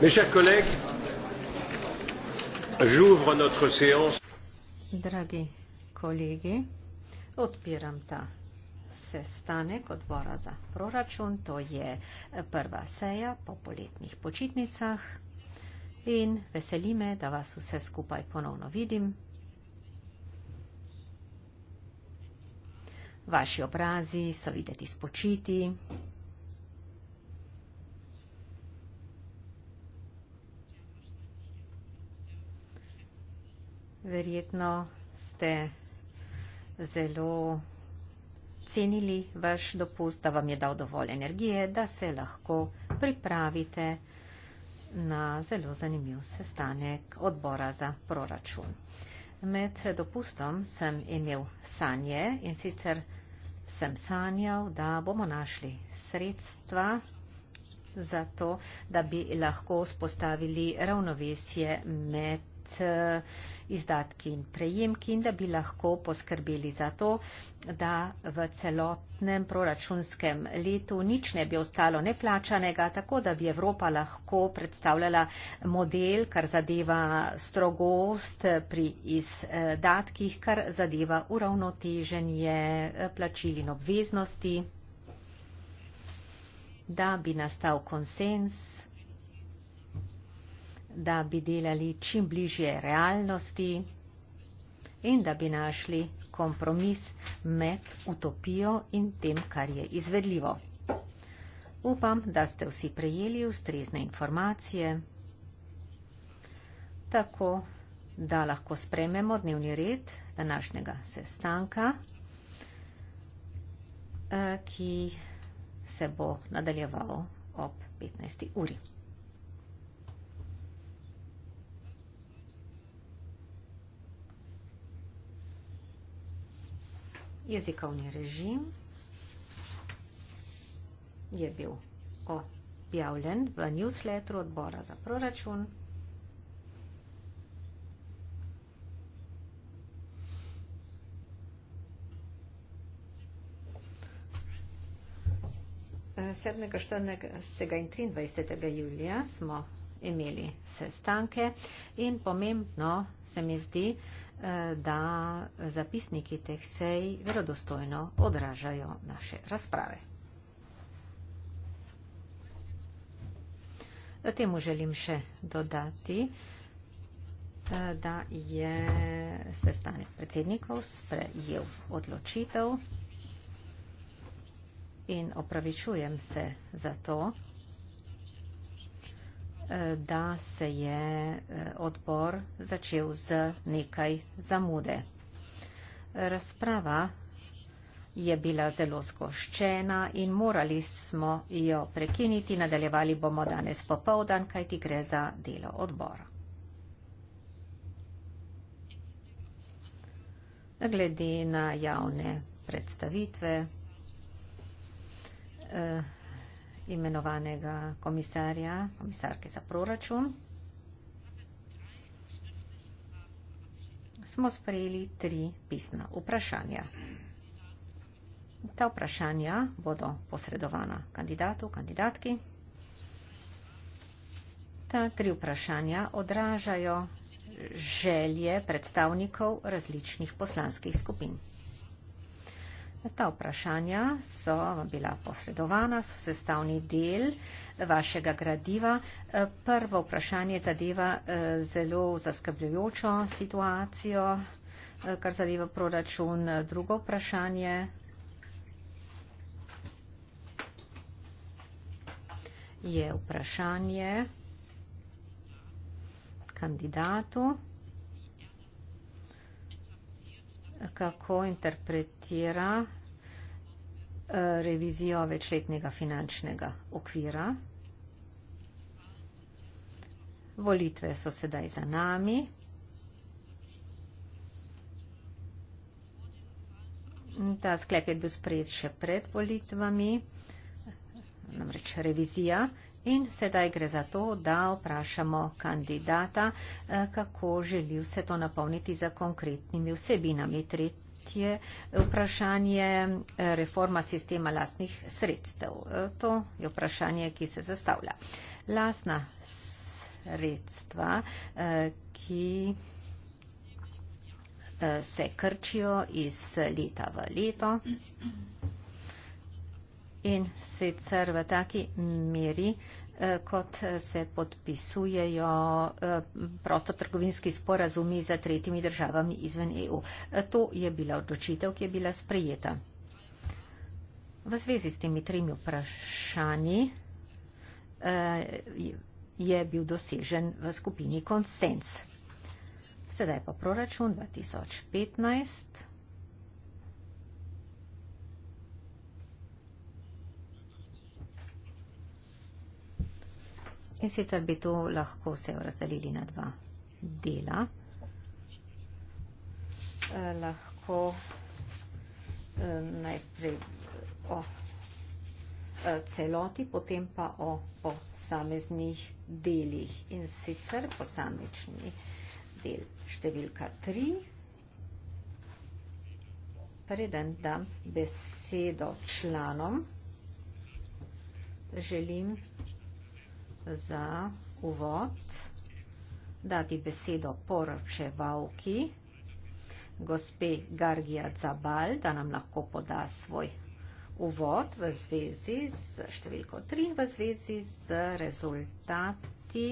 Mes chers collègues, j'ouvre notre séance. Dragi kolegi, odpiram ta sestanek odbora za proračun. To je prva seja po poletnih počitnicah in veseli me, da vas vse skupaj ponovno vidim. Vaši obrazi so videti spočiti. verjetno ste zelo cenili vaš dopust, da vam je dal dovolj energije, da se lahko pripravite na zelo zanimiv sestanek odbora za proračun. Med dopustom sem imel sanje in sicer sem sanjal, da bomo našli sredstva za to, da bi lahko spostavili ravnovesje med med eh, izdatki in prejemki in da bi lahko poskrbeli za to, da v celotnem proračunskem letu nič ne bi ostalo neplačanega, tako da bi Evropa lahko predstavljala model, kar zadeva strogost pri izdatkih, kar zadeva uravnoteženje eh, plačil in obveznosti, da bi nastal konsens da bi delali čim bližje realnosti in da bi našli kompromis med utopijo in tem, kar je izvedljivo. Upam, da ste vsi prejeli ustrezne informacije, tako da lahko sprememo dnevni red današnjega sestanka, eh, ki se bo nadaljeval ob 15. uri. jezikovni režim je bil objavljen v newsletteru odbora za proračun. 17. Eh, 14. in 23. julija smo imeli sestanke in pomembno se mi zdi, eh, da zapisniki teh sej verodostojno odražajo naše razprave. Temu želim še dodati, eh, da je sestanek predsednikov sprejel odločitev in opravičujem se za to, da se je eh, odbor začel z nekaj zamude. Razprava je bila zelo skoščena in morali smo jo prekiniti. Nadaljevali bomo danes popovdan, kaj ti gre za delo odbora. Glede na javne predstavitve, eh, imenovanega komisarja, komisarke za proračun, smo sprejeli tri pisna vprašanja. Ta vprašanja bodo posredovana kandidatu, kandidatki. Ta tri vprašanja odražajo želje predstavnikov različnih poslanskih skupin. Ta vprašanja so vam bila posredovana, so sestavni del vašega gradiva. Prvo vprašanje zadeva eh, zelo zaskrbljujočo situacijo, eh, kar zadeva proračun. Drugo vprašanje je vprašanje kandidatu. kako interpretira eh, revizijo večletnega finančnega okvira. Volitve so sedaj za nami. Ta sklep je bil sprejet še pred volitvami, namreč revizija. In sedaj gre za to, da vprašamo kandidata, eh, kako želi vse to napolniti za konkretnimi vsebinami. Tretje eh, vprašanje je eh, reforma sistema lastnih sredstev. To je vprašanje, ki se zastavlja. Lastna sredstva, ki se krčijo iz leta v leto in sicer v taki meri, eh, kot se podpisujejo eh, prostotrgovinski sporazumi za tretjimi državami izven EU. Eh, to je bila odločitev, ki je bila sprejeta. V zvezi s temi tremi vprašanji je bil dosežen v skupini konsens. Sedaj pa proračun 2015. In sicer bi to lahko se razdelili na dva dela. Eh, lahko eh, najprej o eh, celoti, potem pa o posameznih delih. In sicer posamični del številka 3. Preden dam besedo članom, želim za uvod dati besedo poročevalki gospe Gargija Zabal, da nam lahko poda svoj uvod v zvezi z številko 3 in v zvezi z rezultati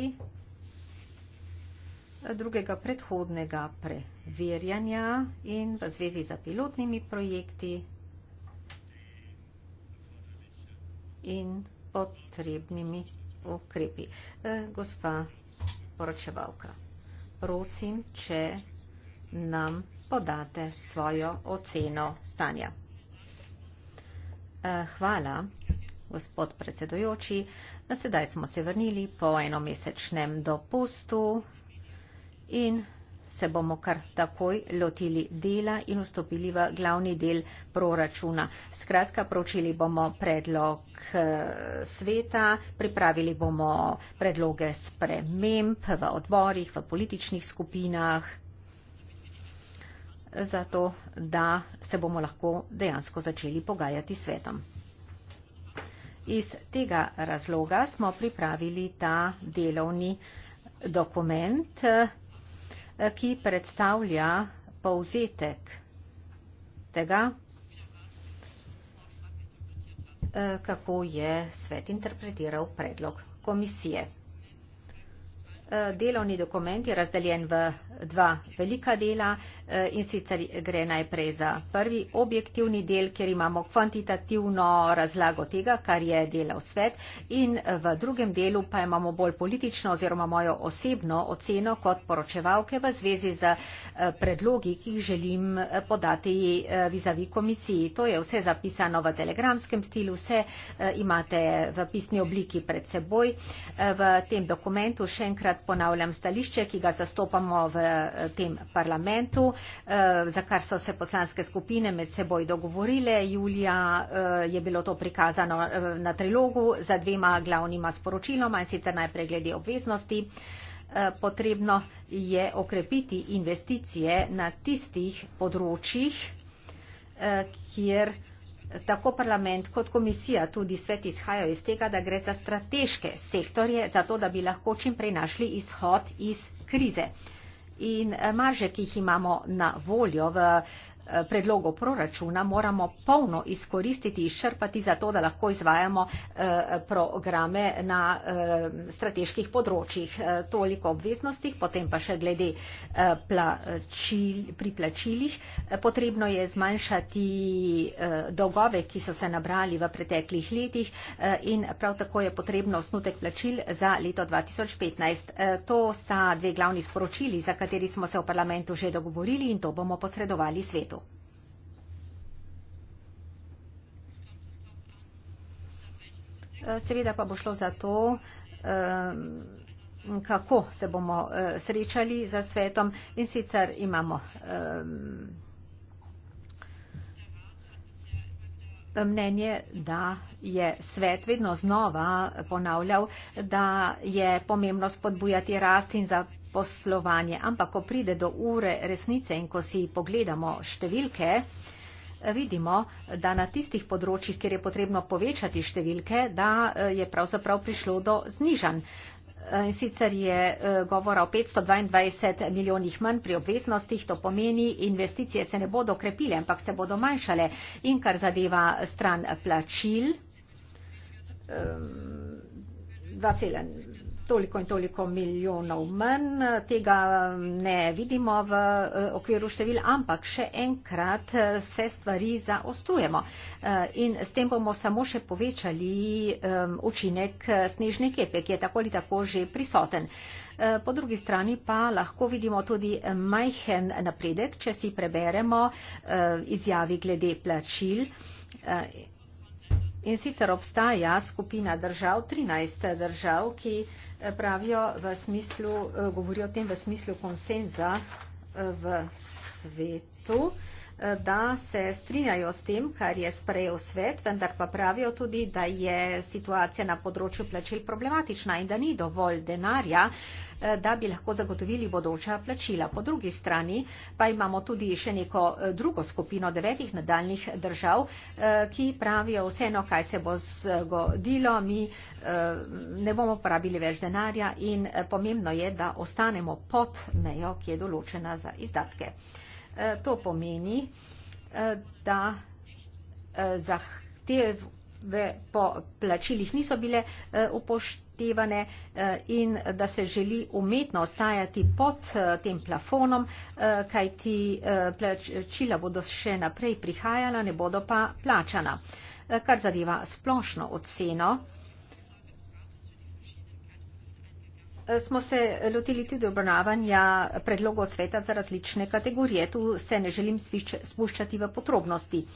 drugega predhodnega preverjanja in v zvezi za pilotnimi projekti in potrebnimi ukrepi. E, gospa poročevalka, prosim, če nam podate svojo oceno stanja. E, hvala, gospod predsedojoči. Sedaj smo se vrnili po enomesečnem dopustu in se bomo kar takoj lotili dela in vstopili v glavni del proračuna. Skratka, pročili bomo predlog eh, sveta, pripravili bomo predloge sprememb v odborih, v političnih skupinah, zato da se bomo lahko dejansko začeli pogajati s svetom. Iz tega razloga smo pripravili ta delovni dokument, ki predstavlja povzetek tega, eh, kako je svet interpretiral predlog komisije. Eh, delovni dokument je razdeljen v dva velika dela eh, in sicer gre najprej za prvi objektivni del, kjer imamo kvantitativno razlago tega, kar je delal svet in eh, v drugem delu pa imamo bolj politično oziroma mojo osebno oceno kot poročevalke v zvezi z predlogi, ki jih želim podati vizavi komisiji. To je vse zapisano v telegramskem stilu, vse imate v pisni obliki pred seboj. V tem dokumentu še enkrat enkrat ponavljam stališče, ki ga zastopamo v eh, tem parlamentu, eh, za kar so se poslanske skupine med seboj dogovorile. Julija eh, je bilo to prikazano na trilogu za dvema glavnima sporočiloma in sicer najprej glede obveznosti. Potrebno je okrepiti investicije na tistih področjih, kjer tako parlament kot komisija, tudi svet izhajajo iz tega, da gre za strateške sektorje, zato da bi lahko čim prej našli izhod iz krize. In eh, marže, ki jih imamo na voljo v Eh, predlogov proračuna moramo polno izkoristiti, izčrpati za to, da lahko izvajamo eh, programe na eh, strateških področjih. Toliko obveznostih, potem pa še glede priplačilih. Potrebno je zmanjšati dolgove, ki so se nabrali v preteklih letih in prav tako je potrebno osnutek plačil za leto 2015. To sta dve glavni sporočili, za kateri smo se v parlamentu že dogovorili in to bomo posredovali svetu. Eh, seveda pa bo šlo za to, eh, kako se bomo eh, srečali za svetom in sicer imamo mnenje, da je svet vedno znova ponavljal, da je pomembno spodbujati rast in za poslovanje. Ampak, ko pride do ure resnice in ko si pogledamo številke, vidimo, da na tistih področjih, kjer je potrebno povečati številke, da eh, je pravzaprav prišlo do znižanj. Eh, in sicer je eh, govora o 522 milijonih manj pri obveznostih, to pomeni, investicije se ne bodo krepile, ampak se bodo manjšale. In kar zadeva stran plačil, ehm, toliko in toliko milijonov manj, tega ne vidimo v eh, okviru števil, ampak še enkrat vse eh, stvari zaostrujemo. Eh, in s tem bomo samo še povečali učinek snežne kepe, ki je tako ali tako že prisoten. Po drugi strani pa lahko vidimo tudi majhen napredek, če si preberemo izjavi glede plačil. In sicer obstaja skupina držav, 13 držav, ki eh, pravijo v smislu, eh, govorijo o tem v smislu konsenza eh, v svetu, da se strinjajo s tem, kar je sprejel svet, vendar pa pravijo tudi, da je situacija na področju plačil problematična in da ni dovolj denarja, Eh, da bi lahko zagotovili bodoča plačila. Po drugi strani pa imamo tudi še neko eh, drugo skupino devetih nadaljnih držav, eh, ki pravijo vseeno, kaj se bo zgodilo, mi ne bomo porabili več denarja in pomembno je, da ostanemo pod mejo, ki je določena za izdatke. To pomeni, da zahtev v plačilih niso bile upoštevane upoštevane eh, in da se želi umetno ostajati pod eh, tem plafonom, eh, kajti plačila bodo še naprej prihajala, ne bodo pa plačana. Kar zadeva splošno oceno, smo se lotili tudi obravnavanja predlogov sveta za različne kategorije. Tu se ne želim spuščati v potrobnosti.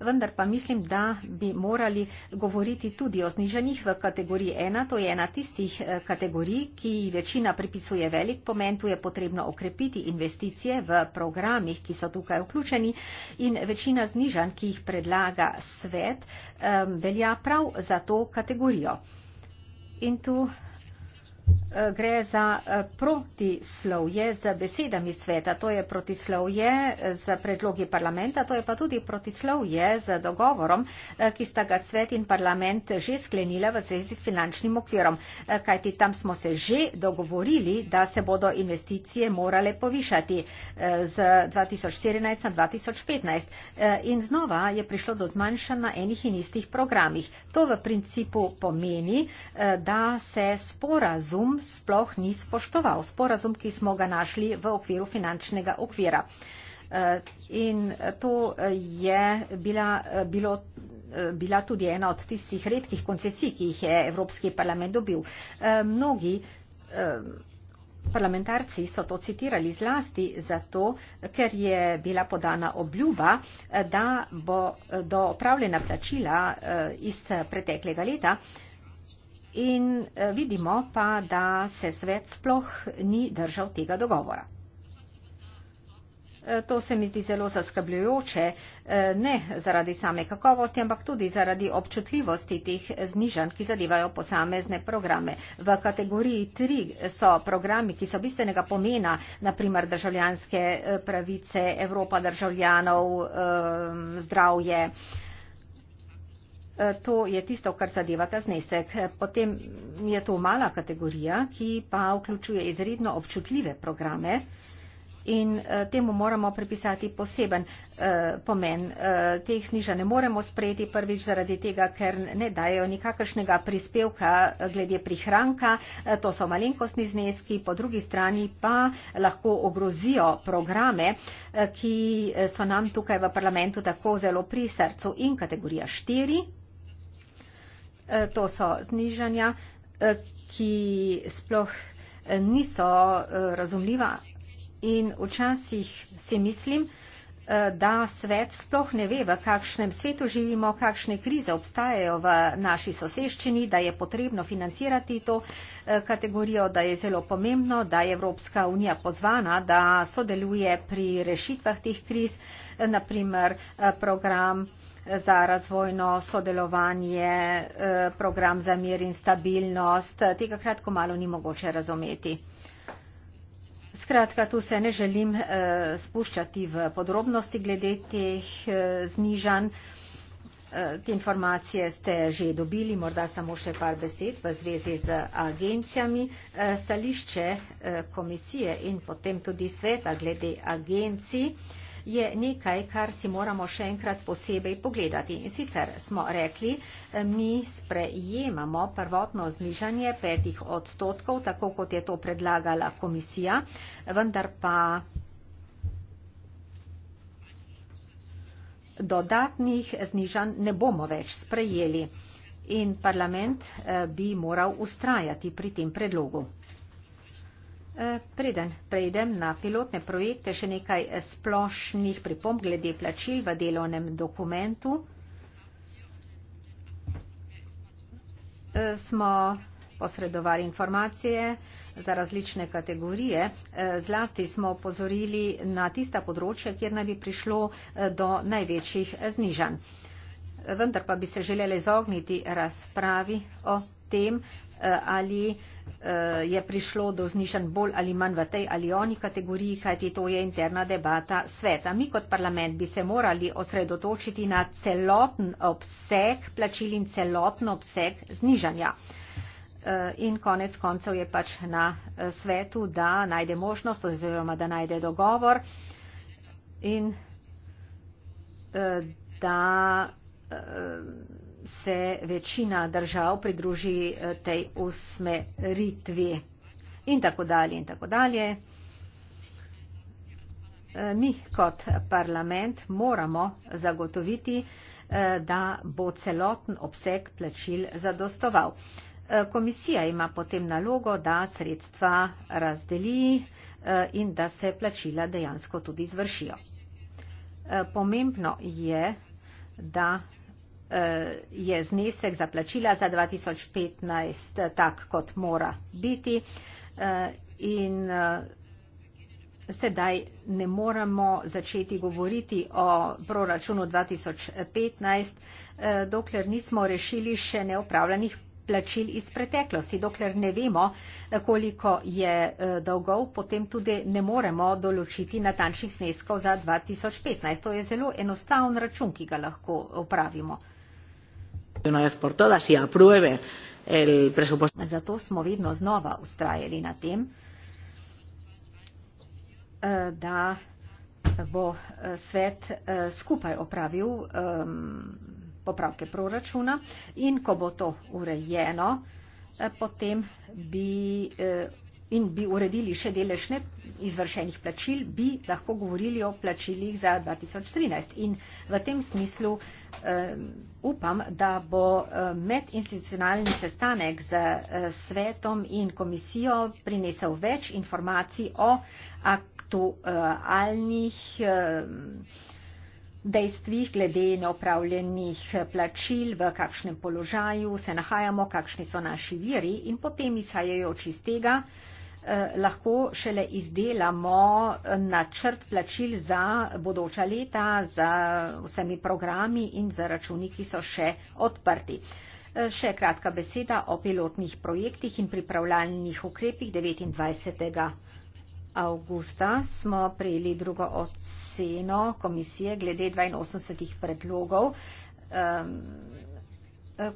Vendar pa mislim, da bi morali govoriti tudi o znižanjih v kategoriji 1. To je ena tistih eh, kategorij, ki večina pripisuje velik pomen. Tu je potrebno okrepiti investicije v programih, ki so tukaj vključeni. In večina znižanj, ki jih predlaga svet, eh, velja prav za to kategorijo. In tu Eh, gre za eh, protislovje za besedami sveta, to je protislovje eh, za predlogi parlamenta, to je pa tudi protislovje za dogovorom, ki sta ga svet in parlament že sklenila v zvezi s finančnim okvirom. Kajti tam smo se že dogovorili, da se bodo investicije morale povišati z 2014 na 2015. In znova je prišlo do zmanjšanja enih in istih programih. To v principu pomeni, da se sporazum sporazum sploh ni spoštoval. Sporazum, ki smo ga našli v okviru finančnega okvira. Eh, in to eh, je bila, eh, bilo, bila tudi ena od tistih redkih koncesij, ki jih je Evropski parlament dobil. Mnogi parlamentarci so to citirali zlasti zato, ker je bila podana obljuba, da bo do opravljena plačila iz preteklega leta in eh, vidimo pa, da se svet sploh ni držal tega dogovora. Eh, to se mi zdi zelo zaskrbljujoče, eh, ne zaradi same kakovosti, ampak tudi zaradi občutljivosti teh znižanj, ki zadevajo posamezne programe. V kategoriji 3 so programi, ki so bistvenega pomena, naprimer državljanske pravice, Evropa državljanov, zdravje, Eh, to je tisto, kar zadeva ta znesek. Potem je to mala kategorija, ki pa vključuje izredno občutljive programe in eh, temu moramo pripisati poseben eh, pomen. Teh sniža ne moremo sprejeti prvič zaradi tega, ker ne dajo nikakršnega prispevka glede prihranka. To so malenkostni zneski, po drugi strani pa lahko ogrozijo programe, ki so nam tukaj v parlamentu tako zelo pri srcu. In kategorija 4 E, to so znižanja, e, ki sploh e, niso razumljiva in včasih si mislim, da svet sploh ne ve, v kakšnem svetu živimo, kakšne krize obstajajo v naši soseščini, da je potrebno financirati to kategorijo, da je zelo pomembno, da je Evropska unija pozvana, da sodeluje pri rešitvah teh kriz, naprimer program za razvojno sodelovanje, eh, program za mir in stabilnost. Tega kratko malo ni mogoče razumeti. Skratka, tu se ne želim eh, spuščati v podrobnosti glede teh eh, znižanj. Te informacije ste že dobili, morda samo še par besed v zvezi z agencijami. Stališče komisije in potem tudi sveta glede agencij je nekaj, kar si moramo še enkrat posebej pogledati. In sicer smo rekli, mi sprejemamo prvotno znižanje petih odstotkov, tako kot je to predlagala komisija, vendar pa dodatnih znižanj ne bomo več sprejeli in parlament eh, bi moral ustrajati pri tem predlogu. E, preden prejdem na pilotne projekte, še nekaj splošnih pripomb glede plačil v delovnem dokumentu. E, smo posredovali informacije za različne kategorije. E, zlasti smo pozorili na tista področja, kjer naj bi prišlo do največjih znižanj. Vendar pa bi se želeli izogniti razpravi o tem, Eh, ali eh, je prišlo do znižanj bolj ali manj v tej ali oni kategoriji, kajti to je interna debata sveta. Mi kot parlament bi se morali osredotočiti na celoten obseg plačil in celoten obseg znižanja. Eh, in konec koncev je pač na svetu, da najde možnost oziroma da najde dogovor in da se večina držav pridruži eh, tej usmeritvi in tako dalje in tako dalje. Eh, mi kot parlament moramo zagotoviti, eh, da bo celoten obseg plačil zadostoval. Komisija ima potem nalogo, da sredstva razdeli in da se plačila dejansko tudi izvršijo. Pomembno je, da Eh, je znesek za plačila za 2015 tak, kot mora biti eh, in eh, sedaj ne moramo začeti govoriti o proračunu 2015, dokler nismo rešili še neopravljanih plačil iz preteklosti. Dokler ne vemo, koliko je dolgov, potem tudi ne moremo določiti natančnih zneskov za 2015. To je zelo enostaven račun, ki ga lahko opravimo de una vez por todas y apruebe el presupuesto. Zato smo vedno znova ustrajali na tem, eh, da bo eh, svet eh, skupaj opravil popravke proračuna in ko bo to urejeno, potem bi in bi uredili še delež neizvršenih plačil, bi lahko govorili o plačilih za 2013. In v tem smislu uh, upam, da bo uh, medinstitucionalni sestanek z uh, svetom in komisijo prinesel več informacij o aktualnih uh, dejstvih glede neopravljenih plačil, v kakšnem položaju se nahajamo, kakšni so naši viri in potem izhajajo čistega tega Eh, lahko šele izdelamo načrt plačil za bodoča leta, za vsemi programi in za računi, ki so še odprti. Eh, še kratka beseda o pilotnih projektih in pripravljalnih ukrepih 29. Augusta smo prejeli drugo oceno komisije glede 82 predlogov. Um,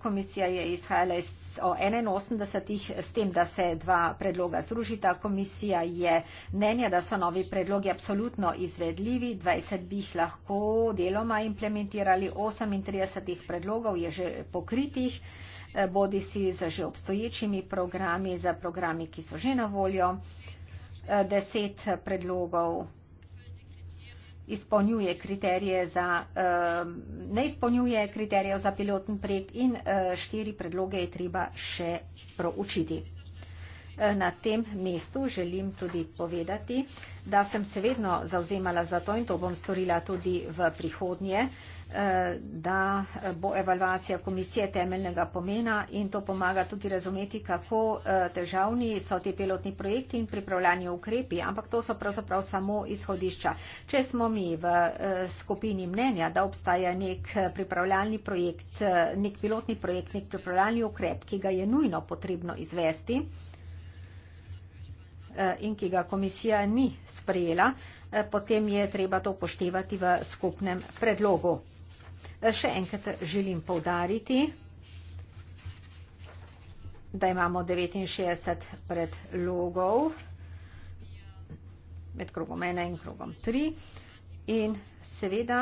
komisija je izhajala iz o 81 s tem, da se dva predloga združita. Komisija je mnenja, da so novi predlogi absolutno izvedljivi, 20 bi jih lahko deloma implementirali, 38 predlogov je že pokritih, eh, bodi si za že obstoječimi programi, za programi, ki so že na voljo, 10 eh, predlogov izpolnjuje kriterije za, eh, ne izpolnjuje kriterijev za pilotni projekt in eh, štiri predloge je treba še proučiti. Eh, na tem mestu želim tudi povedati, da sem se vedno zauzemala za to in to bom storila tudi v prihodnje, da bo evalvacija komisije temeljnega pomena in to pomaga tudi razumeti, kako eh, težavni so ti pilotni projekti in pripravljanje ukrepi, ampak to so pravzaprav samo izhodišča. Če smo mi v eh, skupini mnenja, da obstaja nek eh, pripravljalni projekt, nek pilotni projekt, nek pripravljalni ukrep, ki ga je nujno potrebno izvesti, in ki ga komisija ni sprejela, potem je treba to poštevati v skupnem predlogu. Še enkrat želim povdariti, da imamo 69 predlogov med krogom 1 in krogom 3 in seveda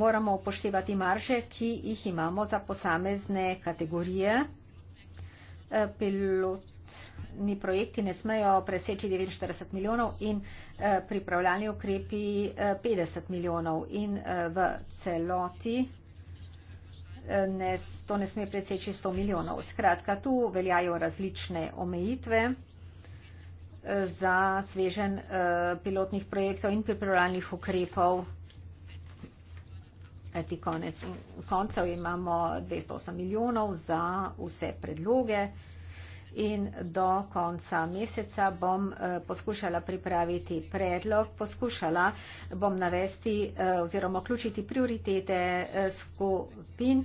moramo upoštevati marže, ki jih imamo za posamezne kategorije. Eh, pilot ni projekti ne smejo preseči 49 milijonov in eh, pripravljalni ukrepi 50 eh, milijonov in eh, v celoti to ne sme preseči 100 milijonov. Skratka, tu veljajo različne omejitve za svežen pilotnih projektov in pripravljalnih ukrepov. Ti konec koncev imamo 208 milijonov za vse predloge in do konca meseca bom eh, poskušala pripraviti predlog, poskušala bom navesti eh, oziroma vključiti prioritete eh, skupin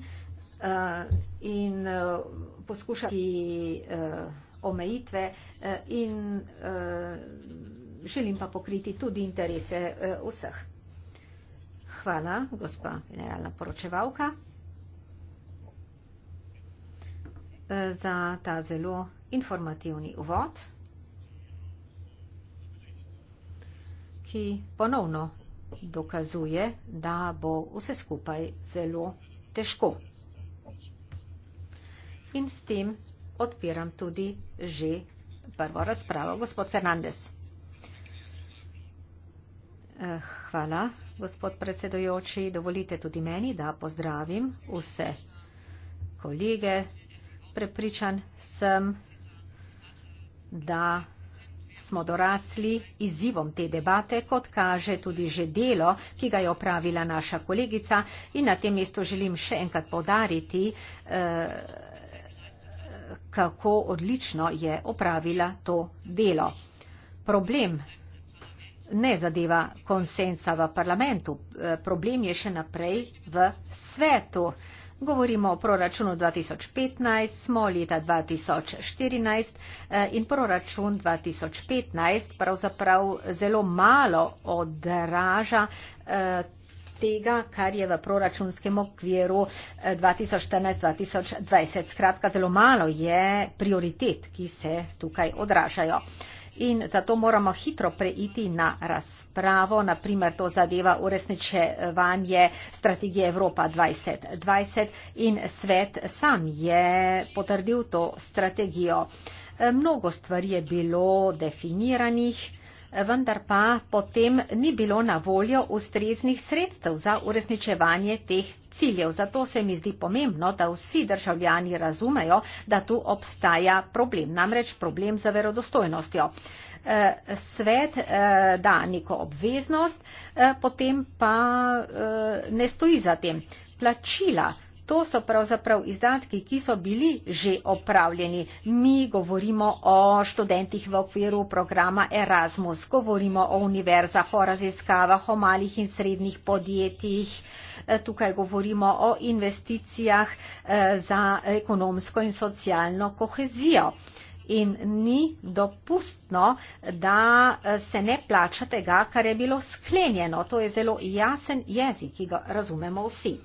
in poskušati omejitve in želim pa pokriti tudi interese vseh. Hvala, gospa generalna poročevalka. za ta zelo informativni uvod, ki ponovno dokazuje, da bo vse skupaj zelo težko. In s tem odpiram tudi že prvo razpravo. Gospod Fernandez. Eh, hvala, gospod predsedojoči. Dovolite tudi meni, da pozdravim vse kolege, prepričan sem, da smo dorasli izzivom te debate, kot kaže tudi že delo, ki ga je opravila naša kolegica in na tem mestu želim še enkrat podariti, eh, kako odlično je opravila to delo. Problem ne zadeva konsensa v parlamentu, eh, problem je še naprej v svetu. Govorimo o proračunu 2015, smo leta 2014 eh, in proračun 2015 pravzaprav zelo malo odraža eh, tega, kar je v proračunskem okviru 2014-2020. Eh, Skratka, zelo malo je prioritet, ki se tukaj odražajo in zato moramo hitro preiti na razpravo, naprimer to zadeva uresničevanje strategije Evropa 2020 in svet sam je potrdil to strategijo. E, mnogo stvari je bilo definiranih vendar pa potem ni bilo na voljo ustreznih sredstev za uresničevanje teh ciljev. Zato se mi zdi pomembno, da vsi državljani razumejo, da tu obstaja problem, namreč problem za verodostojnostjo. Eh, svet eh, da neko obveznost, eh, potem pa ne stoji za tem. Plačila to so pravzaprav izdatki, ki so bili že opravljeni. Mi govorimo o študentih v okviru programa Erasmus, govorimo o univerzah, o raziskavah, o malih in srednjih podjetjih. E, tukaj govorimo o investicijah e, za ekonomsko in socialno kohezijo. In ni dopustno, da e, se ne plača tega, kar je bilo sklenjeno. To je zelo jasen jezik, ki ga razumemo vsi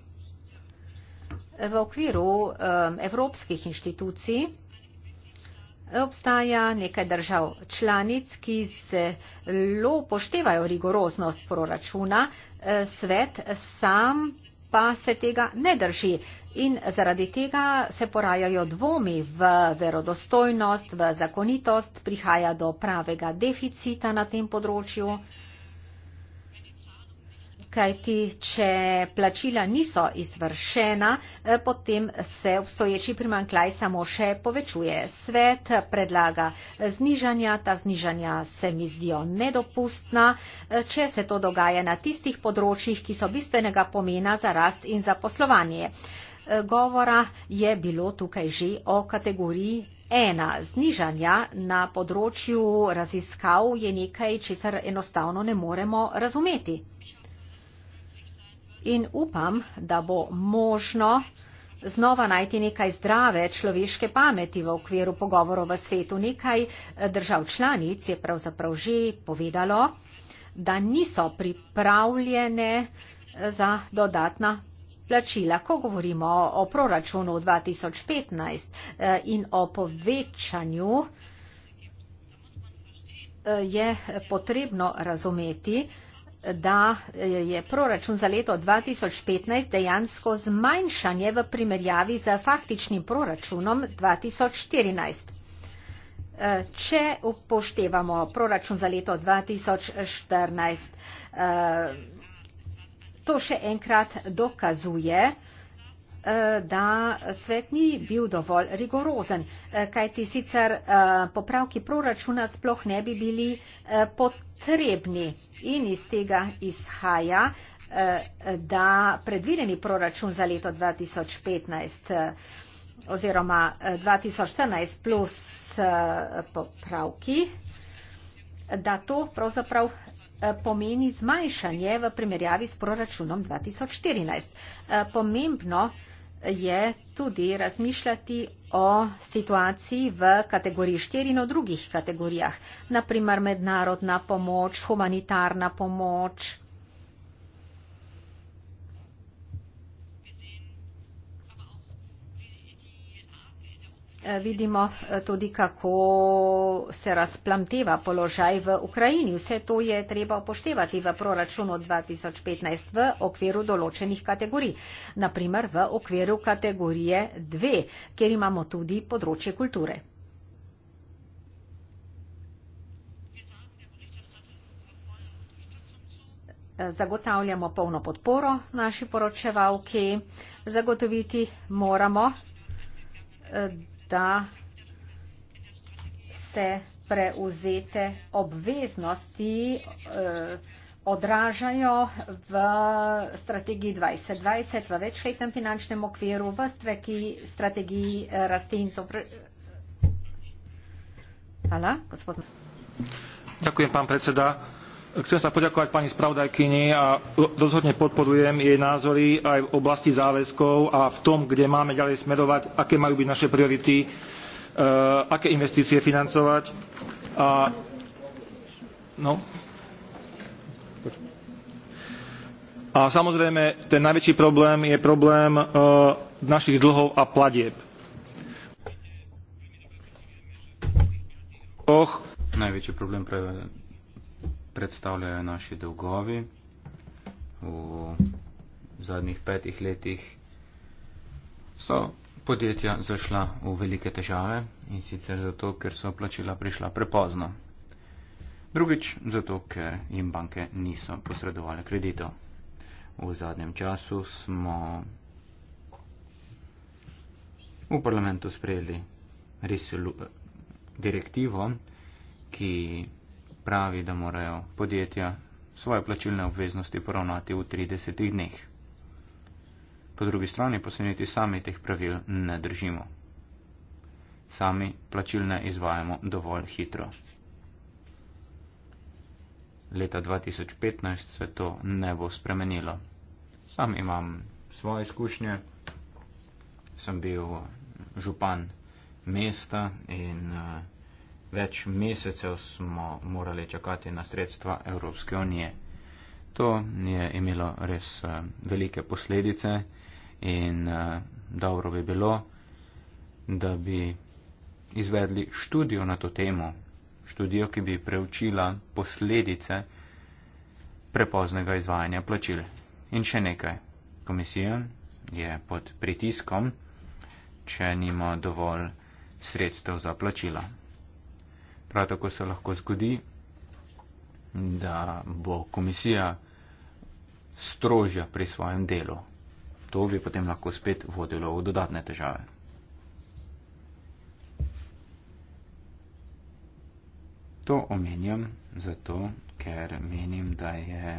v okviru evropskih inštitucij obstaja nekaj držav članic, ki zelo poštevajo rigoroznost proračuna, e, svet sam pa se tega ne drži in zaradi tega se porajajo dvomi v verodostojnost, v zakonitost, prihaja do pravega deficita na tem področju kajti če plačila niso izvršena, eh, potem se obstoječi primankljaj samo še povečuje. Svet predlaga eh, znižanja, ta znižanja se mi zdijo nedopustna, eh, če se to dogaja na tistih področjih, ki so bistvenega pomena za rast in za poslovanje. Govora je bilo tukaj že o kategoriji. Ena znižanja na področju raziskav je nekaj, česar enostavno ne moremo razumeti in upam, da bo možno znova najti nekaj zdrave človeške pameti v okviru pogovorov v svetu. Nekaj eh, držav članic je pravzaprav že povedalo, da niso pripravljene eh, za dodatna plačila. Ko govorimo o proračunu 2015 eh, in o povečanju, je potrebno razumeti, da je proračun za leto 2015 dejansko zmanjšanje v primerjavi z faktičnim proračunom 2014. Eh, če upoštevamo proračun za leto 2014, eh, to še enkrat dokazuje, da je Eh, da svet ni bil dovolj rigorozen, eh, kajti sicer eh, popravki proračuna sploh ne bi bili potrebni. In iz tega izhaja, da predvideni proračun za leto 2015 oziroma 2014 plus popravki, da to pravzaprav pomeni zmanjšanje v primerjavi s proračunom 2014. Pomembno je tudi razmišljati o situaciji v kategoriji 4 in o drugih kategorijah, naprimer mednarodna pomoč, humanitarna pomoč. Eh, vidimo eh, tudi, kako se razplamteva položaj v Ukrajini. Vse to je treba upoštevati v proračunu 2015 v okviru določenih kategorij. Naprimer v okviru kategorije 2, kjer imamo tudi področje kulture. Eh, zagotavljamo polno podporo naši poročevalki. Zagotoviti moramo da se preuzete obveznosti eh, odražajo v strategiji 2020, v večletnem finančnem okviru, v strategiji eh, rasti in zobražanja. Hvala, gospod. Ďakujem, pán predseda. Chcem sa poďakovať pani spravodajkyni a rozhodne podporujem jej názory aj v oblasti záväzkov a v tom, kde máme ďalej smerovať, aké majú byť naše priority, uh, aké investície financovať. A, no. a samozrejme, ten najväčší problém je problém uh, našich dlhov a pladieb. Och. Najväčší problém pre predstavljajo naši dolgovi. V zadnjih petih letih so podjetja zašla v velike težave in sicer zato, ker so plačila prišla prepozno. Drugič, zato, ker jim banke niso posredovali kreditov. V zadnjem času smo v parlamentu sprejeli resolu, direktivo, ki pravi, da morajo podjetja svoje plačilne obveznosti poravnati v 30 dneh. Po drugi strani pa se niti sami teh pravil ne držimo. Sami plačilne izvajamo dovolj hitro. Leta 2015 se to ne bo spremenilo. Sam imam svoje izkušnje, sem bil župan mesta in uh, Več mesecev smo morali čakati na sredstva Evropske unije. To je imelo res eh, velike posledice in eh, dobro bi bilo, da bi izvedli študijo na to temo, študijo, ki bi preučila posledice prepoznega izvajanja plačil. In še nekaj. Komisija je pod pritiskom, če nima dovolj sredstev za plačila. Prav tako se lahko zgodi, da bo komisija strožja pri svojem delu. To bi potem lahko spet vodilo v dodatne težave. To omenjam zato, ker menim, da je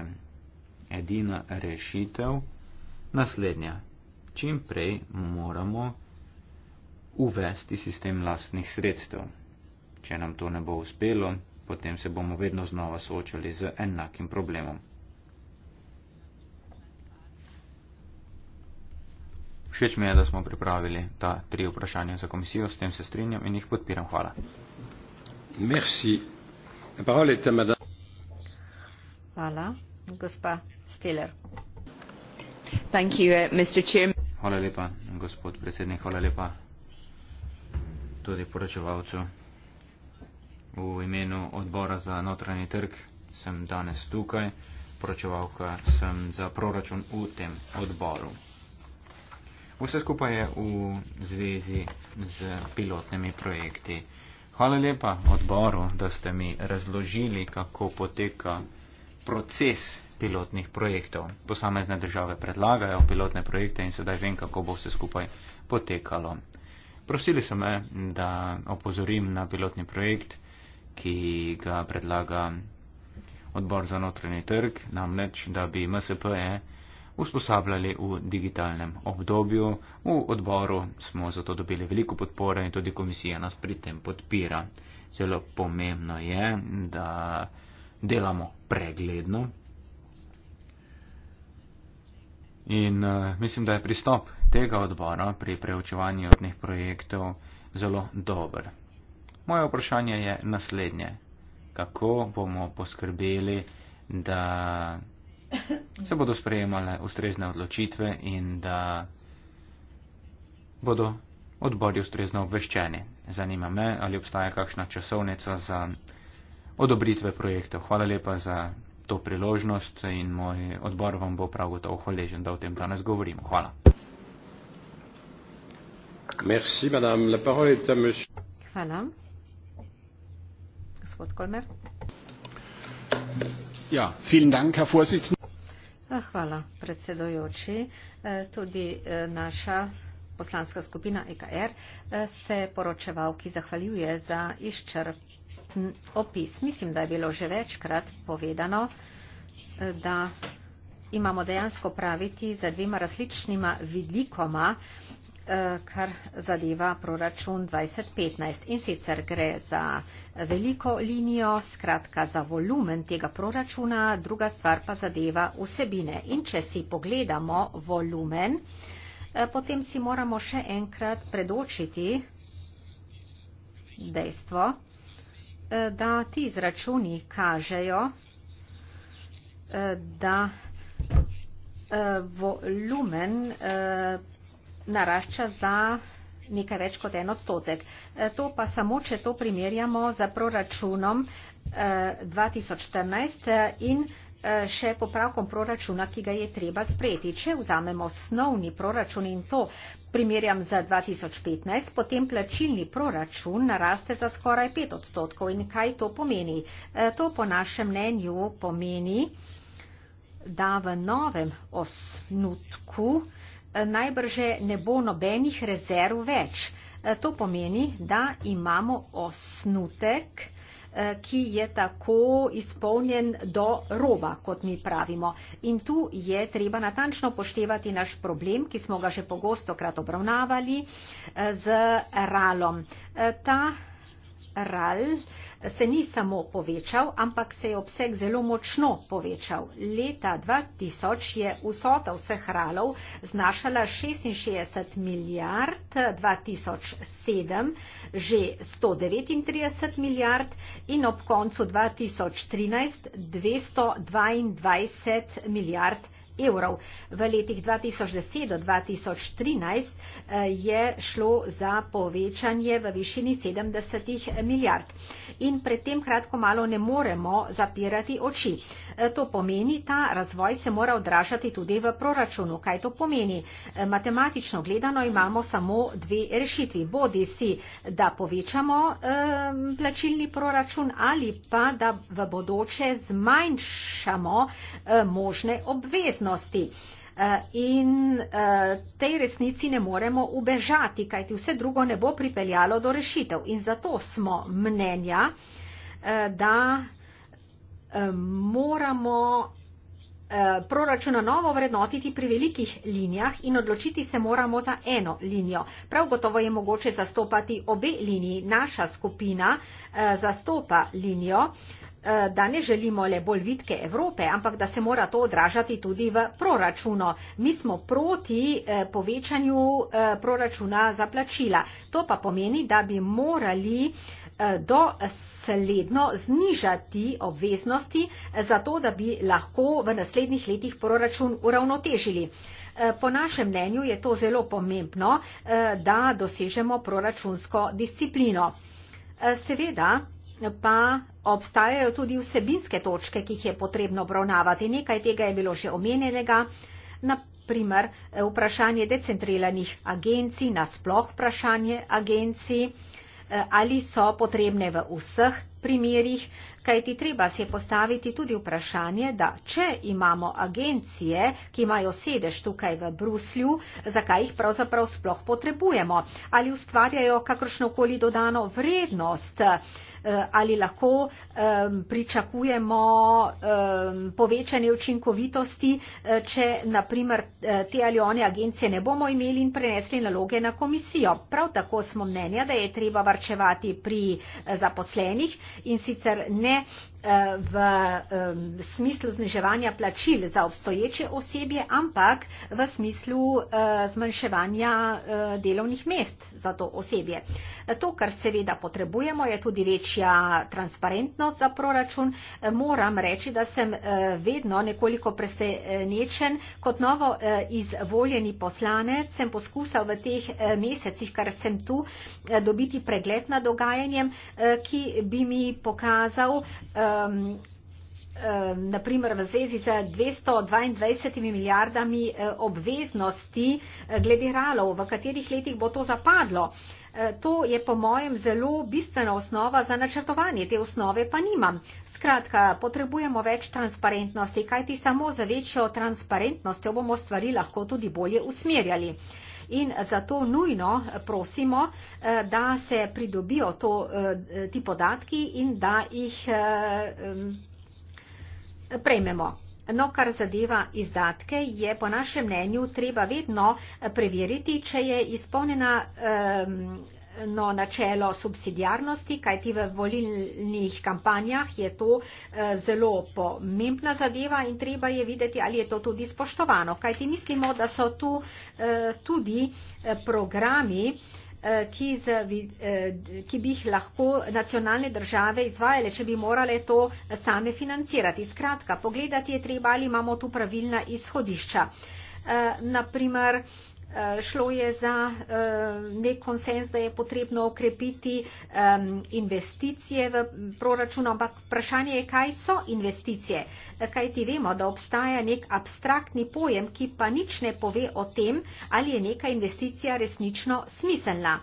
edina rešitev naslednja. Čim prej moramo uvesti sistem lastnih sredstev. Če nam to ne bo uspelo, potem se bomo vedno znova soočali z enakim problemom. Všeč mi je, da smo pripravili ta tri vprašanja za komisijo, s tem se strinjam in jih podpiram. Hvala. Merci. Pravljite, madame. Hvala, gospa Steller. Thank you, uh, Mr. Chairman. Hvala lepa, gospod predsednik, hvala lepa tudi poročevalcu. V imenu odbora za notranji trg sem danes tukaj, poročevalka sem za proračun v tem odboru. Vse skupaj je v zvezi z pilotnimi projekti. Hvala lepa odboru, da ste mi razložili, kako poteka proces pilotnih projektov. Posamezne države predlagajo pilotne projekte in sedaj vem, kako bo vse skupaj potekalo. Prosili so me, da opozorim na pilotni projekt ki ga predlaga odbor za notranji trg, namreč, da bi MSP-je usposabljali v digitalnem obdobju. V odboru smo zato dobili veliko podpore in tudi komisija nas pri tem podpira. Zelo pomembno je, da delamo pregledno. In uh, mislim, da je pristop tega odbora pri preučevanju teh projektov zelo dober. Moje vprašanje je naslednje. Kako bomo poskrbeli, da se bodo sprejemale ustrezne odločitve in da bodo odbori ustrezno obveščeni? Zanima me, ali obstaja kakšna časovnica za odobritve projektov. Hvala lepa za to priložnost in moj odbor vam bo prav gotovo hvaležen, da o tem danes govorim. Hvala. Merci, madame. La parole est à monsieur. Hvala. Vodkolmer. Ja, vielen Dank, Herr Vorsitzender. Ah, hvala, predsedojoči. Eh, tudi eh, naša poslanska skupina EKR eh, se poročevalki zahvaljuje za izčrpen opis. Mislim, da je bilo že večkrat povedano, da imamo dejansko praviti za dvima različnima vidikoma Eh, kar zadeva proračun 2015. In sicer gre za veliko linijo, skratka za volumen tega proračuna, druga stvar pa zadeva vsebine. In če si pogledamo volumen, eh, potem si moramo še enkrat predočiti dejstvo, eh, da ti izračuni kažejo, da volumen narašča za nekaj več kot en odstotek. E, to pa samo, če to primerjamo za proračunom 2014 e, e, in še popravkom proračuna, ki ga je treba sprejeti. Če vzamemo osnovni proračun in to primerjam za 2015, potem plačilni proračun naraste za skoraj 5 odstotkov. In kaj to pomeni? To po našem mnenju pomeni, da v novem osnutku Eh, najbrže ne bo nobenih rezerv več. Eh, to pomeni, da imamo osnutek, eh, ki je tako izpolnjen do roba, kot mi pravimo. In tu je treba natančno poštevati naš problem, ki smo ga že pogosto krat obravnavali z RAL-om. Ta RAL se ni samo povečal, ampak se je obseg zelo močno povečal. Leta 2000 je vsota vseh ralov znašala 66 milijard, 2007 že 139 milijard in ob koncu 2013 222 milijard evrov evrov. V letih 2010 do 2013 eh, je šlo za povečanje v višini 70 milijard. In pred tem kratko malo ne moremo zapirati oči to pomeni, ta razvoj se mora odražati tudi v proračunu. Kaj to pomeni? E, matematično gledano imamo samo dve rešitvi. Bodi si, da povečamo e, plačilni proračun ali pa, da v bodoče zmanjšamo e, možne obveznosti. In tej resnici ne moremo ubežati, kajti vse drugo ne bo pripeljalo do rešitev. In zato smo mnenja, da moramo eh, proračuna novo vrednotiti pri velikih linijah in odločiti se moramo za eno linijo. Prav gotovo je mogoče zastopati obe liniji. Naša skupina eh, zastopa linijo, eh, da ne želimo le bolj vitke Evrope, ampak da se mora to odražati tudi v proračuno. Mi smo proti povečanju proračuna za plačila. To pa pomeni, da bi morali Eh, dosledno znižati obveznosti, zato da bi lahko v naslednjih letih proračun uravnotežili. Eh, po našem mnenju je to zelo pomembno, eh, da dosežemo proračunsko disciplino. Seveda pa obstajajo tudi vsebinske točke, ki jih je potrebno obravnavati. Nekaj tega je bilo že omenjenega. Naprimer, vprašanje decentriranih agencij, nasploh vprašanje agencij. Eh, ali so potrebne v vseh primerjih, kajti treba se postaviti tudi vprašanje, da če imamo agencije, ki imajo sedež tukaj v Bruslju, zakaj jih pravzaprav sploh potrebujemo, ali ustvarjajo kakršnokoli dodano vrednost, eh, ali lahko um, pričakujemo um, povečanje učinkovitosti, eh, če naprimer eh, te ali one agencije ne bomo imeli in prenesli naloge na komisijo. Prav tako smo mnenja, da je treba varčevati pri zaposlenih in sicer ne Eh, v smislu zniževanja plačil za obstoječe osebje, ampak v smislu eh, zmanjševanja eh, delovnih mest za to osebje. To, kar seveda potrebujemo, je tudi večja transparentnost za proračun. Moram reči, da sem vedno nekoliko prestenečen. Kot novo izvoljeni poslanec sem poskusal v teh mesecih, kar sem tu, dobiti pregled nad dogajanjem, ki bi mi pokazal, um, ehm, ehm, naprimer v zvezi z 222 milijardami e, obveznosti e, glede ralov, v katerih letih bo to zapadlo. E, to je po mojem zelo bistvena osnova za načrtovanje, te osnove pa nimam. Skratka, potrebujemo več transparentnosti, kajti samo za večjo transparentnostjo bomo stvari lahko tudi bolje usmerjali in zato nujno prosimo, eh, da se pridobijo to, eh, ti podatki in da jih eh, prejmemo. No, kar zadeva izdatke, je po našem mnenju treba vedno preveriti, če je izpolnjena eh, no, načelo subsidijarnosti, kajti v volilnih kampanjah je to eh, zelo pomembna zadeva in treba je videti, ali je to tudi spoštovano. Kajti mislimo, da so tu eh, tudi eh, programi, ki, z, ki bi jih lahko nacionalne države izvajale, če bi morale to same financirati. Skratka, pogledati je treba, ali imamo tu pravilna izhodišča. Naprimer, Eh, šlo je za eh, nek konsens, da je potrebno okrepiti investicije v proračun, ampak vprašanje je, kaj so investicije. Kaj ti vemo, da obstaja nek abstraktni pojem, ki pa nič ne pove o tem, ali je neka investicija resnično smiselna.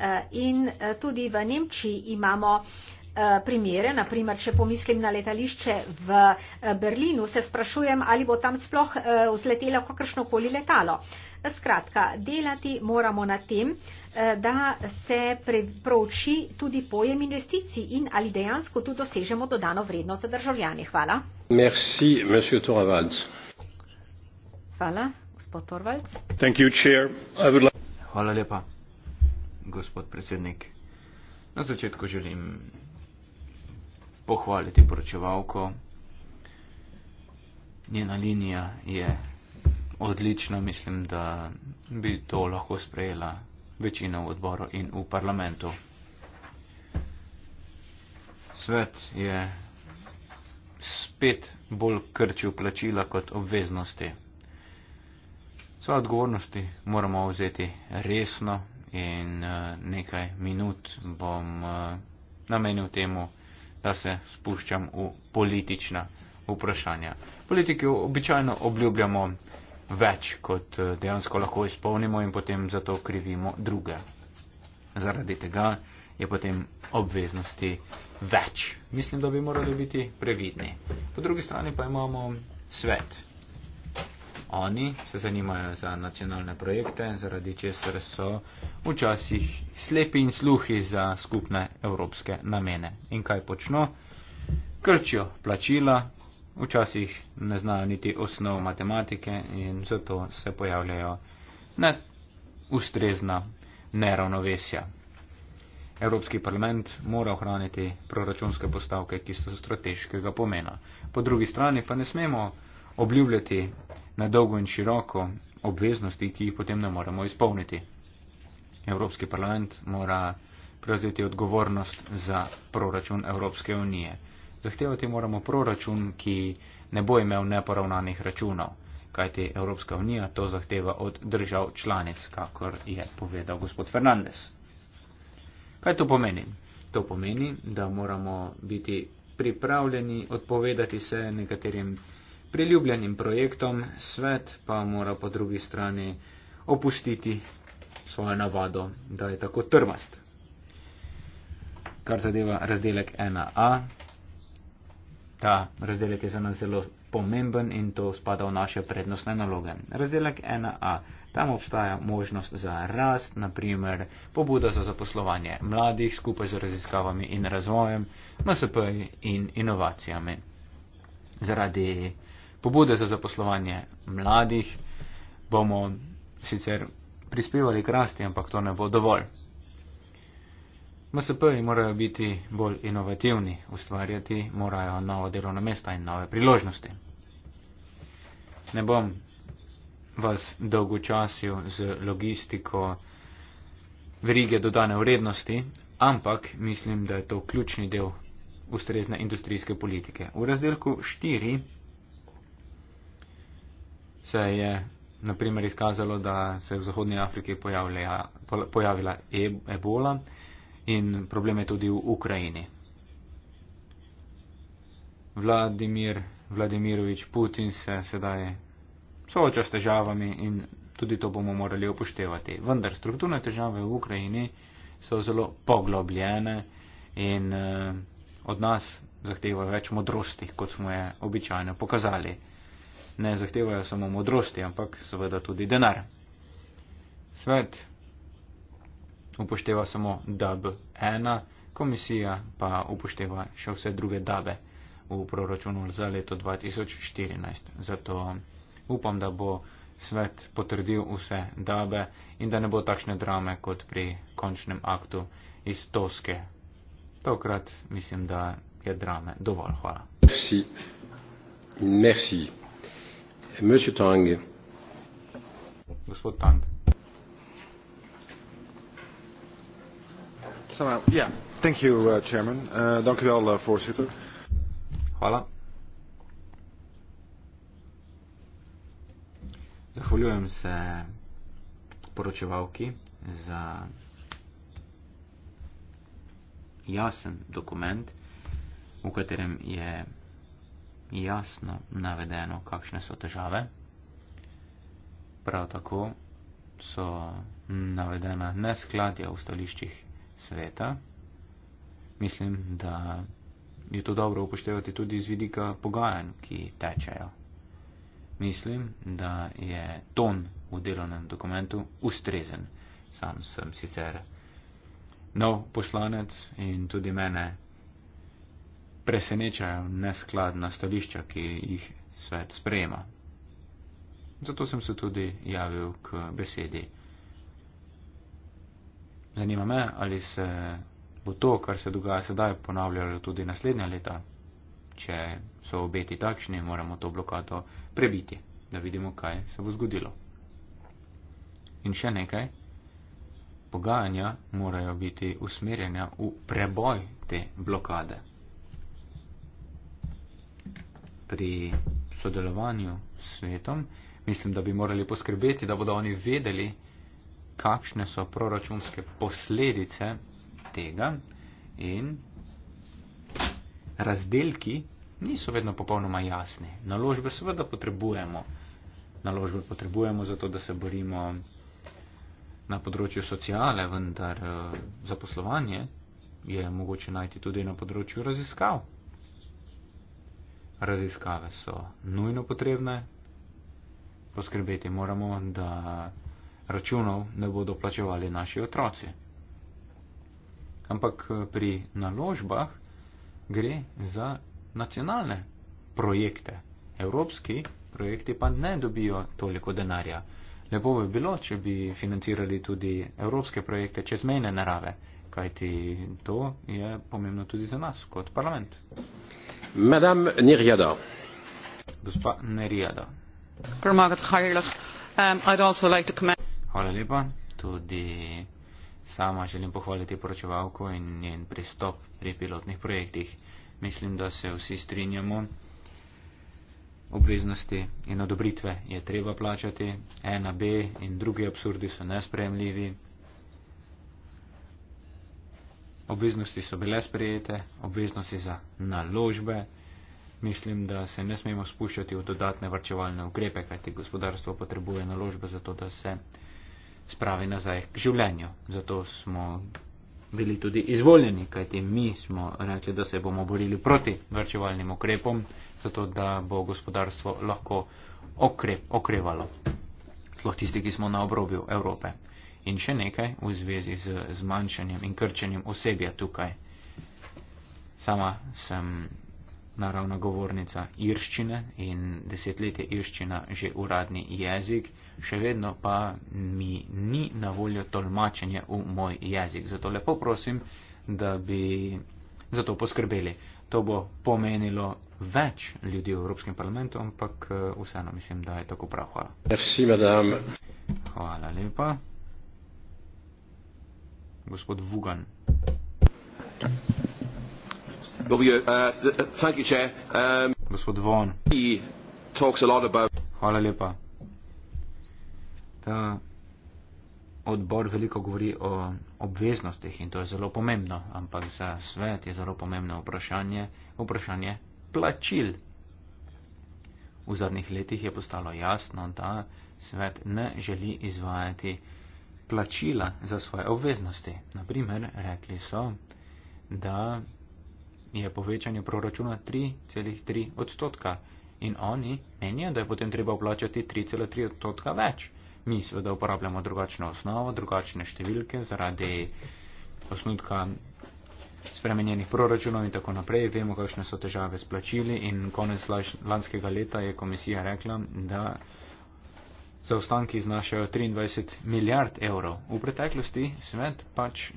Eh, in tudi v Nemčiji imamo primere, naprimer, če pomislim na letališče v Berlinu, se sprašujem, ali bo tam sploh vzletelo kakršno koli letalo. Skratka, delati moramo na tem, eh, da se preproči tudi pojem investicij in ali dejansko tu dosežemo dodano vrednost za državljane. Hvala. Merci, Hvala, gospod Torvalds. Hvala lepa, gospod predsednik. Na začetku želim pohvaliti poročevalko. Njena linija je odlično, mislim, da bi to lahko sprejela večina v odboru in v parlamentu. Svet je spet bolj krčil plačila kot obveznosti. Svoje odgovornosti moramo vzeti resno in eh, nekaj minut bom eh, namenil temu, da se spuščam v politična vprašanja. Politiki običajno obljubljamo, več, kot eh, dejansko lahko izpolnimo in potem zato krivimo druge. Zaradi tega je potem obveznosti več. Mislim, da bi morali biti previdni. Po drugi strani pa imamo svet. Oni se zanimajo za nacionalne projekte, zaradi česar so včasih slepi in sluhi za skupne evropske namene. In kaj počno? Krčijo plačila, včasih ne znajo niti osnov matematike in zato se pojavljajo ne ustrezna neravnovesja. Evropski parlament mora ohraniti proračunske postavke, ki so strateškega pomena. Po drugi strani pa ne smemo obljubljati na dolgo in široko obveznosti, ki jih potem ne moremo izpolniti. Evropski parlament mora prevzeti odgovornost za proračun Evropske unije. Zahtevati moramo proračun, ki ne bo imel neporavnanih računov, kajti Evropska unija to zahteva od držav članic, kakor je povedal gospod Fernandez. Kaj to pomeni? To pomeni, da moramo biti pripravljeni odpovedati se nekaterim priljubljenim projektom, svet pa mora po drugi strani opustiti svojo navado, da je tako trmast. Kar zadeva razdelek 1a, Ta razdelek je za nas zelo pomemben in to spada v naše prednostne naloge. Razdelek 1a. Tam obstaja možnost za rast, naprimer pobuda za zaposlovanje mladih skupaj z raziskavami in razvojem, MSP in inovacijami. Zaradi pobude za zaposlovanje mladih bomo sicer prispevali k rasti, ampak to ne bo dovolj. MSP-ji morajo biti bolj inovativni, ustvarjati morajo nove delovne mesta in nove priložnosti. Ne bom vas dolgočasil z logistiko verige dodane vrednosti, ampak mislim, da je to ključni del ustrezne industrijske politike. V razdelku 4 se je naprimer izkazalo, da se v Zahodnji Afriki pojavila e-, ebola in probleme tudi v Ukrajini. Vladimir Vladimirovič Putin se sedaj sooča s težavami in tudi to bomo morali upoštevati. Vendar strukturne težave v Ukrajini so zelo poglobljene in eh, od nas zahtevajo več modrosti, kot smo je običajno pokazali. Ne zahtevajo samo modrosti, ampak seveda tudi denar. Svet upošteva samo DAB 1, komisija pa upošteva še vse druge DABE v proračunu za leto 2014. Zato upam, da bo svet potrdil vse DABE in da ne bo takšne drame kot pri končnem aktu iz Toske. Tokrat mislim, da je drame dovolj. Hvala. Merci. Merci. Monsieur Tang. Gospod Tang. Ja, uh, uh, uh, voorzitter zahvaljujem se poročevalki za jasen dokument v katerem je jasno navedeno kakšne so težave prav tako so navedena neskladja v stališčih sveta. Mislim, da je to dobro upoštevati tudi z vidika pogajanj, ki tečejo. Mislim, da je ton v delovnem dokumentu ustrezen. Sam sem sicer nov poslanec in tudi mene presenečajo neskladna stališča, ki jih svet sprejema. Zato sem se tudi javil k besedi. Zanima me, ali se bo to, kar se dogaja sedaj, ponavljalo tudi naslednja leta. Če so obeti takšni, moramo to blokado prebiti, da vidimo, kaj se bo zgodilo. In še nekaj. Pogajanja morajo biti usmerjena v preboj te blokade. Pri sodelovanju s svetom mislim, da bi morali poskrbeti, da bodo oni vedeli, kakšne so proračunske posledice tega in razdelki niso vedno popolnoma jasni. Naložbe seveda potrebujemo. Naložbe potrebujemo zato, da se borimo na področju sociale, vendar eh, zaposlovanje je mogoče najti tudi na področju raziskav. Raziskave so nujno potrebne, poskrbeti moramo, da računov ne bodo plačevali naši otroci. Ampak eh, pri naložbah gre za nacionalne projekte. Evropski projekti pa ne dobijo toliko denarja. Lepo bi bilo, če bi financirali tudi evropske projekte čezmejne narave, kajti to je pomembno tudi za nas kot parlament. Madame Nirjada. Gospa Nirjada. Um, ehm, I'd also like to comment. Hvala lepa. Tudi sama želim pohvaliti poročevalko in njen pristop pri pilotnih projektih. Mislim, da se vsi strinjamo. Obveznosti in odobritve je treba plačati. Ena B in drugi absurdi so nespremljivi. Obveznosti so bile sprejete, obveznosti za naložbe. Mislim, da se ne smemo spuščati v dodatne varčevalne ukrepe, kajti gospodarstvo potrebuje naložbe za to, da se spravi nazaj k življenju. Zato smo bili tudi izvoljeni, kajti mi smo rekli, da se bomo borili proti vrčevalnim ukrepom, zato da bo gospodarstvo lahko okrep, okrevalo. Sloh tisti, ki smo na obrobju Evrope. In še nekaj v zvezi z zmanjšanjem in krčenjem osebja tukaj. Sama sem naravna govornica irščine in desetletje irščina že uradni jezik, še vedno pa mi ni na voljo tolmačenje v moj jezik. Zato lepo prosim, da bi za to poskrbeli. To bo pomenilo več ljudi v Evropskem parlamentu, ampak eh, vseeno mislim, da je tako prav. Hvala. Merci, hvala lepa. Gospod Vugan. Uh, uh, um, Gospod Von. Hvala lepa. Ta odbor veliko govori o obveznostih in to je zelo pomembno, ampak za svet je zelo pomembno vprašanje, vprašanje plačil. V zadnjih letih je postalo jasno, da svet ne želi izvajati plačila za svoje obveznosti. Naprimer, rekli so, da je povečanje proračuna 3,3 odstotka. In oni menijo, da je potem treba vplačati 3,3 odstotka več. Mi seveda uporabljamo drugačno osnovo, drugačne številke zaradi osnutka spremenjenih proračunov in tako naprej. Vemo, kakšne so težave s plačili in konec lanskega leta je komisija rekla, da zaostanki znašajo 23 milijard evrov. V preteklosti svet pač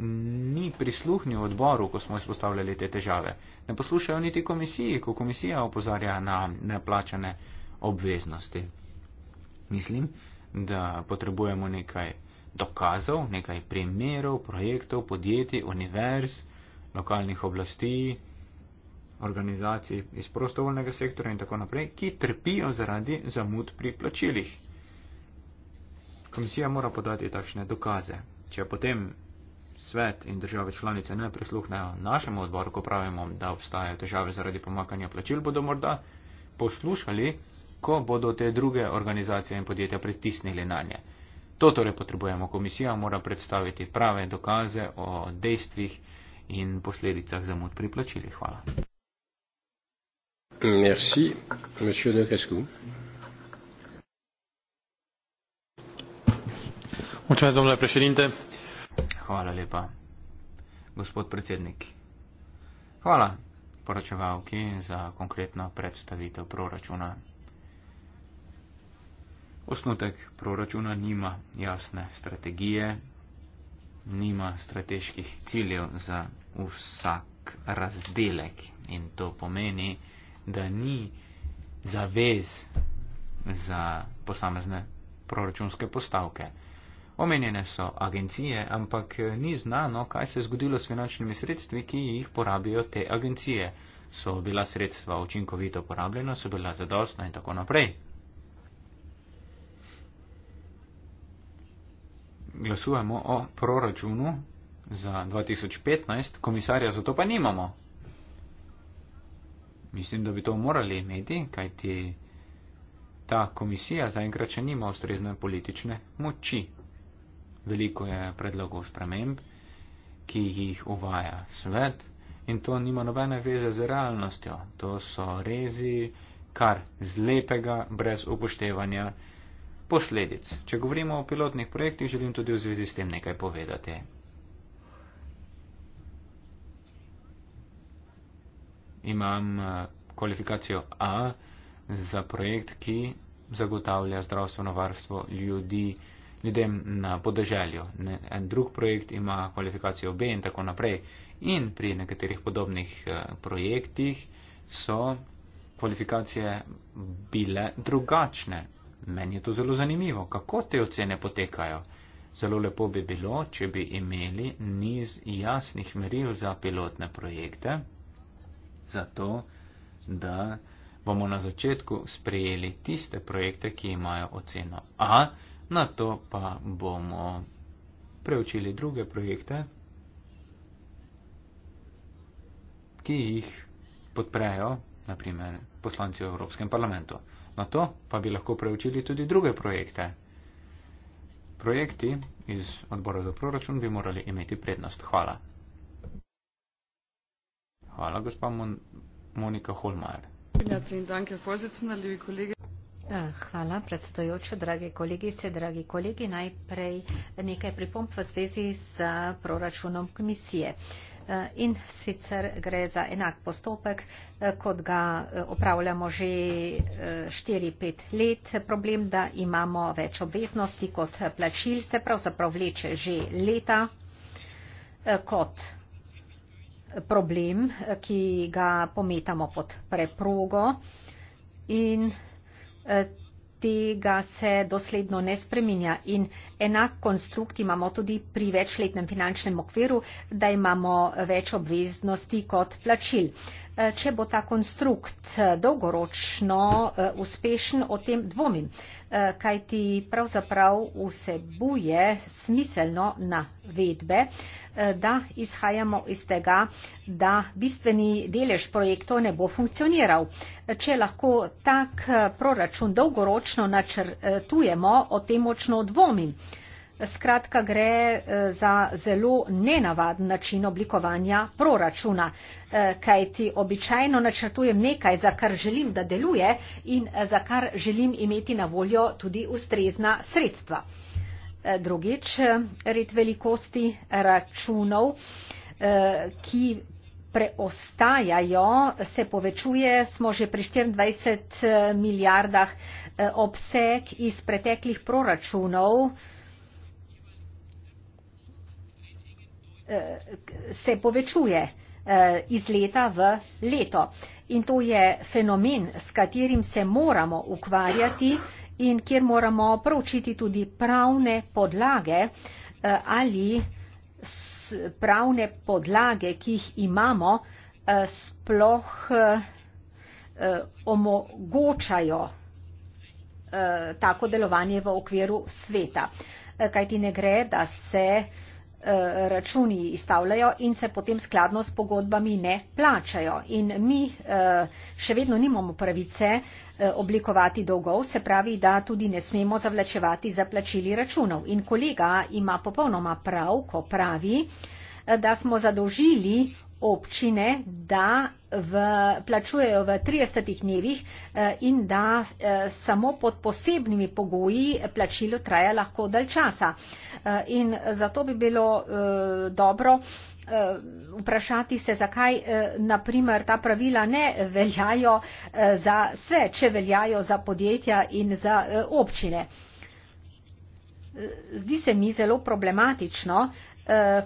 ni prisluhnil odboru, ko smo izpostavljali te težave. Ne poslušajo niti komisiji, ko komisija opozarja na neplačane obveznosti. Mislim, da potrebujemo nekaj dokazov, nekaj primerov, projektov, podjetij, univerz, lokalnih oblasti, organizacij iz prostovoljnega sektora in tako naprej, ki trpijo zaradi zamud pri plačilih. Komisija mora podati takšne dokaze. Če potem svet in države članice ne prisluhnejo našemu odboru, ko pravimo, da obstajajo težave zaradi pomakanja plačil, bodo morda poslušali, ko bodo te druge organizacije in podjetja pritisnili na nje. To torej potrebujemo. Komisija mora predstaviti prave dokaze o dejstvih in posledicah zamud pri plačilih. Hvala. Merci, monsieur de Crescu. domnule președinte. Hvala lepa, gospod predsednik. Hvala poročevalki za konkretno predstavitev proračuna. Osnutek proračuna nima jasne strategije, nima strateških ciljev za vsak razdelek in to pomeni, da ni zavez za posamezne proračunske postavke. Omenjene so agencije, ampak eh, ni znano, kaj se je zgodilo s finančnimi sredstvi, ki jih porabijo te agencije. So bila sredstva učinkovito porabljena, so bila zadostna in tako naprej. Glasujemo o proračunu za 2015, komisarja za to pa nimamo. Mislim, da bi to morali imeti, kajti ta komisija zaenkrat še nima ustrezne politične moči veliko je predlogov sprememb, ki jih uvaja svet in to nima nobene veze z realnostjo. To so rezi kar z lepega, brez upoštevanja posledic. Če govorimo o pilotnih projektih, želim tudi v zvezi s tem nekaj povedati. Imam eh, kvalifikacijo A za projekt, ki zagotavlja zdravstveno varstvo ljudi ljudem na podeželju. En drug projekt ima kvalifikacijo B in tako naprej. In pri nekaterih podobnih eh, projektih so kvalifikacije bile drugačne. Meni je to zelo zanimivo, kako te ocene potekajo. Zelo lepo bi bilo, če bi imeli niz jasnih meril za pilotne projekte, zato da bomo na začetku sprejeli tiste projekte, ki imajo oceno A, na to pa bomo preučili druge projekte, ki jih podprejo, naprimer, poslanci v Evropskem parlamentu. Na to pa bi lahko preučili tudi druge projekte. Projekti iz odbora za proračun bi morali imeti prednost. Hvala. Hvala, gospa Mon Monika Holmar. Ja, Eh, hvala, predsedojoča, drage kolegice, dragi kolegi. Najprej nekaj pripomp v zvezi z proračunom komisije. Eh, in sicer gre za enak postopek, eh, kot ga opravljamo že 4-5 let. Problem, da imamo več obveznosti kot plačil, se pravzaprav vleče že leta kot problem, ki ga pometamo pod preprogo. In tega se dosledno ne spreminja in enak konstrukt imamo tudi pri večletnem finančnem okviru, da imamo več obveznosti kot plačil. Eh, če bo ta konstrukt eh, dolgoročno eh, uspešen, o tem dvomim, kajti pravzaprav vsebuje smiselno navedbe, da izhajamo iz tega, da bistveni delež projektov ne bo funkcioniral. Če lahko tak proračun dolgoročno načrtujemo, o tem močno dvomim. Skratka, gre eh, za zelo nenavaden način oblikovanja proračuna, eh, kaj ti običajno načrtujem nekaj, za kar želim, da deluje in eh, za kar želim imeti na voljo tudi ustrezna sredstva. Drugič, red velikosti računov, ki preostajajo, se povečuje, smo že pri 24 milijardah obseg iz preteklih proračunov, Eh, se povečuje eh, iz leta v leto. In to je fenomen, s katerim se moramo ukvarjati in kjer moramo pravčiti tudi pravne podlage eh, ali pravne podlage, ki jih imamo, sploh omogočajo tako delovanje v okviru sveta. Kajti ne gre, da se Eh, računi izstavljajo in se potem skladno s pogodbami ne plačajo. In mi eh, še vedno nimamo pravice eh, oblikovati dolgov, se pravi, da tudi ne smemo zavlačevati za plačili računov. In kolega ima popolnoma prav, ko pravi, da smo zadolžili občine, da v, plačujejo v 30 dnevih eh, in da eh, samo pod posebnimi pogoji plačilo traja lahko dalj časa. Eh, in zato bi bilo dobro vprašati se, zakaj naprimer ta pravila ne veljajo za vse, če veljajo za podjetja in za občine. Zdi se mi zelo problematično,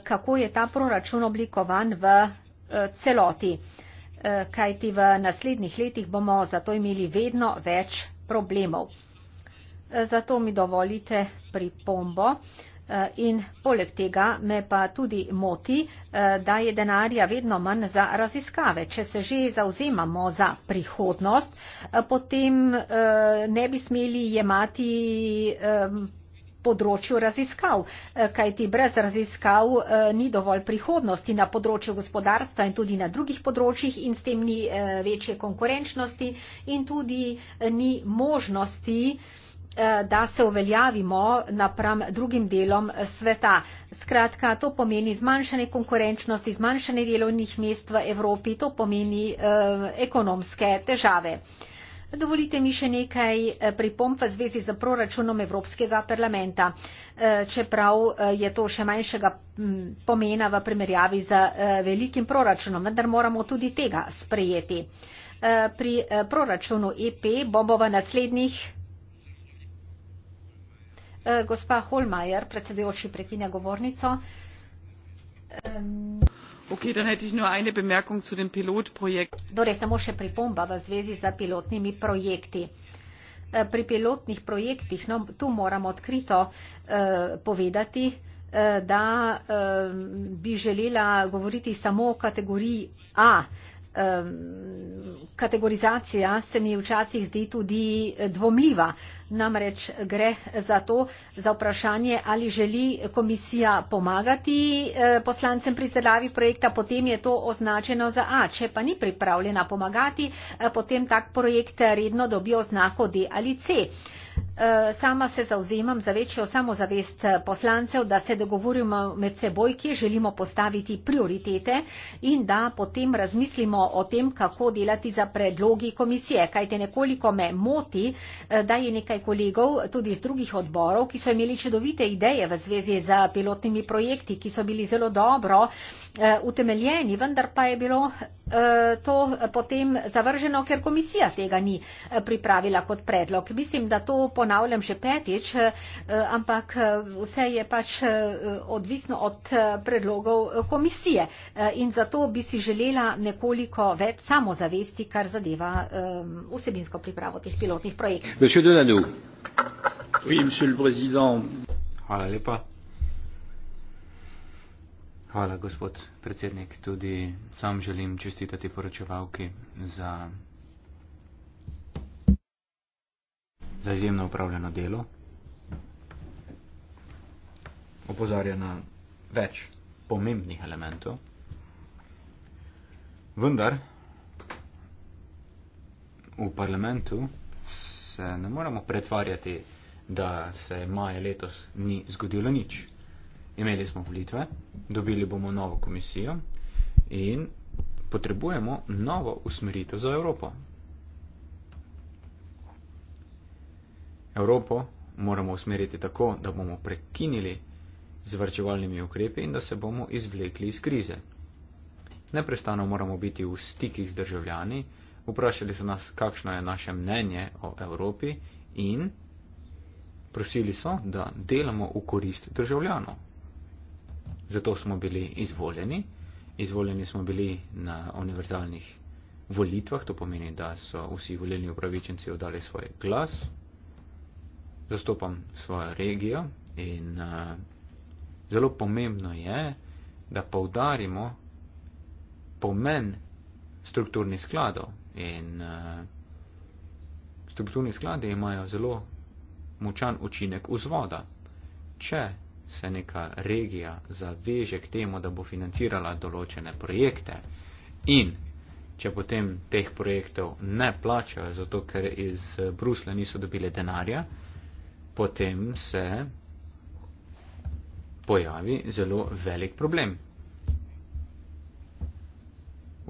kako je ta proračun oblikovan v Eh, celoti. Eh, kajti v naslednjih letih bomo zato imeli vedno več problemov. Eh, zato mi dovolite pripombo in poleg tega me pa tudi moti, da je denarja vedno manj za raziskave. Če se že zauzemamo za prihodnost, potem ne bi smeli jemati področju raziskav, eh, kajti brez raziskav eh, ni dovolj prihodnosti na področju gospodarstva in tudi na drugih področjih in s tem ni eh, večje konkurenčnosti in tudi ni možnosti da se uveljavimo napram drugim delom sveta. Skratka, to pomeni zmanjšanje konkurenčnosti, zmanjšanje delovnih mest v Evropi, to pomeni eh, ekonomske težave. Eh, Dovolite mi še nekaj eh, pripomp v zvezi z proračunom Evropskega parlamenta, eh, čeprav eh, je to še manjšega mm, pomena v primerjavi z velikim proračunom, vendar moramo tudi tega sprejeti. Pri proračunu EP bomo v naslednjih. Gospa Holmajer, predsedujoči, prekinja govornico. Um, torej samo še pripomba v zvezi za pilotnimi projekti. Eh, pri pilotnih projektih, no, tu moramo odkrito eh, povedati, eh, da eh, bi želela govoriti samo o kategoriji A, um, kategorizacija se mi včasih zdi tudi dvomljiva. Namreč gre za to, za vprašanje, ali želi komisija pomagati eh, poslancem pri zdravi projekta, potem je to označeno za A. Če pa ni pripravljena pomagati, eh, potem tak projekt redno dobijo znako D ali C. Eh, sama se zauzemam za večjo samozavest eh, poslancev, da se dogovorimo med seboj, kje želimo postaviti prioritete in da potem razmislimo o tem, kako delati za predlogi komisije. Kaj te nekoliko me moti, eh, da je nekaj kolegov tudi iz drugih odborov, ki so imeli čudovite ideje v zvezi z pilotnimi projekti, ki so bili zelo dobro utemeljeni, vendar pa je bilo to potem zavrženo, ker komisija tega ni pripravila kot predlog. Mislim, da to po ponavljam še petič, eh, ampak eh, vse je pač eh, odvisno od predlogov komisije in zato bi si želela nekoliko več samozavesti, kar zadeva vsebinsko pripravo teh pilotnih projektov. Oui, monsieur le Président. Hvala lepa. Hvala, gospod predsednik. Tudi sam želim čestitati poročevalki za za izjemno upravljeno delo, opozarja na več pomembnih elementov, vendar v parlamentu se ne moramo pretvarjati, da se maja letos ni zgodilo nič. Imeli smo volitve, dobili bomo novo komisijo in potrebujemo novo usmeritev za Evropo. Evropo moramo usmeriti tako, da bomo prekinili z vrčevalnimi ukrepi in da se bomo izvlekli iz krize. Neprestano moramo biti v stikih z državljani, vprašali so nas, kakšno je naše mnenje o Evropi in prosili so, da delamo v korist državljanov. Zato smo bili izvoljeni, izvoljeni smo bili na univerzalnih volitvah, to pomeni, da so vsi voljeni upravičenci oddali svoj glas zastopam svojo regijo in uh, zelo pomembno je, da povdarimo pomen strukturnih skladov. In uh, strukturni skladi imajo zelo močan učinek vzvoda. Če se neka regija zaveže k temu, da bo financirala določene projekte in če potem teh projektov ne plačajo, zato ker iz eh, Brusla niso dobile denarja, potem se pojavi zelo velik problem.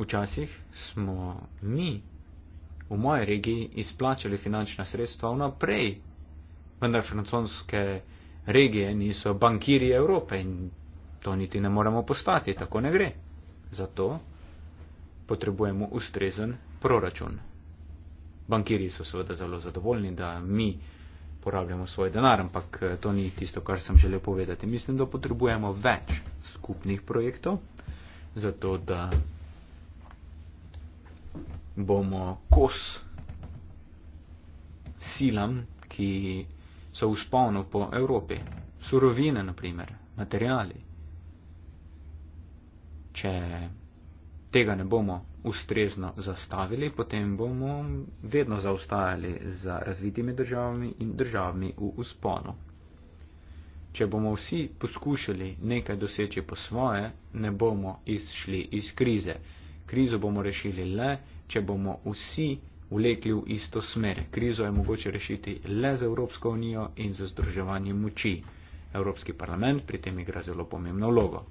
Včasih smo mi v moji regiji izplačali finančna sredstva vnaprej, vendar francoske regije niso bankirje Evrope in to niti ne moremo postati, tako ne gre. Zato potrebujemo ustrezen proračun. Bankiri so seveda zelo zadovoljni, da mi porabljamo svoj denar, ampak eh, to ni tisto, kar sem želel povedati. Mislim, da potrebujemo več skupnih projektov, zato da bomo kos silam, ki so usponu po Evropi, surovine naprimer, materiali tega ne bomo ustrezno zastavili, potem bomo vedno zaostajali za razvitimi državami in državami v usponu. Če bomo vsi poskušali nekaj doseči po svoje, ne bomo izšli iz krize. Krizo bomo rešili le, če bomo vsi vlekli v isto smer. Krizo je mogoče rešiti le z Evropsko unijo in z združevanjem moči. Evropski parlament pri tem igra zelo pomembno vlogo.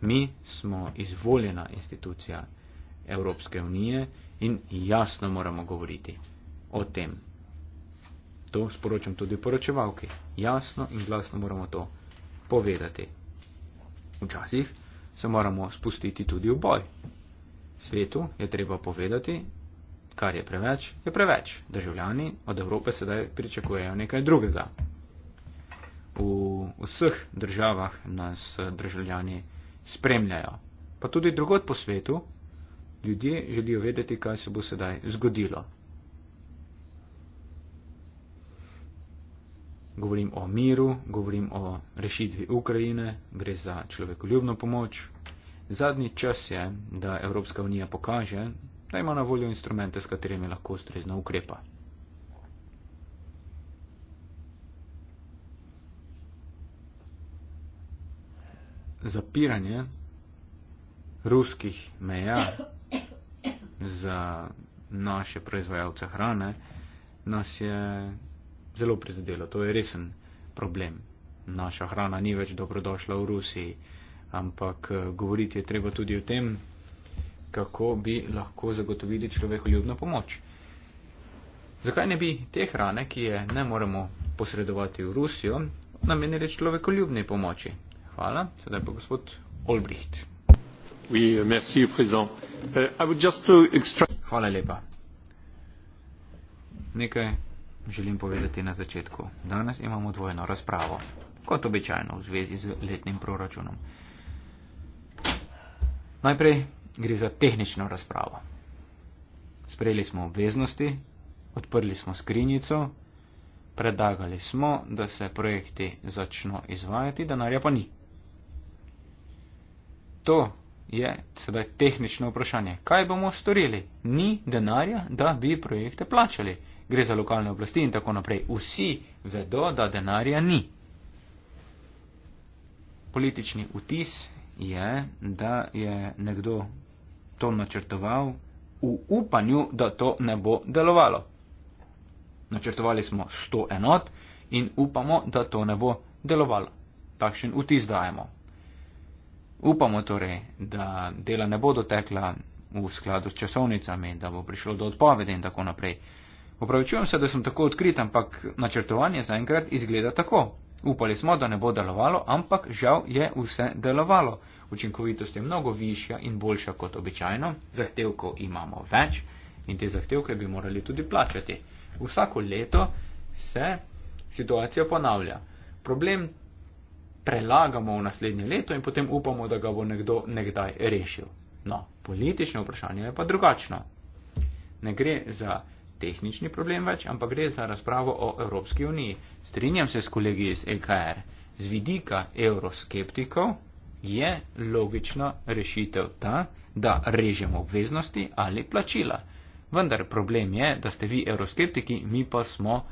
Mi smo izvoljena institucija Evropske unije in jasno moramo govoriti o tem. To sporočam tudi poročevalki. Jasno in glasno moramo to povedati. Včasih se moramo spustiti tudi v boj. Svetu je treba povedati, kar je preveč, je preveč. Državljani od Evrope sedaj pričakujejo nekaj drugega. V vseh državah nas državljani spremljajo, pa tudi drugot po svetu, ljudje želijo vedeti, kaj se bo sedaj zgodilo. Govorim o miru, govorim o rešitvi Ukrajine, gre za človekoljubno pomoč. Zadnji čas je, da Evropska unija pokaže, da ima na voljo instrumente, s katerimi lahko ustrezno ukrepa. zapiranje ruskih meja za naše proizvajalce hrane nas je zelo prizadelo. To je resen problem. Naša hrana ni več dobrodošla v Rusiji, ampak eh, govoriti je treba tudi o tem, kako bi lahko zagotovili človekoljubno pomoč. Zakaj ne bi te hrane, ki je ne moremo posredovati v Rusijo, namenili človekoljubni pomoči? Hvala. Sedaj pa gospod Olbricht. Oui, merci, président. Uh, I would just to extra... Hvala lepa. Nekaj želim povedati na začetku. Danes imamo dvojno razpravo, kot običajno v zvezi z letnim proračunom. Najprej gre za tehnično razpravo. Sprejeli smo obveznosti, odprli smo skrinjico, predlagali smo, da se projekti začno izvajati, denarja pa ni to je sedaj tehnično vprašanje. Kaj bomo storili? Ni denarja, da bi projekte plačali. Gre za lokalne oblasti in tako naprej. Vsi vedo, da denarja ni. Politični vtis je, da je nekdo to načrtoval v upanju, da to ne bo delovalo. Načrtovali smo 100 enot in upamo, da to ne bo delovalo. Takšen vtis dajemo. Upamo torej, da dela ne bodo tekla v skladu s časovnicami, da bo prišlo do odpovedi in tako naprej. Opravičujem se, da sem tako odkrit, ampak načrtovanje zaenkrat izgleda tako. Upali smo, da ne bo delovalo, ampak žal je vse delovalo. Učinkovitost je mnogo višja in boljša kot običajno, zahtevkov imamo več in te zahtevke bi morali tudi plačati. Vsako leto se situacija ponavlja. Problem prelagamo v naslednje leto in potem upamo, da ga bo nekdo nekdaj rešil. No, politično vprašanje je pa drugačno. Ne gre za tehnični problem več, ampak gre za razpravo o Evropski uniji. Strinjam se s kolegi iz EKR. Z vidika euroskeptikov je logična rešitev ta, da režemo obveznosti ali plačila. Vendar problem je, da ste vi euroskeptiki, mi pa smo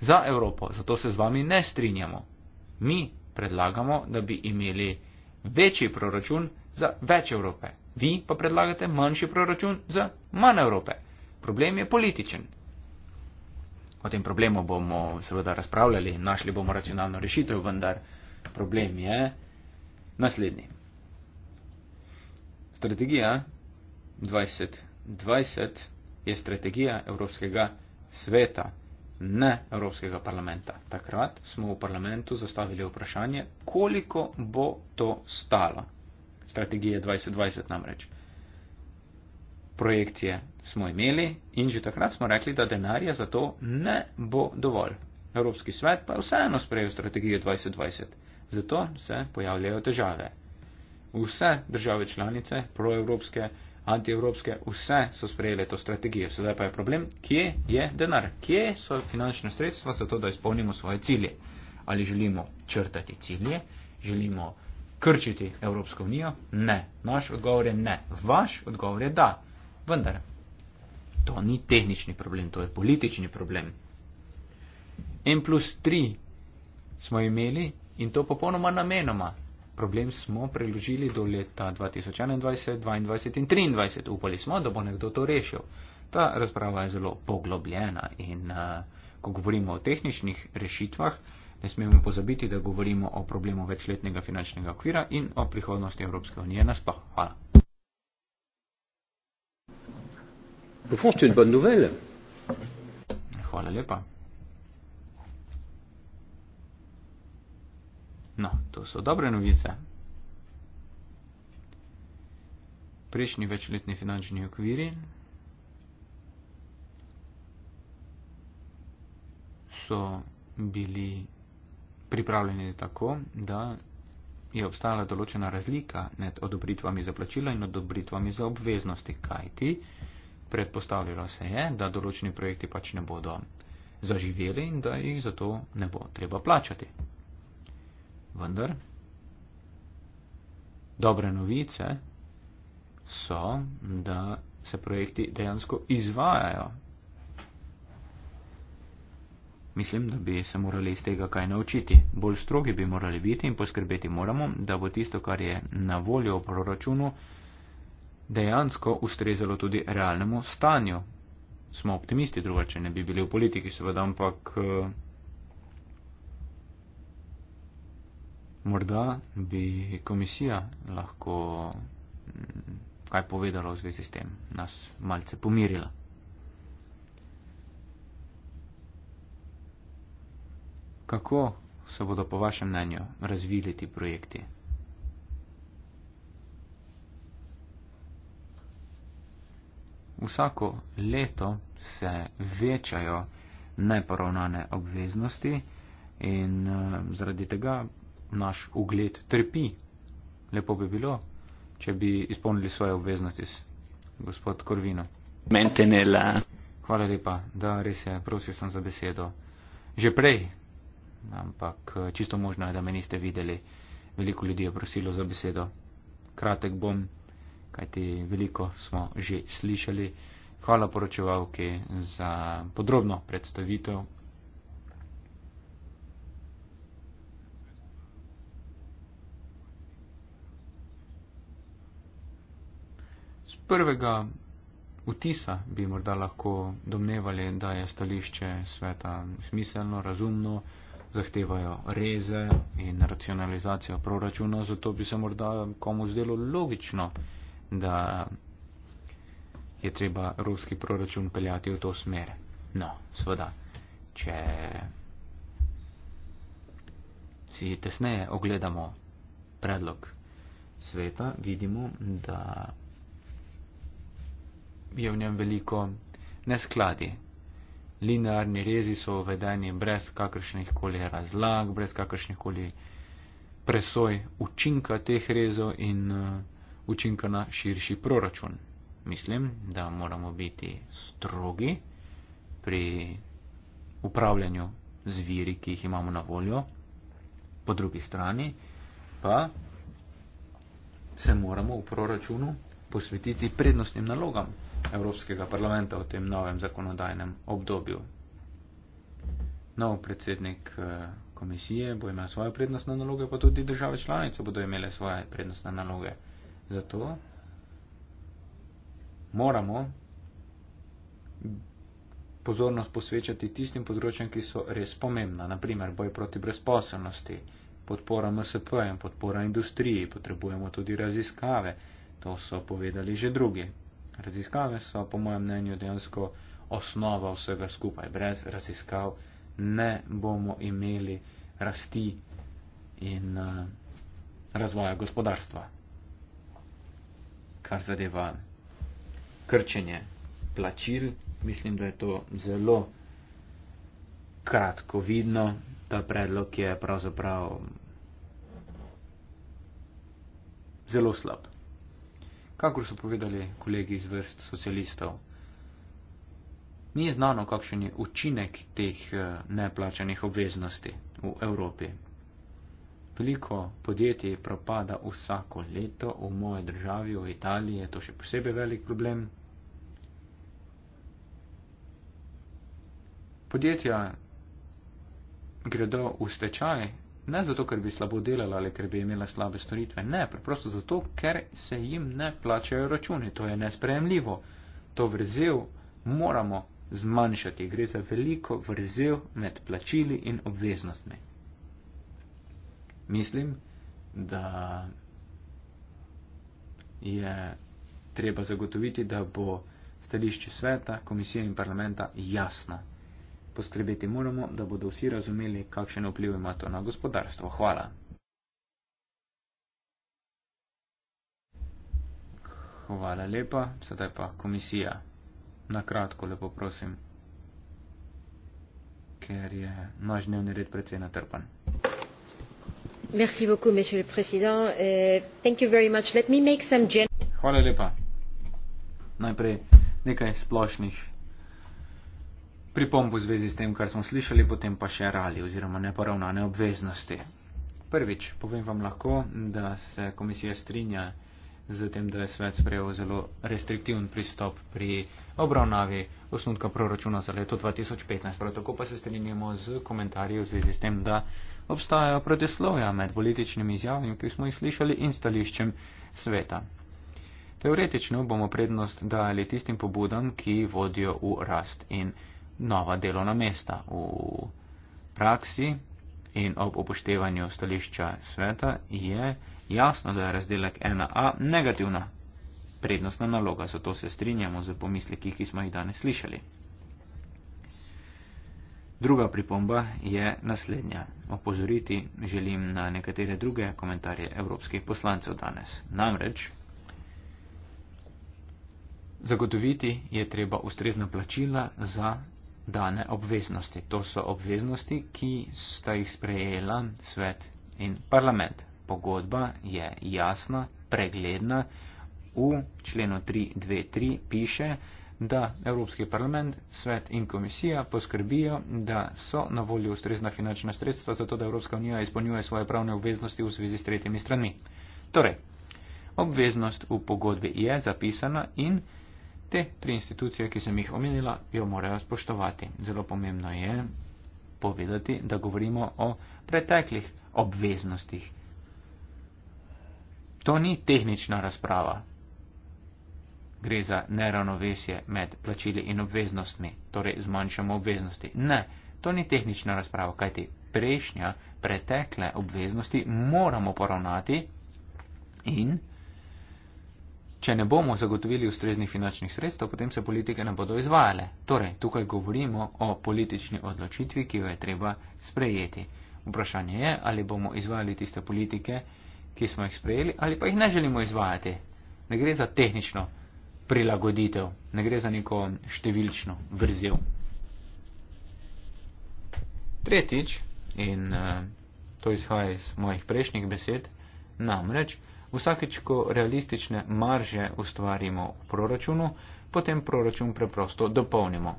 za Evropo, zato se z vami ne strinjamo. Mi predlagamo, da bi imeli večji proračun za več Evrope. Vi pa predlagate manjši proračun za manj Evrope. Problem je političen. O tem problemu bomo seveda razpravljali, našli bomo racionalno rešitev, vendar problem je naslednji. Strategija 2020 je strategija Evropskega sveta ne Evropskega parlamenta. Takrat smo v parlamentu zastavili vprašanje, koliko bo to stalo. Strategije 2020 namreč. Projekcije smo imeli in že takrat smo rekli, da denarja za to ne bo dovolj. Evropski svet pa je vseeno sprejel strategijo 2020. Zato se pojavljajo težave. Vse države članice proevropske antievropske, vse so sprejeli to strategijo. Sedaj pa je problem, kje je denar, kje so finančne sredstva za to, da izpolnimo svoje cilje. Ali želimo črtati cilje, želimo krčiti Evropsko unijo? Ne. Naš odgovor je ne. Vaš odgovor je da. Vendar. To ni tehnični problem, to je politični problem. N plus 3 smo imeli in to popolnoma namenoma problem smo preložili do leta 2021, 2022 in 2023. Upali smo, da bo nekdo to rešil. Ta razprava je zelo poglobljena in eh, ko govorimo o tehničnih rešitvah, ne smemo pozabiti, da govorimo o problemu večletnega finančnega okvira in o prihodnosti Evropske unije nasploh. Hvala. Hvala lepa. No, to so dobre novice. Prejšnji večletni finančni okviri so bili pripravljeni tako, da je obstajala določena razlika med odobritvami za plačila in odobritvami za obveznosti, kajti predpostavljalo se je, da določeni projekti pač ne bodo zaživeli in da jih zato ne bo treba plačati. Vendar dobre novice so, da se projekti dejansko izvajajo. Mislim, da bi se morali iz tega kaj naučiti. Bolj strogi bi morali biti in poskrbeti moramo, da bo tisto, kar je na voljo v proračunu, dejansko ustrezalo tudi realnemu stanju. Smo optimisti, drugače ne bi bili v politiki, seveda, ampak eh, Morda bi komisija lahko mm, kaj povedala v zvezi s tem, nas malce pomirila. Kako se bodo po vašem mnenju razvili ti projekti? Vsako leto se večajo neporavnane obveznosti in eh, zaradi tega naš ugled trpi. Lepo bi bilo, če bi izpolnili svoje obveznosti s gospod Korvino. Mentenela. Hvala lepa, da res je, prosil sem za besedo. Že prej, ampak eh, čisto možno je, da me niste videli. Veliko ljudi je prosilo za besedo. Kratek bom, kajti veliko smo že slišali. Hvala poročevalki za podrobno predstavitev prvega vtisa bi morda lahko domnevali, da je stališče sveta smiselno, razumno, zahtevajo reze in racionalizacijo proračuna, zato bi se morda komu zdelo logično, da je treba ruski proračun peljati v to smer. No, sveda, če si tesneje ogledamo predlog sveta, vidimo, da je v njem veliko neskladje. Linearni rezi so uvedeni brez kakršnih koli razlag, brez kakršnih koli presoj učinka teh rezov in uh, učinka na širši proračun. Mislim, da moramo biti strogi pri upravljanju z viri, ki jih imamo na voljo, po drugi strani pa se moramo v proračunu posvetiti prednostnim nalogam. Evropskega parlamenta v tem novem zakonodajnem obdobju. Nov predsednik eh, komisije bo imel svoje prednostne naloge, pa tudi države članice bodo imele svoje prednostne naloge. Zato moramo pozornost posvečati tistim področjem, ki so res pomembna, naprimer boj proti brezposobnosti, podpora MSP-jem, podpora industriji, potrebujemo tudi raziskave, to so povedali že drugi, Raziskave so, po mojem mnenju, dejansko osnova vsega skupaj. Brez raziskav ne bomo imeli rasti in uh, razvoja gospodarstva, kar zadeva krčenje plačil. Mislim, da je to zelo kratko vidno. Ta predlog je pravzaprav zelo slab kakor so povedali kolegi iz vrst socialistov. Ni znano, kakšen je učinek teh eh, neplačanih obveznosti v Evropi. Veliko podjetij propada vsako leto, v moje državi, v Italiji je to še posebej velik problem. Podjetja gredo v stečaj Ne zato, ker bi slabo delala ali ker bi imela slabe storitve, ne, preprosto zato, ker se jim ne plačajo računi. To je nespremljivo. To vrzel moramo zmanjšati. Gre za veliko vrzel med plačili in obveznostmi. Mislim, da je treba zagotoviti, da bo stališče sveta, komisije in parlamenta jasno. Poskrbeti moramo, da bodo vsi razumeli, kakšen vpliv ima to na gospodarstvo. Hvala. Hvala lepa, sedaj pa komisija. Na kratko, lepo prosim, ker je naš dnevni red precej natrpan. Euh, Hvala lepa. Najprej nekaj splošnih pripombo v zvezi s tem, kar smo slišali, potem pa še rali oziroma neporavnane obveznosti. Prvič, povem vam lahko, da se komisija strinja z tem, da je svet sprejel zelo restriktiven pristop pri obravnavi osnutka proračuna za leto 2015. Prav tako pa se strinjamo z komentarji v zvezi s tem, da obstajajo protislovja med političnimi izjavami, ki smo jih slišali, in stališčem sveta. Teoretično bomo prednost dali tistim pobudam, ki vodijo v rast in rast nova delovna mesta v praksi in ob upoštevanju stališča sveta je jasno, da je razdelek 1a negativna prednostna naloga, zato se strinjamo z pomisleki, ki smo jih danes slišali. Druga pripomba je naslednja. Opozoriti želim na nekatere druge komentarje evropskih poslancev danes. Namreč, zagotoviti je treba ustrezna plačila za dane obveznosti. To so obveznosti, ki sta jih sprejela svet in parlament. Pogodba je jasna, pregledna. V členu 3.2.3 piše, da Evropski parlament, svet in komisija poskrbijo, da so na voljo ustrezna finančna sredstva, zato da Evropska unija izpolnjuje svoje pravne obveznosti v zvezi s tretjimi stranmi. Torej, obveznost v pogodbi je zapisana in Te tri institucije, ki sem jih omenila, jo morajo spoštovati. Zelo pomembno je povedati, da govorimo o preteklih obveznostih. To ni tehnična razprava. Gre za neravnovesje med plačili in obveznostmi, torej zmanjšamo obveznosti. Ne, to ni tehnična razprava, kajti prejšnja, pretekle obveznosti moramo poravnati in Če ne bomo zagotovili ustreznih finančnih sredstev, potem se politike ne bodo izvajale. Torej, tukaj govorimo o politični odločitvi, ki jo je treba sprejeti. Vprašanje je, ali bomo izvajali tiste politike, ki smo jih sprejeli, ali pa jih ne želimo izvajati. Ne gre za tehnično prilagoditev, ne gre za neko številčno vrzel. Tretjič, in eh, to izhaja iz mojih prejšnjih besed, namreč, Vsakeč, ko realistične marže ustvarimo v proračunu, potem proračun preprosto dopolnimo.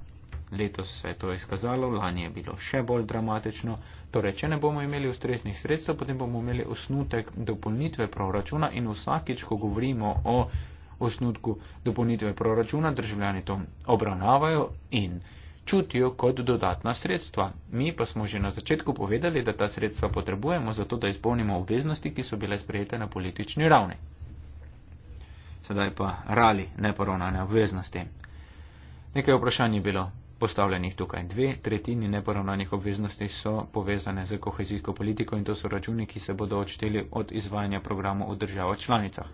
Letos se je to izkazalo, lani je bilo še bolj dramatično. Torej, če ne bomo imeli ustreznih sredstev, potem bomo imeli osnutek dopolnitve proračuna in vsakeč, ko govorimo o osnutku dopolnitve proračuna, državljani to obravnavajo in čutijo kot dodatna sredstva. Mi pa smo že na začetku povedali, da ta sredstva potrebujemo zato, da izpolnimo obveznosti, ki so bile sprejete na politični ravni. Sedaj pa rali neporavnane obveznosti. Nekaj vprašanj je bilo postavljenih tukaj. Dve tretjini neporavnanih obveznosti so povezane z kohezijsko politiko in to so računi, ki se bodo odšteli od izvajanja programov v državah članicah.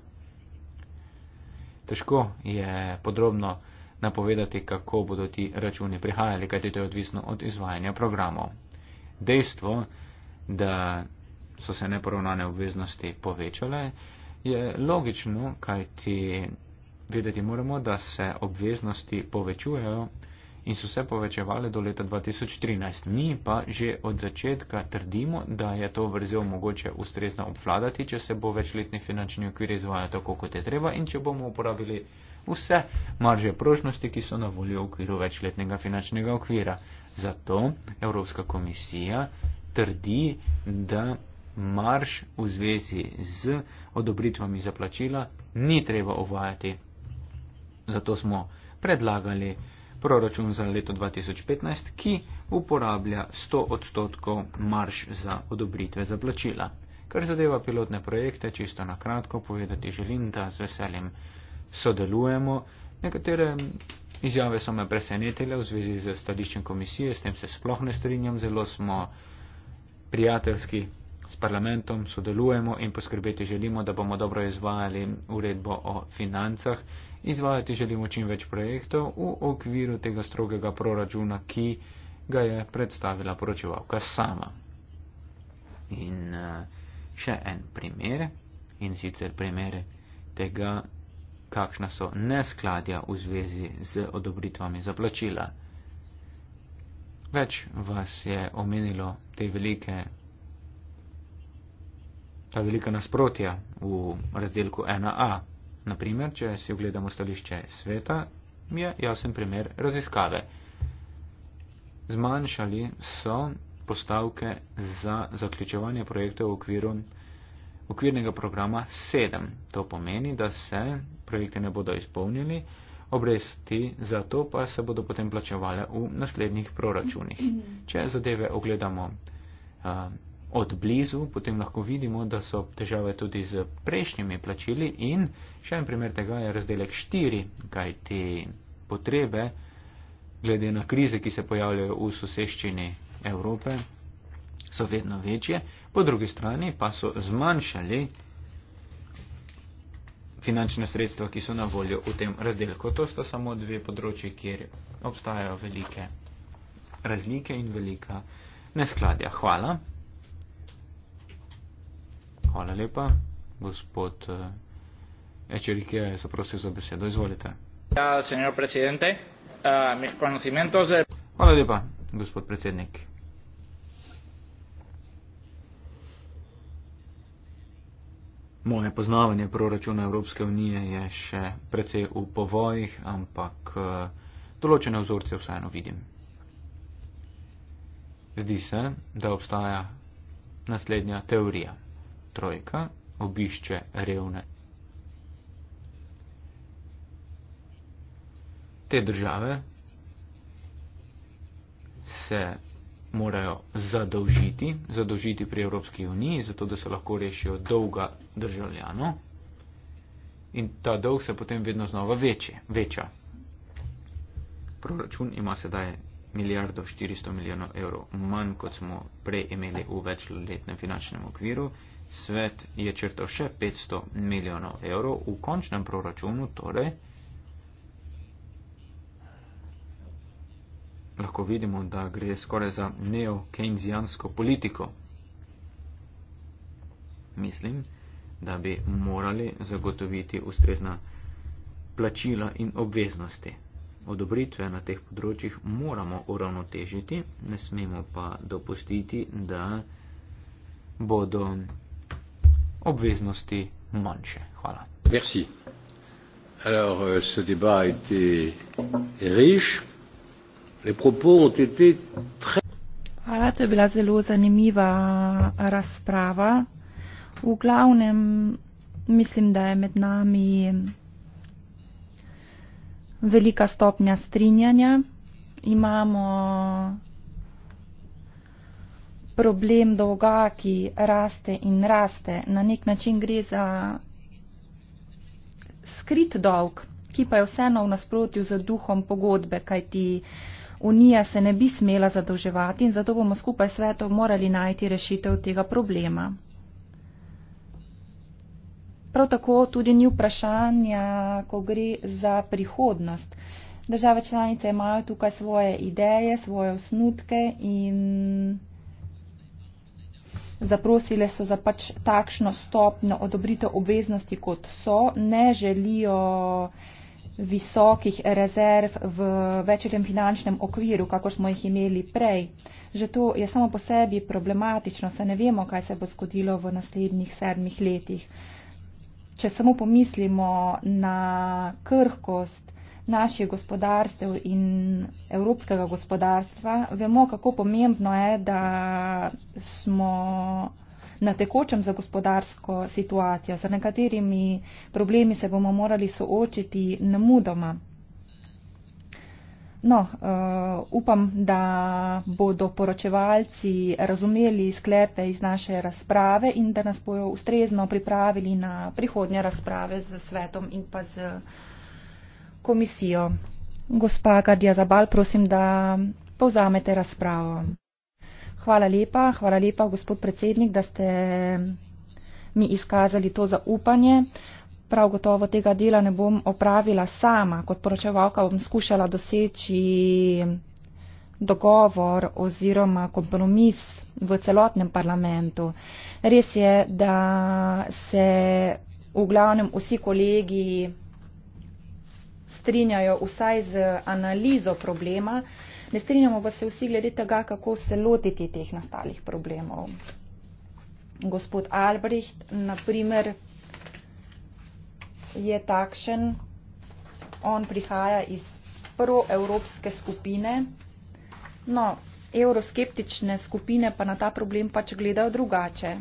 Težko je podrobno napovedati, kako bodo ti računi prihajali, kajti to je odvisno od izvajanja programov. Dejstvo, da so se neporovnane obveznosti povečale, je logično, kajti vedeti moramo, da se obveznosti povečujejo in so se povečevale do leta 2013. Mi pa že od začetka trdimo, da je to vrzel mogoče ustrezno obvladati, če se bo večletni finančni okvir izvajal tako, kot je treba in če bomo uporabili vse marže prožnosti, ki so na voljo v okviru večletnega finančnega okvira. Zato Evropska komisija trdi, da marž v zvezi z odobritvami za plačila ni treba uvajati. Zato smo predlagali proračun za leto 2015, ki uporablja 100 odstotkov marž za odobritve za plačila. Kar zadeva pilotne projekte, čisto na kratko povedati želim, da z veseljem uh, sodelujemo. Nekatere izjave so me presenetile v zvezi z stališčem komisije, s tem se sploh ne strinjam, zelo smo prijateljski s parlamentom, sodelujemo in poskrbeti želimo, da bomo dobro izvajali uredbo o financah. Izvajati želimo čim več projektov v okviru tega strogega proračuna, ki ga je predstavila poročevalka sama. In eh, še en primer, in sicer primer tega kakšna so neskladja v zvezi z odobritvami za plačila. Več vas je omenilo te velike, ta velika nasprotja v razdelku 1a. Naprimer, če si ogledamo stališče sveta, je jasen primer raziskave. Zmanjšali so postavke za zaključevanje projektov v okviru okvirnega programa 7. To pomeni, da se projekte ne bodo izpolnili, obresti za to pa se bodo potem plačevale v naslednjih proračunih. Če zadeve ogledamo uh, od blizu, potem lahko vidimo, da so težave tudi z prejšnjimi plačili in še en primer tega je razdelek 4, kaj ti potrebe glede na krize, ki se pojavljajo v soseščini Evrope, so vedno večje, po drugi strani pa so zmanjšali finančne sredstva, ki so na voljo v tem razdelku. To sta samo dve področji, kjer obstajajo velike razlike in velika neskladja. Hvala. Hvala lepa. Gospod eh, Ečerik je zaprosil za besedo. Izvolite. Ja, eh, Hvala lepa, gospod predsednik. Moje poznavanje proračuna Evropske unije je še precej v povojih, ampak eh, določene vzorce vseeno vidim. Zdi se, da obstaja naslednja teorija. Trojka obišče revne. Te države se morajo zadolžiti, zadolžiti pri Evropski uniji, zato da se lahko rešijo dolga državljanov in ta dolg se potem vedno znova večje, veča. Proračun ima sedaj milijardo 400 milijonov evrov manj, kot smo prej imeli v večletnem finančnem okviru. Svet je črtal še 500 milijonov evrov v končnem proračunu, torej lahko vidimo, da gre skoraj za neo-kejnzijansko politiko. Mislim, da bi morali zagotoviti ustrezna plačila in obveznosti. Odobritve na teh področjih moramo uravnotežiti, ne smemo pa dopustiti, da bodo obveznosti manjše. Hvala. Merci. Alors, euh, ce débat a été riche. Hvala, to je bila zelo zanimiva razprava. V glavnem mislim, da je med nami velika stopnja strinjanja. Imamo problem dolga, ki raste in raste. Na nek način gre za skrit dolg, ki pa je vseeno v nasprotju z duhom pogodbe, kaj ti. Unija se ne bi smela zadolževati in zato bomo skupaj s svetom morali najti rešitev tega problema. Prav tako tudi ni vprašanja, ko gre za prihodnost. Države članice imajo tukaj svoje ideje, svoje osnutke in zaprosile so za pač takšno stopno odobritev obveznosti, kot so. Ne želijo visokih rezerv v večjem finančnem okviru, kako smo jih imeli prej. Že to je samo po sebi problematično, saj ne vemo, kaj se bo zgodilo v naslednjih sedmih letih. Če samo pomislimo na krhkost naših gospodarstev in evropskega gospodarstva, vemo, kako pomembno je, da smo na tekočem za gospodarsko situacijo, z nekaterimi problemi se bomo morali soočiti na mudoma. No, uh, upam, da bodo poročevalci razumeli sklepe iz naše razprave in da nas bojo ustrezno pripravili na prihodnje razprave z svetom in pa z komisijo. Gospa Gardia Zabal, prosim, da povzamete razpravo hvala lepa, hvala lepa, gospod predsednik, da ste mi izkazali to zaupanje. Prav gotovo tega dela ne bom opravila sama. Kot poročevalka bom skušala doseči dogovor oziroma kompromis v celotnem parlamentu. Res je, da se v glavnem vsi kolegi strinjajo vsaj z analizo problema, Ne strinjamo pa se vsi glede tega, kako se lotiti teh nastalih problemov. Gospod Albrecht, naprimer, je takšen, on prihaja iz proevropske skupine, no, evroskeptične skupine pa na ta problem pač gledajo drugače.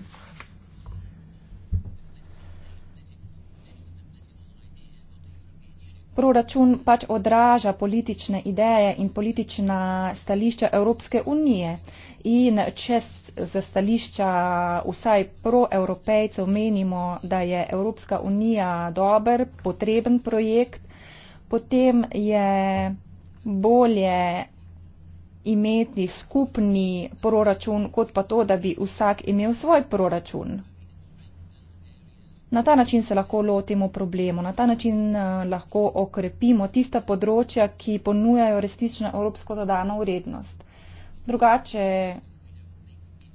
proračun pač odraža politične ideje in politična stališča Evropske unije. In če za stališča vsaj proevropejcev menimo, da je Evropska unija dober, potreben projekt, potem je bolje imeti skupni proračun, kot pa to, da bi vsak imel svoj proračun. Na ta način se lahko lotimo problemu, na ta način eh, lahko okrepimo tista področja, ki ponujajo resnično evropsko dodano vrednost. Drugače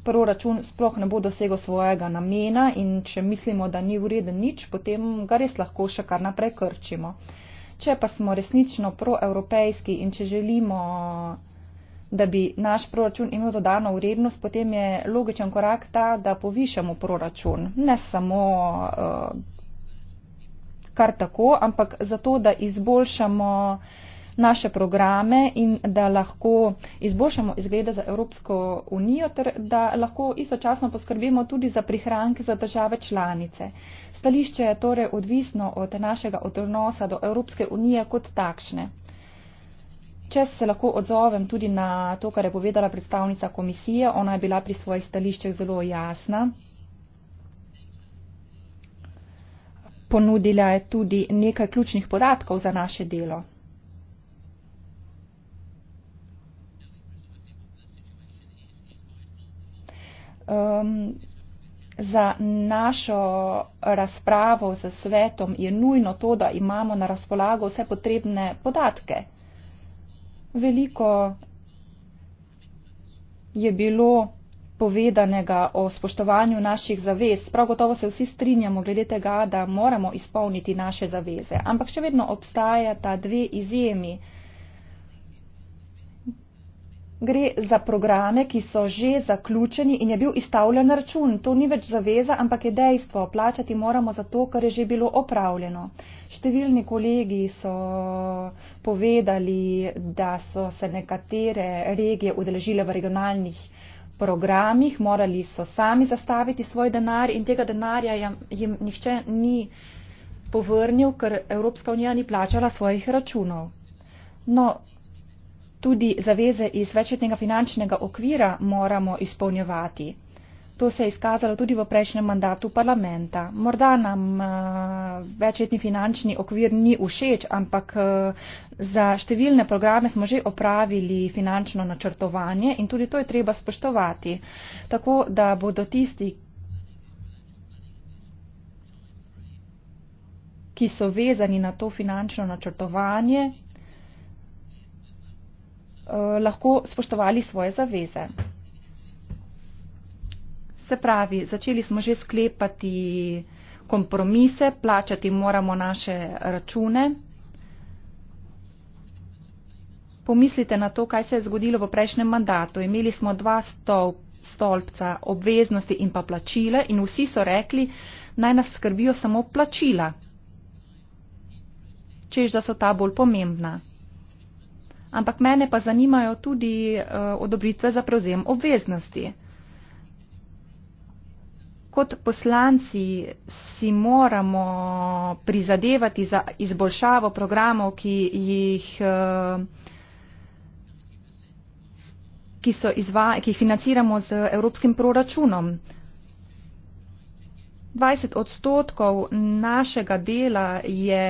proračun sploh ne bo dosegel svojega namena in če mislimo, da ni vreden nič, potem ga res lahko še kar naprej krčimo. Če pa smo resnično proevropejski in če želimo da bi naš proračun imel dodano vrednost, potem je logičen korak ta, da povišamo proračun. Ne samo uh, kar tako, ampak zato, da izboljšamo naše programe in da lahko izboljšamo izglede za Evropsko unijo, ter da lahko istočasno poskrbimo tudi za prihranke za države članice. Stališče je torej odvisno od našega odnosa do Evropske unije kot takšne. Če se lahko odzovem tudi na to, kar je povedala predstavnica komisije, ona je bila pri svojih stališčah zelo jasna. Ponudila je tudi nekaj ključnih podatkov za naše delo. Um, za našo razpravo z svetom je nujno to, da imamo na razpolago vse potrebne podatke veliko je bilo povedanega o spoštovanju naših zavez. Prav gotovo se vsi strinjamo glede tega, da moramo izpolniti naše zaveze. Ampak še vedno obstajata dve izjemi gre za programe, ki so že zaključeni in je bil izstavljen račun. To ni več zaveza, ampak je dejstvo. Plačati moramo za to, kar je že bilo opravljeno. Številni kolegi so povedali, da so se nekatere regije udeležile v regionalnih programih, morali so sami zastaviti svoj denar in tega denarja jim nihče ni povrnil, ker Evropska unija ni plačala svojih računov. No, tudi zaveze iz večletnega finančnega okvira moramo izpolnjevati. To se je izkazalo tudi v prejšnjem mandatu parlamenta. Morda nam uh, večletni finančni okvir ni všeč, ampak uh, za številne programe smo že opravili finančno načrtovanje in tudi to je treba spoštovati. Tako da bodo tisti, ki so vezani na to finančno načrtovanje, Eh, lahko spoštovali svoje zaveze. Se pravi, začeli smo že sklepati kompromise, plačati moramo naše račune. Pomislite na to, kaj se je zgodilo v prejšnjem mandatu. Imeli smo dva stolp, stolpca obveznosti in pa plačile in vsi so rekli, naj nas skrbijo samo plačila, čež da so ta bolj pomembna ampak mene pa zanimajo tudi eh, odobritve za prevzem obveznosti. Kot poslanci si moramo prizadevati za izboljšavo programov, ki, jih, eh, ki, izva, ki jih financiramo z evropskim proračunom. 20 odstotkov našega dela je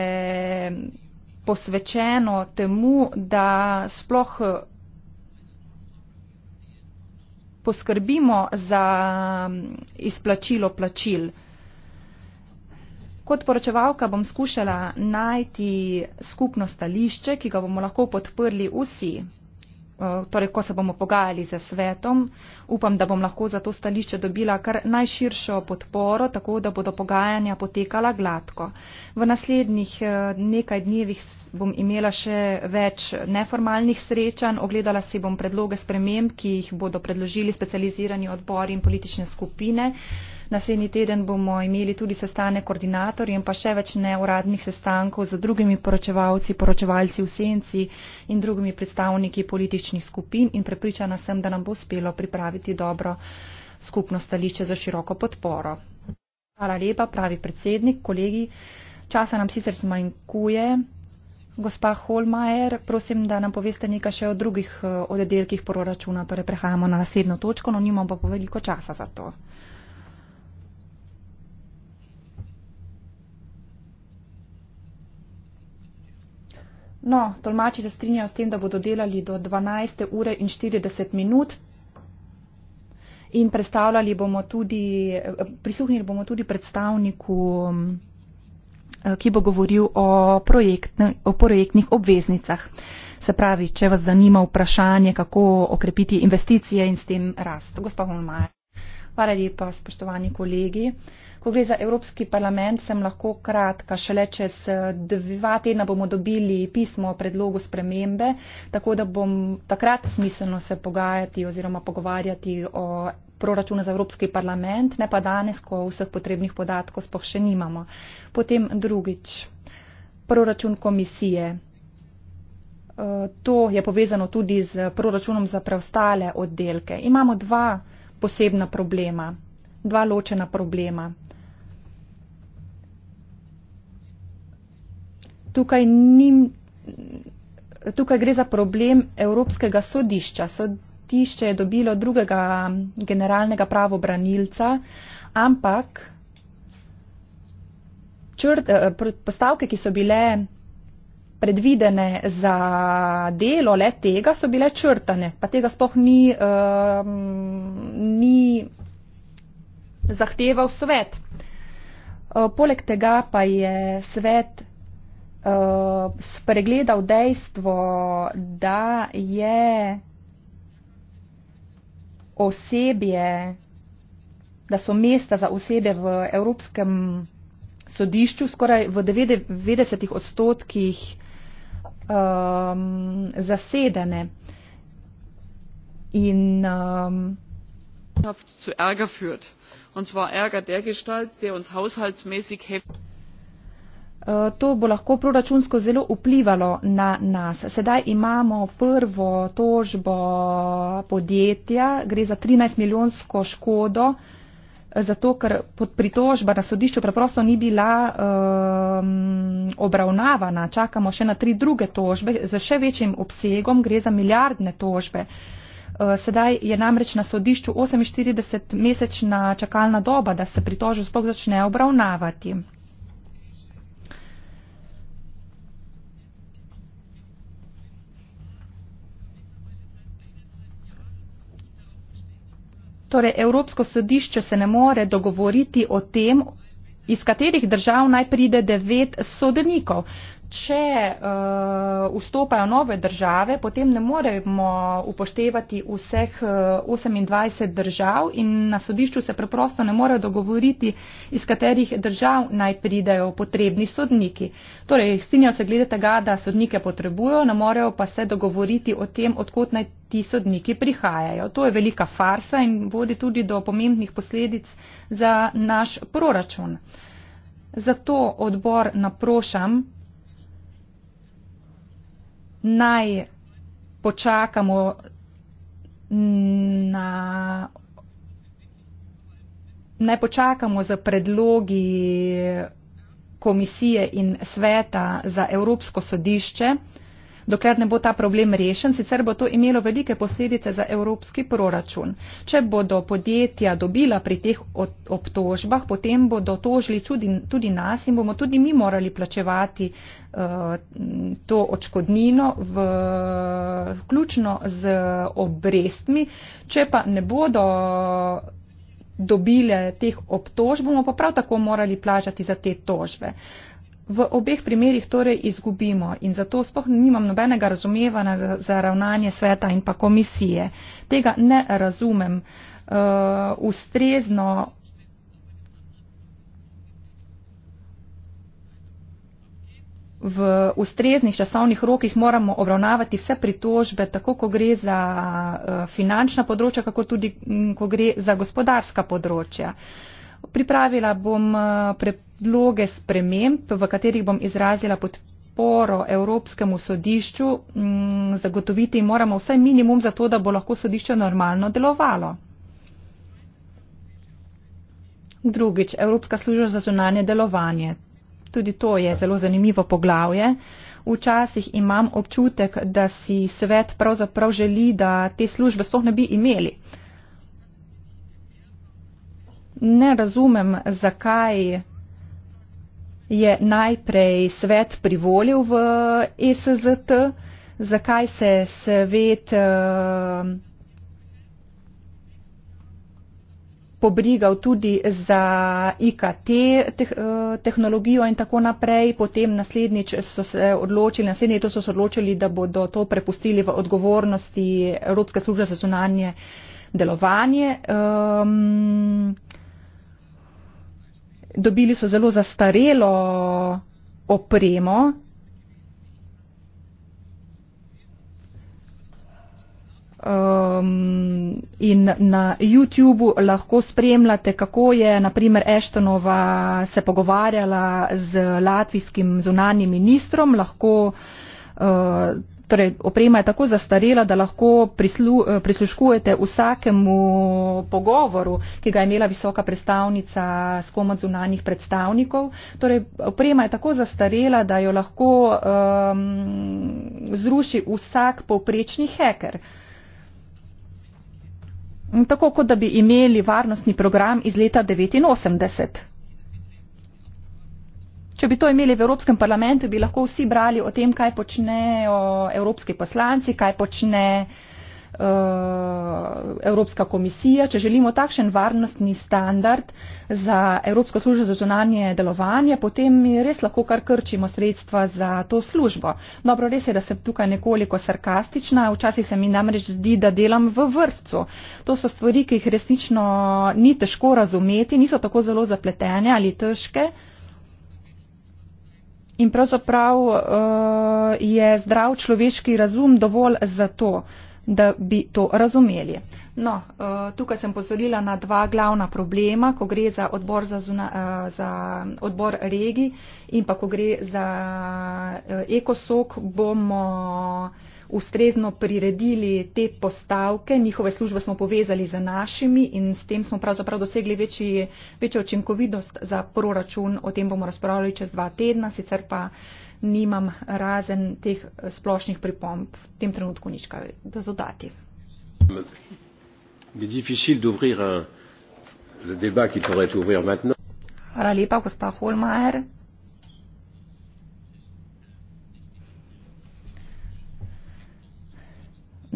posvečeno temu, da sploh eh, poskrbimo za mm, izplačilo plačil. Kot poročevalka bom skušala najti skupno stališče, ki ga bomo lahko podprli vsi. Eh, torej ko se bomo pogajali za svetom. Upam, da bom lahko za to stališče dobila kar najširšo podporo, tako da bodo pogajanja potekala gladko. V naslednjih eh, nekaj dnevih bom imela še več neformalnih srečanj, ogledala si bom predloge sprememb, ki jih bodo predložili specializirani odbori in politične skupine. Naslednji teden bomo imeli tudi sestane koordinatorjem, pa še več neuradnih sestankov z drugimi poročevalci, poročevalci v senci in drugimi predstavniki političnih skupin in prepričana sem, da nam bo uspelo pripraviti dobro skupno stališče za široko podporo. Hvala lepa, pravi predsednik, kolegi. Časa nam sicer zmanjkuje. Gospa Holmajer, prosim, da nam poveste nekaj še o drugih eh, oddelkih proračuna, torej prehajamo na naslednjo točko, no nimamo pa veliko časa za to. No, tolmači se strinjajo s tem, da bodo delali do 12. ure in 40 minut. In predstavljali bomo tudi, prisluhnili bomo tudi predstavniku, eh, ki bo govoril o, projektne, o projektnih obveznicah. Se pravi, če vas zanima vprašanje, kako okrepiti investicije in s tem rast. Gospod Holmajer. Hvala lepa, spoštovani kolegi. Uh, Ko gre za Evropski parlament, sem lahko kratka, šele čez eh, dva tedna bomo dobili pismo o predlogu spremembe, tako da bom takrat smiselno se pogajati oziroma pogovarjati o proračuna za Evropski parlament, ne pa danes, ko vseh potrebnih podatkov spoh še nimamo. Potem drugič, proračun komisije. Eh, to je povezano tudi z proračunom za preostale oddelke. Imamo dva posebna problema, dva ločena problema. tukaj, nim, tukaj gre za problem Evropskega sodišča. Sodišče je dobilo drugega generalnega pravobranilca, ampak črt, eh, postavke, ki so bile predvidene za delo le tega, so bile črtane, pa tega spoh ni, um, ni zahteval svet. Eh, poleg tega pa je svet Eh, spregledal dejstvo, da je osebje, da so mesta za osebe v Evropskem sodišču skoraj v 90 odstotkih um, zasedene. In, um, Zu Ärger führt. Und zwar Ärger der Gestalt, der uns haushaltsmäßig hebt. Eh, to bo lahko proračunsko zelo vplivalo na nas. Sedaj imamo prvo tožbo podjetja, gre za 13 milijonsko škodo, eh, zato ker pritožba na sodišču preprosto ni bila um, obravnavana. Čakamo še na tri druge tožbe z še večjim obsegom, gre za milijardne tožbe. Eh, sedaj je namreč na sodišču 48-mesečna čakalna doba, da se pritožbe sploh začne obravnavati. Torej, Evropsko sodišče se ne more dogovoriti o tem, iz katerih držav naj pride devet sodnikov če uh, vstopajo nove države, potem ne moremo upoštevati vseh 28 eh, držav in na sodišču se preprosto ne morejo dogovoriti, iz katerih držav naj pridajo potrebni sodniki. Torej, strinjajo se glede tega, da sodnike potrebujo, ne morejo pa se dogovoriti o tem, odkot naj ti sodniki prihajajo. To je velika farsa in vodi tudi do pomembnih posledic za naš proračun. Zato odbor naprošam naj počakamo na Naj počakamo z predlogi komisije in sveta za Evropsko sodišče. Dokler ne bo ta problem rešen, sicer bo to imelo velike posledice za evropski proračun. Če bodo podjetja dobila pri teh obtožbah, potem bodo tožili tudi, tudi nas in bomo tudi mi morali plačevati uh, to očkodnino, v, vključno z obrestmi. Če pa ne bodo dobile teh obtožb, bomo pa prav tako morali plačati za te tožbe. Uh, V obeh primerjih torej izgubimo in zato spoh nimam nobenega razumevanja za, za ravnanje sveta in pa komisije. Tega ne razumem. Uh, ustrezno v ustreznih časovnih rokih moramo obravnavati vse pritožbe, tako ko gre za uh, finančna področja, kako tudi m, ko gre za gospodarska področja. Uh, pripravila bom eh, predloge sprememb, v katerih bom izrazila podporo Evropskemu sodišču. Mm, zagotoviti moramo vsaj minimum za to, da bo lahko sodišče normalno delovalo. Drugič, Evropska služba za zunanje delovanje. Tudi to je zelo zanimivo poglavje. Včasih imam občutek, da si svet pravzaprav želi, da te službe sploh ne bi imeli ne razumem, zakaj je najprej svet privolil v e SZT, zakaj se svet eh, pobrigal tudi za IKT eh, tehnologijo in tako naprej. Potem naslednjič so se odločili, naslednjič to so se odločili, da bodo to prepustili v odgovornosti Evropske službe za zunanje delovanje. Um, dobili so zelo zastarelo opremo. Um, in na YouTubu lahko spremljate, kako je naprimer Eštonova se pogovarjala z latvijskim zunanjim ministrom, lahko uh, torej oprema je tako zastarela, da lahko prislu, eh, prisluškujete vsakemu pogovoru, ki ga je imela visoka predstavnica s komod zunanjih predstavnikov. Torej, oprema je tako zastarela, da jo lahko um, zruši vsak povprečni heker. Tako kot da bi imeli varnostni program iz leta 1989. Če bi to imeli v Evropskem parlamentu, bi lahko vsi brali o tem, kaj počnejo evropski poslanci, kaj počne uh, Evropska komisija. Če želimo takšen varnostni standard za Evropsko službo za zonanje delovanje, potem res lahko kar krčimo sredstva za to službo. Dobro, res je, da sem tukaj nekoliko sarkastična. Včasih se mi namreč zdi, da delam v vrtcu. To so stvari, ki jih resnično ni težko razumeti, niso tako zelo zapletene ali težke. In pravzaprav uh, je zdrav človeški razum dovolj za to, da bi to razumeli. No, uh, tukaj sem pozorila na dva glavna problema, ko gre za odbor, za zuna, uh, za odbor regij in pa ko gre za uh, ekosok, bomo ustrezno priredili te postavke, njihove službe smo povezali z našimi in s tem smo pravzaprav dosegli večji, večjo učinkovitost za proračun. O tem bomo razpravljali čez dva tedna, sicer pa nimam razen teh splošnih pripomb v tem trenutku nič kaj da dodati. Euh, Hvala lepa, gospa Holmajer.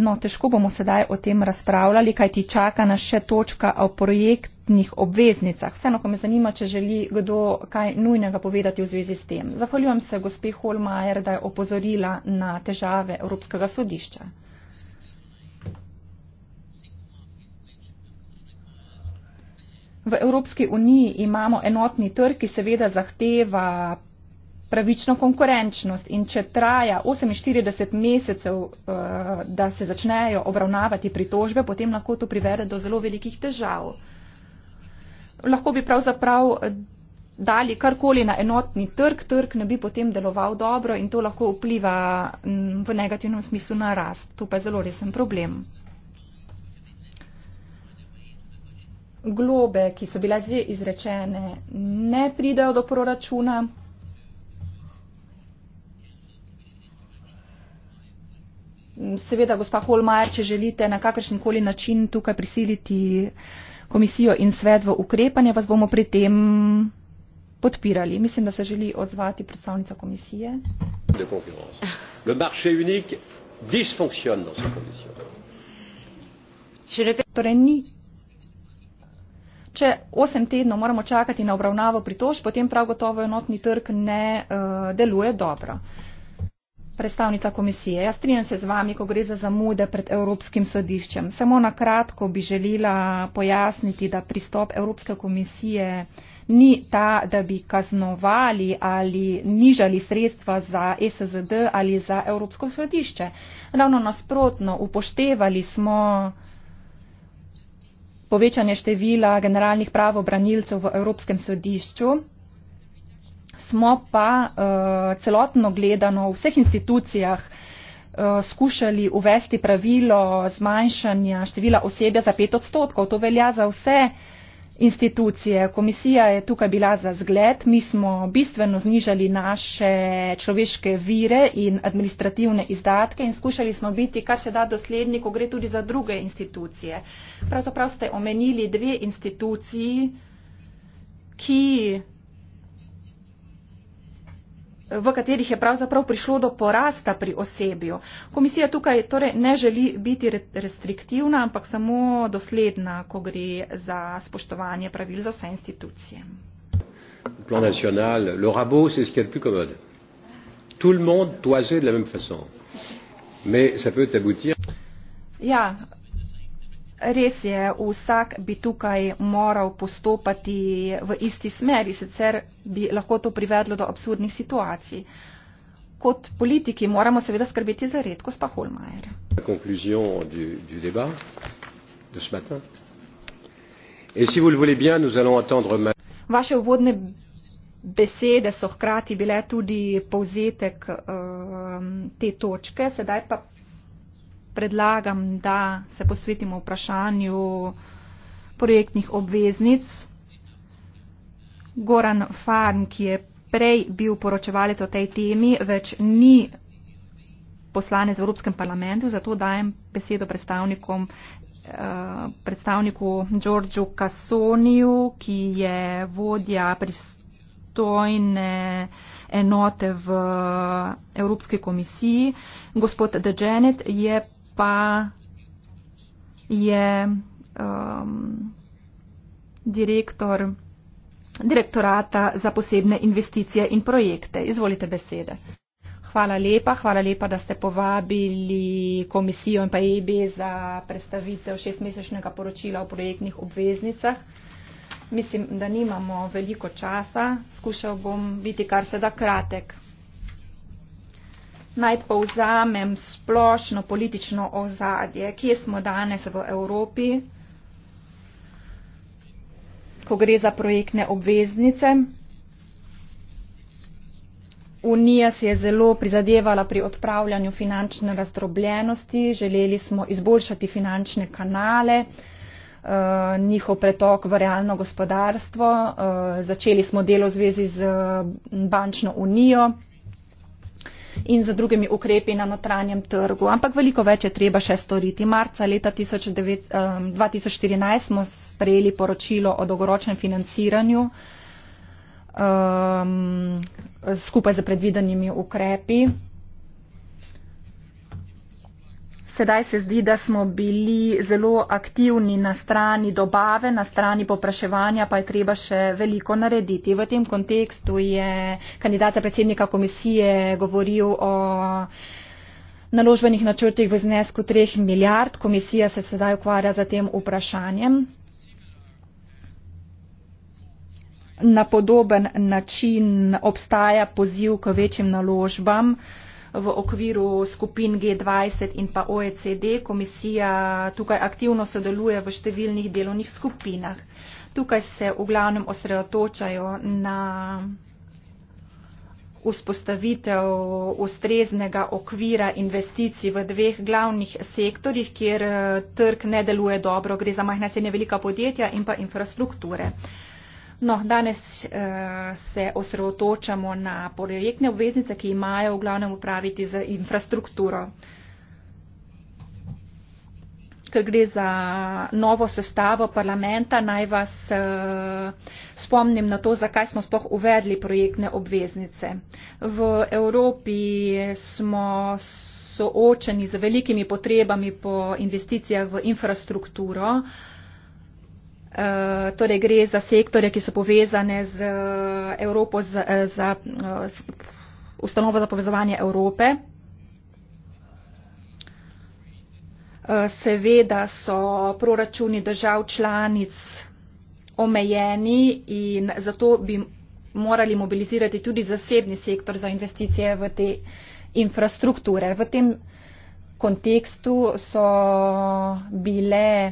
No, težko bomo sedaj o tem razpravljali, kaj ti čaka na še točka o projektnih obveznicah. Vseeno, ko me zanima, če želi kdo kaj nujnega povedati v zvezi s tem. Zahvaljujem se gospe Holmajer, da je opozorila na težave Evropskega sodišča. V Evropski uniji imamo enotni trg, ki seveda zahteva pravično konkurenčnost in če traja 48 mesecev, eh, da se začnejo obravnavati pritožbe, potem lahko to privede do zelo velikih težav. Lahko bi pravzaprav eh, dali karkoli na enotni trg, trg ne bi potem deloval dobro in to lahko vpliva mm, v negativnem smislu na rast. To pa je zelo resen problem. Globe, ki so bile zdaj izrečene, ne pridajo do proračuna. Mm, seveda, gospa Holmajer, če želite na kakršen koli način tukaj prisiliti komisijo in svet v ukrepanje, vas bomo pri tem podpirali. Mislim, da se želi odzvati predstavnica komisije. Torej ni. Če 8 tednov moramo čakati na obravnavo pritož, potem prav gotovo enotni trg ne uh, deluje dobro predstavnica komisije, jaz strinjam se z vami, ko gre za zamude pred Evropskim sodiščem. Samo na kratko bi želela pojasniti, da pristop Evropske komisije ni ta, da bi kaznovali ali nižali sredstva za SZD ali za Evropsko sodišče. Ravno nasprotno, upoštevali smo povečanje števila generalnih pravobranilcev v Evropskem sodišču smo pa uh, celotno gledano v vseh institucijah uh, skušali uvesti pravilo zmanjšanja števila osebja za pet odstotkov. To velja za vse institucije. Komisija je tukaj bila za zgled. Mi smo bistveno znižali naše človeške vire in administrativne izdatke in skušali smo biti, kar se da dosledni, ko gre tudi za druge institucije. Pravzaprav ste omenili dve instituciji, ki v katerih je pravzaprav prišlo do porasta pri osebju. Komisija tukaj torej ne želi biti restriktivna, ampak samo dosledna, ko gre za spoštovanje pravil za vse institucije. Plan national, le rabot, c'est ce qui est le plus commode. Tout le monde doit agir de la même façon. Mais ça peut aboutir. Ja, Res je, vsak bi tukaj moral postopati v isti smeri, sicer bi lahko to privedlo do absurdnih situacij. Kot politiki moramo seveda skrbeti za red, ko spa Holmajer. Vaše uvodne besede so hkrati bile tudi povzetek uh, te točke, sedaj pa predlagam, da se posvetimo vprašanju projektnih obveznic. Goran Farn, ki je prej bil poročevalec o tej temi, več ni poslanec v Evropskem parlamentu, zato dajem besedo predstavnikom eh, predstavniku Đorđu Kasoniju, ki je vodja pristojne enote v Evropski komisiji. Gospod Deđenet je pa je um, direktor direktorata za posebne investicije in projekte. Izvolite besede. Hvala lepa, hvala lepa, da ste povabili komisijo in pa EB za predstavitev šestmesečnega poročila o projektnih obveznicah. Mislim, da nimamo veliko časa, skušal bom biti kar se da kratek. Naj povzamem splošno politično ozadje, kje smo danes v Evropi, ko gre za projektne obveznice. Unija si je zelo prizadevala pri odpravljanju finančne razdrobljenosti, želeli smo izboljšati finančne kanale, eh, njihov pretok v realno gospodarstvo, eh, začeli smo delo v zvezi z eh, bančno unijo in z drugimi ukrepi na notranjem trgu. Ampak veliko več je treba še storiti. Marca leta 2014 eh, smo sprejeli poročilo o dolgoročnem financiranju ehm, skupaj z predvidenimi ukrepi. Sedaj se zdi, da smo bili zelo aktivni na strani dobave, na strani popraševanja, pa je treba še veliko narediti. V tem kontekstu je kandidat predsednika komisije govoril o naložbenih načrtih v znesku 3 milijard. Komisija se sedaj ukvarja za tem vprašanjem. Na podoben način obstaja poziv k večjim naložbam v okviru skupin G20 in pa OECD. Komisija tukaj aktivno sodeluje v številnih delovnih skupinah. Tukaj se v glavnem osredotočajo na vzpostavitev ustreznega okvira investicij v dveh glavnih sektorjih, kjer eh, trg ne deluje dobro. Gre za majhna srednja velika podjetja in pa infrastrukture. No, danes uh, se osredotočamo na projektne obveznice, ki imajo v glavnem upraviti z infrastrukturo. Ker gre za novo sestavo parlamenta, naj vas uh, spomnim na to, zakaj smo sploh uvedli projektne obveznice. V Evropi smo soočeni z velikimi potrebami po investicijah v infrastrukturo. Uh, Eh, torej gre za sektore, ki so povezane z eh, Evropo, z, eh, za ustanovo za povezovanje Evrope. Seveda so proračuni držav članic omejeni in zato bi morali mobilizirati tudi zasebni sektor za investicije v te infrastrukture. V tem kontekstu so bile uh,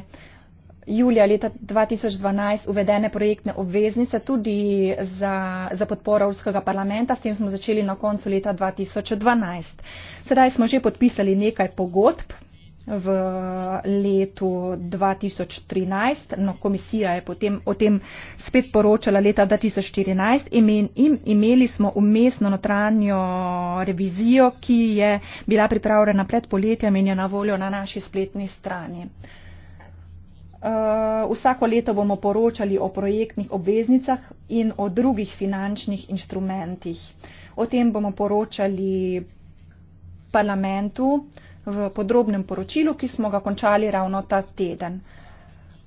julija leta 2012 uvedene projektne obveznice tudi za, za podporo Evropskega parlamenta, s tem smo začeli na koncu leta 2012. Sedaj smo že podpisali nekaj pogodb v letu 2013, no komisija je potem o tem spet poročala leta 2014 in imeli smo umestno notranjo revizijo, ki je bila pripravljena pred poletjem in je na voljo na naši spletni strani. Eh, vsako leto bomo poročali o projektnih obveznicah in o drugih finančnih inštrumentih. O tem bomo poročali parlamentu v podrobnem poročilu, ki smo ga končali ravno ta teden.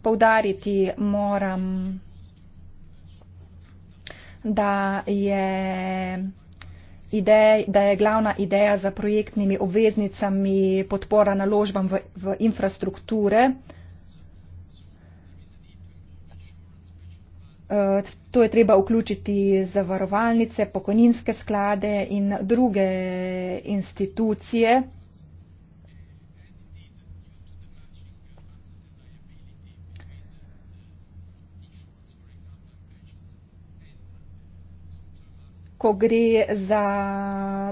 Povdariti moram, da je, idej, da je glavna ideja za projektnimi obveznicami podpora naložbam v, v infrastrukture, Eh, to je treba vključiti zavarovalnice, pokojninske sklade in druge institucije. ko gre za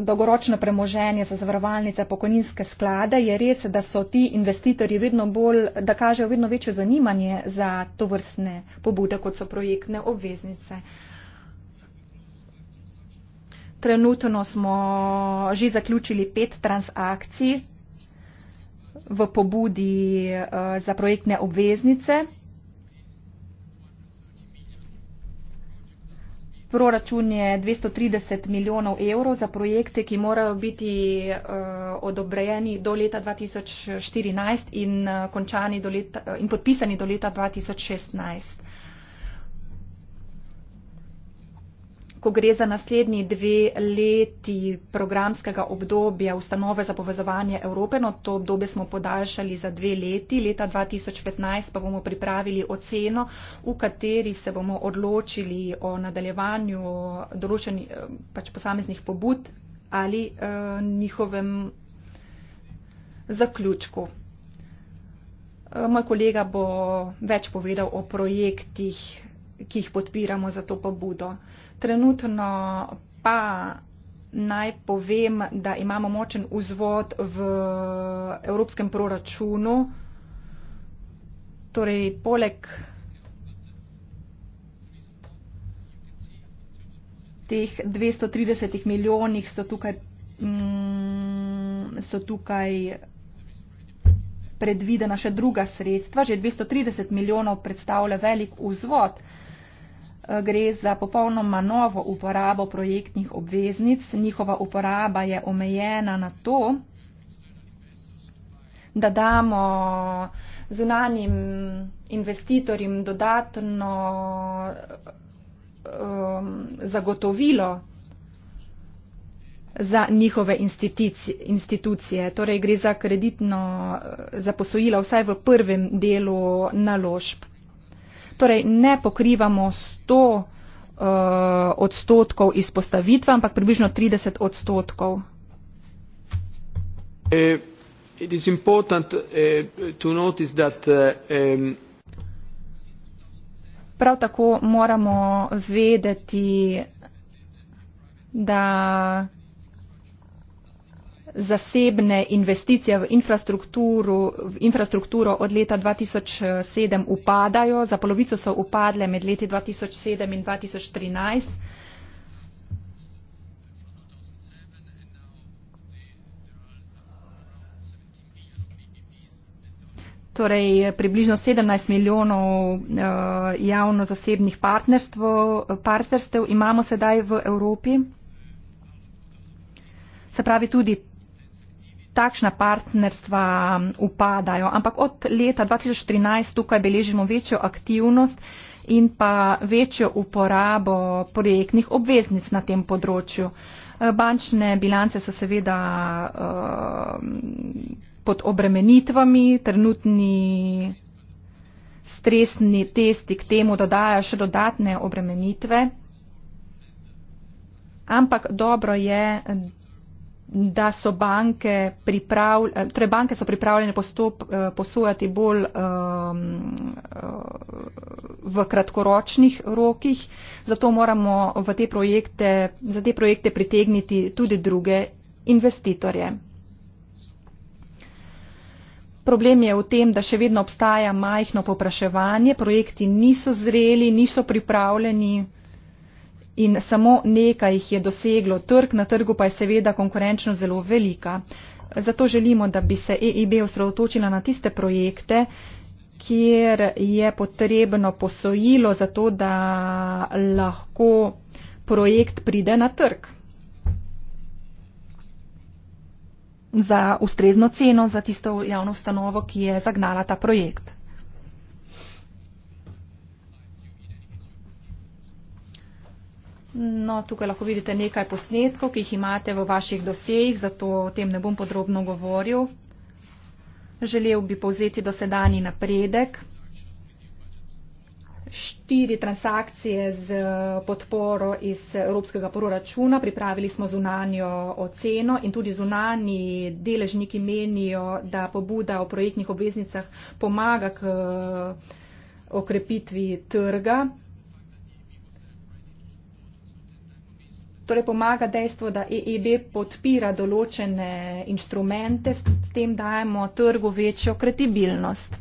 dolgoročno premoženje, za zavarovalnice, pokojninske sklade, je res, da so ti investitorji vedno bolj, da kažejo vedno večje zanimanje za to vrstne pobude, kot so projektne obveznice. Trenutno smo že zaključili pet transakcij v pobudi eh, za projektne obveznice. Proračun je 230 milijonov evrov za projekte, ki morajo biti uh, odobrejeni do leta 2014 in, uh, do leta, uh, in podpisani do leta 2016. ko gre za naslednji dve leti programskega obdobja ustanove za povezovanje Evrope. No, to obdobje smo podaljšali za dve leti, leta 2015 pa bomo pripravili oceno, v kateri se bomo odločili o nadaljevanju eh, pač posameznih pobud ali eh, njihovem zaključku. Eh, moj kolega bo več povedal o projektih, ki jih podpiramo za to pobudo trenutno pa naj povem, da imamo močen vzvod v evropskem proračunu. Torej, poleg teh 230 milijonih so tukaj, mm, so tukaj predvidena še druga sredstva. Že 230 milijonov predstavlja velik vzvod. Uh, Eh, gre za popolnoma novo uporabo projektnih obveznic. Njihova uporaba je omejena na to, da damo zunanjim investitorjem dodatno um, zagotovilo za njihove institucije, institucije. Torej gre za kreditno za posojilo vsaj v prvem delu naložb torej ne pokrivamo 100 uh, eh, odstotkov izpostavitve, ampak približno 30 odstotkov. Uh, Prav tako moramo vedeti, da zasebne investicije v infrastrukturo, v infrastrukturo od leta 2007 upadajo. Za polovico so upadle med leti 2007 in 2013. Torej, približno 17 milijonov uh, javno-zasebnih partnerstev imamo sedaj v Evropi. Se pravi, tudi takšna partnerstva um, upadajo. Ampak od leta 2013 tukaj beležimo večjo aktivnost in pa večjo uporabo projektnih obveznic na tem področju. Eh, bančne bilance so seveda uh, pod obremenitvami, trenutni stresni testi k temu dodajajo še dodatne obremenitve. Ampak dobro je, da so banke, pripravl torej banke so pripravljene postop, eh, posojati bolj um, v kratkoročnih rokih, zato moramo v te projekte, za te projekte pritegniti tudi druge investitorje. Problem je v tem, da še vedno obstaja majhno popraševanje, projekti niso zreli, niso pripravljeni in samo nekaj jih je doseglo. Trg na trgu pa je seveda konkurenčno zelo velika. Zato želimo, da bi se EIB osredotočila na tiste projekte, kjer je potrebno posojilo za to, da lahko projekt pride na trg. Za ustrezno ceno za tisto javno ustanovo, ki je zagnala ta projekt. No, tukaj lahko vidite nekaj posnetkov, ki jih imate v vaših dosejih, zato o tem ne bom podrobno govoril. Želel bi povzeti dosedani napredek. Štiri transakcije z eh, podporo iz evropskega proračuna, pripravili smo zunanjo oceno in tudi zunani deležniki menijo, da pobuda o projektnih obveznicah pomaga k eh, okrepitvi trga. Torej pomaga dejstvo, da EEB podpira določene inštrumente, s tem dajemo trgu večjo kredibilnost.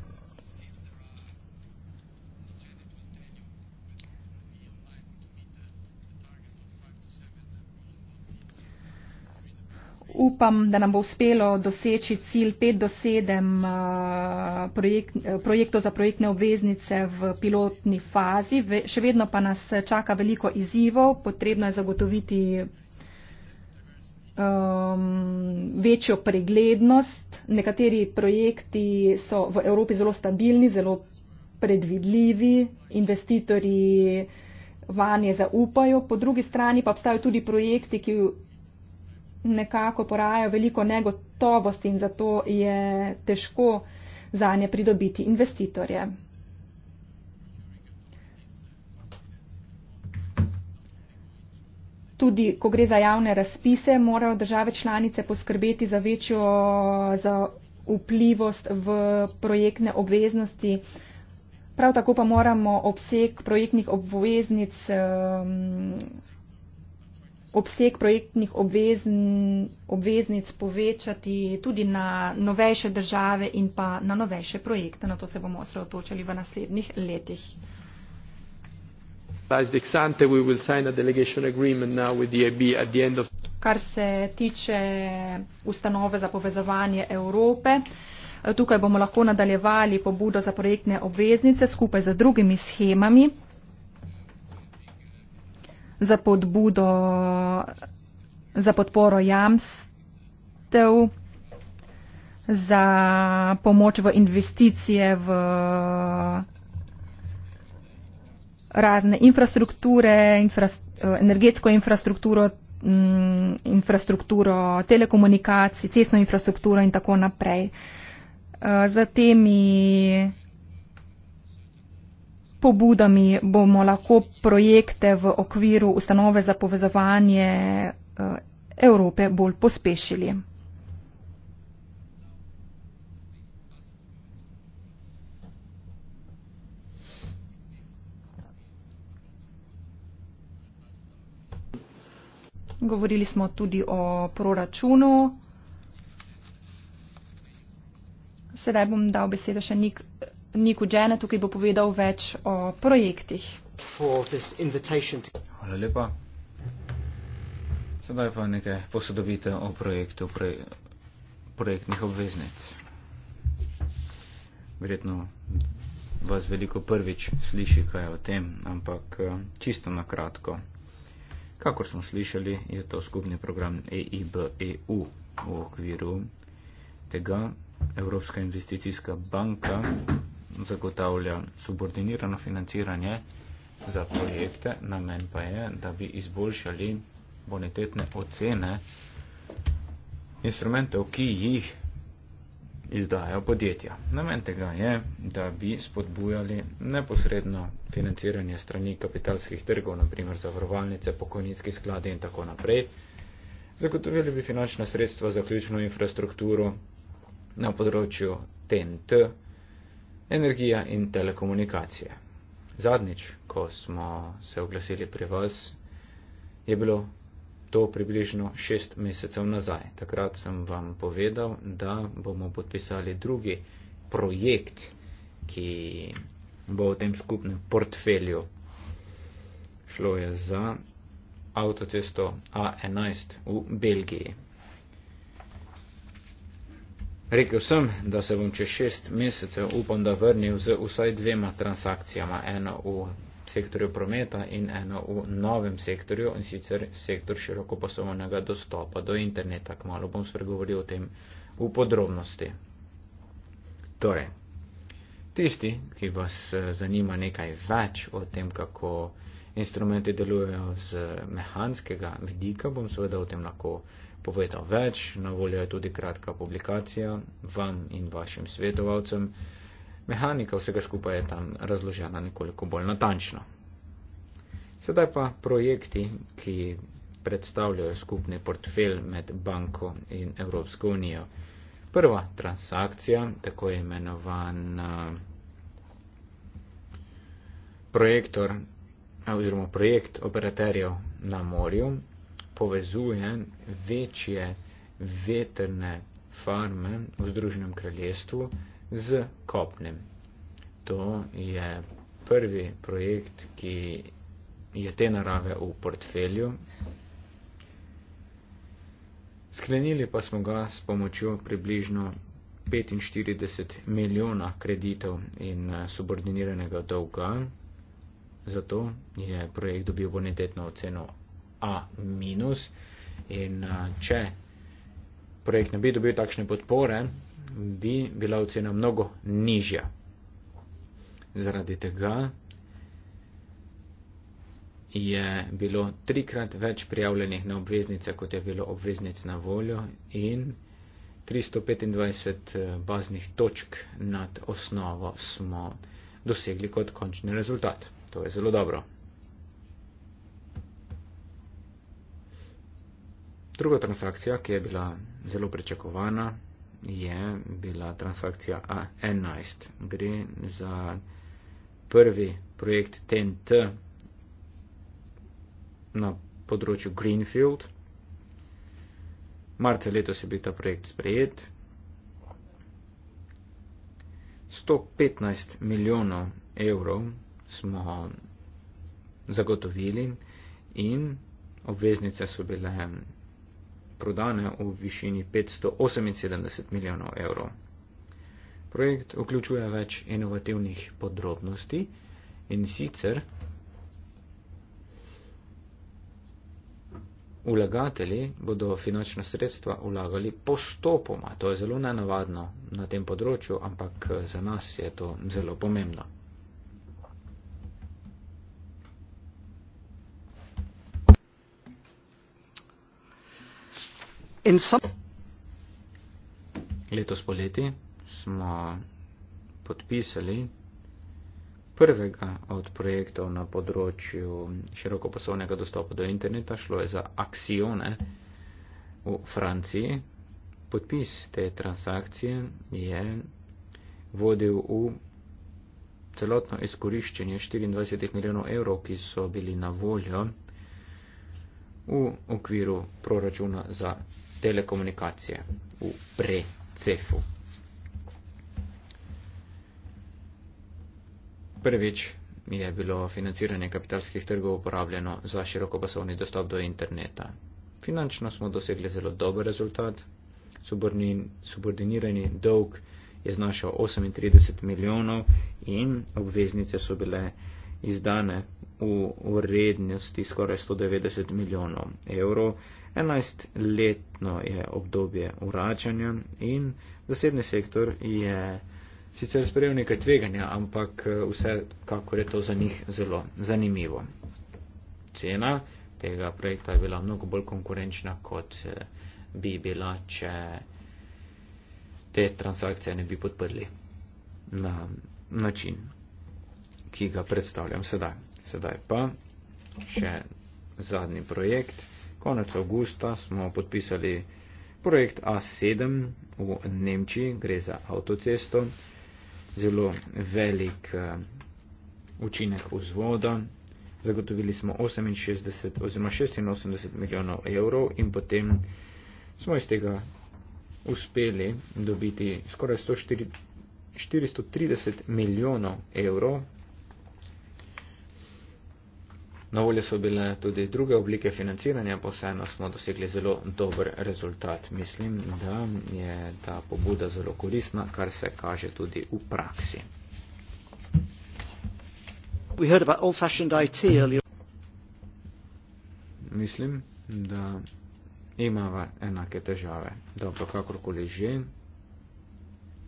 upam, da nam bo uspelo doseči cilj 5 do 7 eh, projekt, eh, projektov za projektne obveznice v pilotni fazi. Še vedno pa nas čaka veliko izzivov, potrebno je zagotoviti um, večjo preglednost. Nekateri projekti so v Evropi zelo stabilni, zelo predvidljivi, investitorji vanje zaupajo, po drugi strani pa obstajajo tudi projekti, ki nekako porajajo veliko negotovosti in zato je težko za nje pridobiti investitorje. Tudi, ko gre za javne razpise, morajo države članice poskrbeti za večjo za vplivost v projektne obveznosti. Prav tako pa moramo obseg projektnih obveznic um, obseg projektnih obvezn, obveznic povečati tudi na novejše države in pa na novejše projekte. Na to se bomo osredotočili v naslednjih letih. Kar se tiče ustanove za povezovanje Evrope, tukaj bomo lahko nadaljevali pobudo za projektne obveznice skupaj z drugimi schemami za podbudo, za podporo jamstev, za pomoč v investicije v razne infrastrukture, infrast, energetsko infrastrukturo, mm, infrastrukturo telekomunikacij, cestno infrastrukturo in tako naprej. Eh, za temi pobudami bomo lahko projekte v okviru ustanove za povezovanje eh, Evrope bolj pospešili. Govorili smo tudi o proračunu. Sedaj bom dal besedo še nekaj. Niku Džene tukaj bo povedal več o projektih. Hvala lepa. Sedaj pa nekaj posodobite o projektu proje, projektnih obveznic. Verjetno vas veliko prvič sliši kaj o tem, ampak čisto na kratko. Kakor smo slišali, je to skupni program EIB-EU v okviru tega Evropska investicijska banka zagotavlja subordinirano financiranje za projekte, namen pa je, da bi izboljšali bonitetne ocene instrumentov, ki jih izdajo podjetja. Namen tega je, da bi spodbujali neposredno financiranje strani kapitalskih trgov, naprimer zavarovalnice, pokojninski skladi in tako naprej. Zagotovili bi finančna sredstva za ključno infrastrukturo na področju TNT, energija in telekomunikacije. Zadnjič, ko smo se oglasili pri vas, je bilo to približno šest mesecev nazaj. Takrat sem vam povedal, da bomo podpisali drugi projekt, ki bo v tem skupnem portfelju. Šlo je za avtocesto A11 v Belgiji. Rekl sem, da se bom čez šest mesecev upam, da vrnil z vsaj dvema transakcijama, eno v sektorju prometa in eno v novem sektorju in sicer sektor širokopasovnega dostopa do interneta. Kmalo bom spregovoril o tem v podrobnosti. Torej, tisti, ki vas eh, zanima nekaj več o tem, kako instrumenti delujejo z mehanskega vidika, bom seveda o tem lahko govoril povedal več, na voljo je tudi kratka publikacija vam in vašim svetovalcem. Mehanika vsega skupaj je tam razložena nekoliko bolj natančno. Sedaj pa projekti, ki predstavljajo skupni portfelj med banko in Evropsko unijo. Prva transakcija, tako imenovan eh, projektor eh, oziroma projekt operaterjev na morju, povezuje večje veterne farme v Združenem kraljestvu z kopnem. To je prvi projekt, ki je te narave v portfelju. Sklenili pa smo ga s pomočjo približno 45 milijona kreditov in eh, subordiniranega dolga. Zato je projekt dobil bonitetno oceno A minus in če projekt ne bi dobil takšne podpore, bi bila ocena mnogo nižja. Zaradi tega je bilo trikrat več prijavljenih na obveznice, kot je bilo obveznic na voljo in 325 e, baznih točk nad osnovo smo dosegli kot končni rezultat. To je zelo dobro. Druga transakcija, ki je bila zelo pričakovana, je bila transakcija A11. Gre za prvi projekt TNT na področju Greenfield. Marca letos je bil ta projekt sprejet. 115 milijonov evrov smo zagotovili in obveznice so bile prodane v višini 578 milijonov evrov. Projekt vključuje več inovativnih podrobnosti in sicer Ulagatelji bodo finančna sredstva vlagali postopoma. To je zelo nenavadno na tem področju, ampak za nas je to zelo pomembno. Letos poleti smo podpisali prvega od projektov na področju širokoposobnega dostopa do interneta. Šlo je za Axione v Franciji. Podpis te transakcije je vodil v celotno izkoriščenje 24 milijonov evrov, ki so bili na voljo v okviru proračuna za telekomunikacije v precefu. Prvič je bilo financiranje kapitalskih trgov uporabljeno za širokopasovni dostop do interneta. Finančno smo dosegli zelo dober rezultat. Subordinirani dolg je znašal 38 milijonov in obveznice so bile izdane v vrednosti skoraj 190 milijonov evrov. Enajstletno je obdobje uračanja in zasebni sektor je sicer sprejel nekaj tveganja, ampak eh, vse kako je to za njih zelo zanimivo. Cena tega projekta je bila mnogo bolj konkurenčna, kot eh, bi bila, če te transakcije ne bi podprli na način, ki ga predstavljam sedaj. Sedaj pa še zadnji projekt. Konec avgusta smo podpisali projekt A7 v Nemčiji, gre za avtocesto, zelo velik eh, učinek vzvoda. Zagotovili smo 68 oziroma 86 milijonov evrov in potem smo iz tega uspeli dobiti skoraj 104, 430 milijonov evrov Na voljo so bile tudi druge oblike financiranja, pa vseeno smo dosegli zelo dober rezultat. Mislim, da je ta pobuda zelo koristna, kar se kaže tudi v praksi. Mislim, da imamo enake težave. Dobro, kakorkoli že,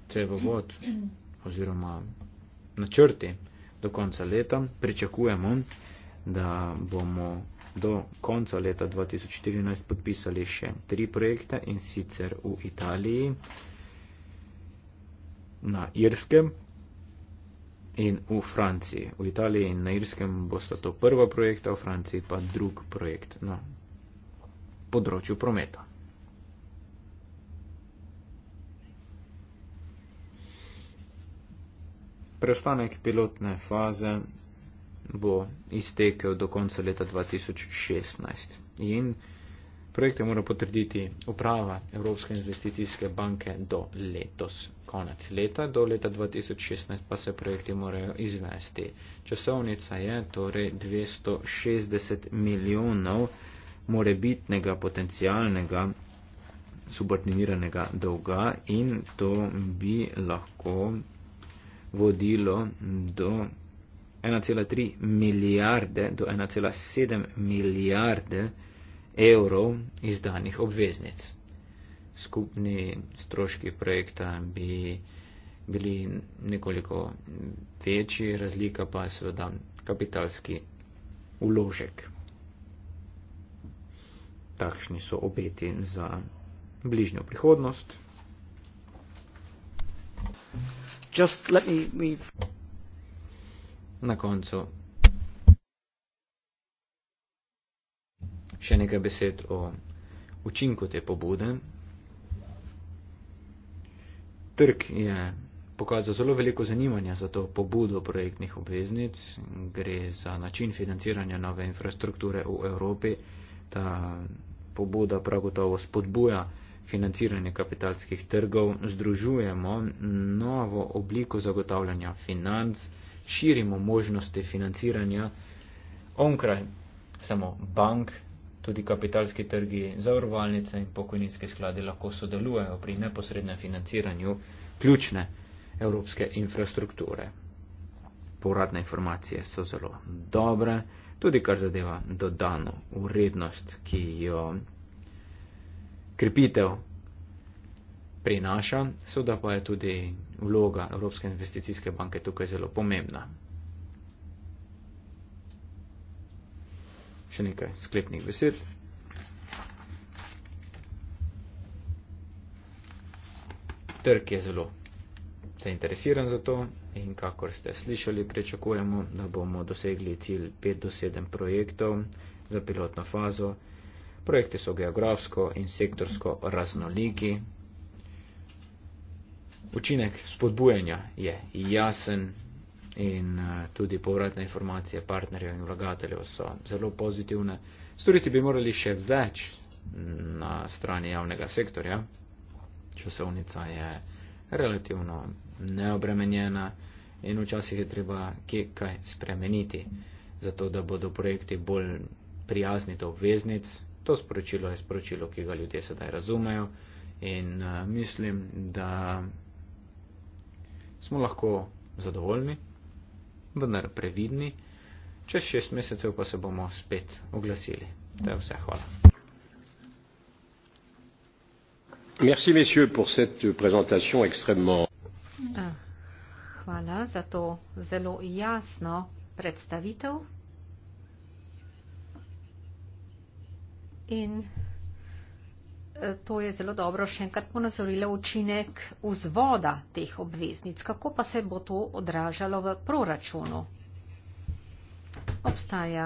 cevovod oziroma načrti do konca leta pričakujemo da bomo do konca leta 2014 podpisali še tri projekte in sicer v Italiji, na Irskem in v Franciji. V Italiji in na Irskem bosta to prva projekta, v Franciji pa drug projekt na področju prometa. Preostanek pilotne faze bo iztekel do konca leta 2016. In projekte mora potrditi uprava Evropske investicijske banke do letos, konec leta, do leta 2016 pa se projekti morajo izvesti. Časovnica je torej 260 milijonov morebitnega potencijalnega subordiniranega dolga in to bi lahko vodilo do 1,3 milijarde do 1,7 milijarde evrov izdanih obveznic. Skupni stroški projekta bi bili nekoliko večji, razlika pa seveda kapitalski uložek. Takšni so obeti za bližnjo prihodnost. Just let me, me na koncu še nekaj besed o učinku te pobude. Trg je pokazal zelo veliko zanimanja za to pobudo projektnih obveznic. Gre za način financiranja nove infrastrukture v Evropi. Ta pobuda prav gotovo spodbuja financiranje kapitalskih trgov, združujemo novo obliko zagotavljanja financ, širimo možnosti financiranja onkraj samo bank, tudi kapitalski trgi, zavarovalnice in pokojninske sklade lahko sodelujejo pri neposrednem financiranju ključne evropske infrastrukture. Povratne informacije so zelo dobre, tudi kar zadeva dodano vrednost, ki jo krepitev prinaša, seveda pa je tudi vloga Evropske investicijske banke tukaj zelo pomembna. Še nekaj sklepnih besed. Trg je zelo zainteresiran za to in kakor ste slišali, prečakujemo, da bomo dosegli cilj 5 do 7 projektov za pilotno fazo. Projekti so geografsko in sektorsko raznoliki, učinek spodbujanja je jasen in eh, tudi povratne informacije partnerjev in vlagateljev so zelo pozitivne. Storiti bi morali še več na strani javnega sektorja. Časovnica je relativno neobremenjena in včasih je treba kje kaj spremeniti, zato da bodo projekti bolj prijazni do obveznic. To sporočilo je sporočilo, ki ga ljudje sedaj razumejo in eh, mislim, da smo lahko zadovoljni, vendar previdni. Čez šest mesecev pa se bomo spet oglasili. To je vse. Hvala. Merci, messieurs, pour cette présentation extrêmement. Ah, hvala za to zelo jasno predstavitev. In Eh, to je zelo dobro še enkrat ponazorila učinek vzvoda teh obveznic. Kako pa se bo to odražalo v proračunu? Obstaja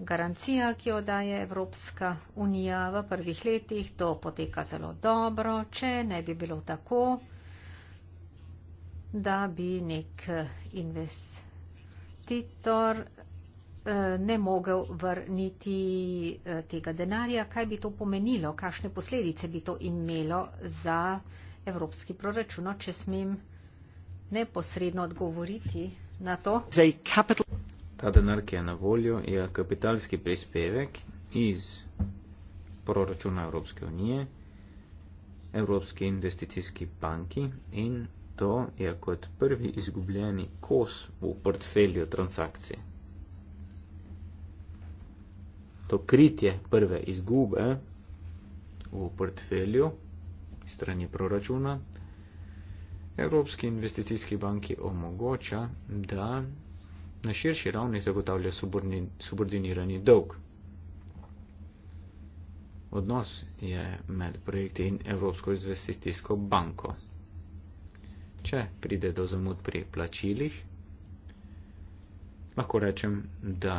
garancija, ki jo daje Evropska unija v prvih letih, to poteka zelo dobro, če ne bi bilo tako, da bi nek eh, investitor Eh, ne mogel vrniti eh, tega denarja, kaj bi to pomenilo, kakšne posledice bi to imelo za evropski proračun, no, če smem neposredno odgovoriti na to. Ta denar, ki je na voljo, je kapitalski prispevek iz proračuna Evropske unije, Evropske investicijske banki in to je kot prvi izgubljeni kos v portfelju transakcije to kritje prve izgube v portfelju strani proračuna Evropski investicijski banki omogoča, da na širši ravni zagotavlja subordinirani dolg. Odnos je med projekti in Evropsko investicijsko banko. Če pride do zamud pri plačilih, lahko rečem, da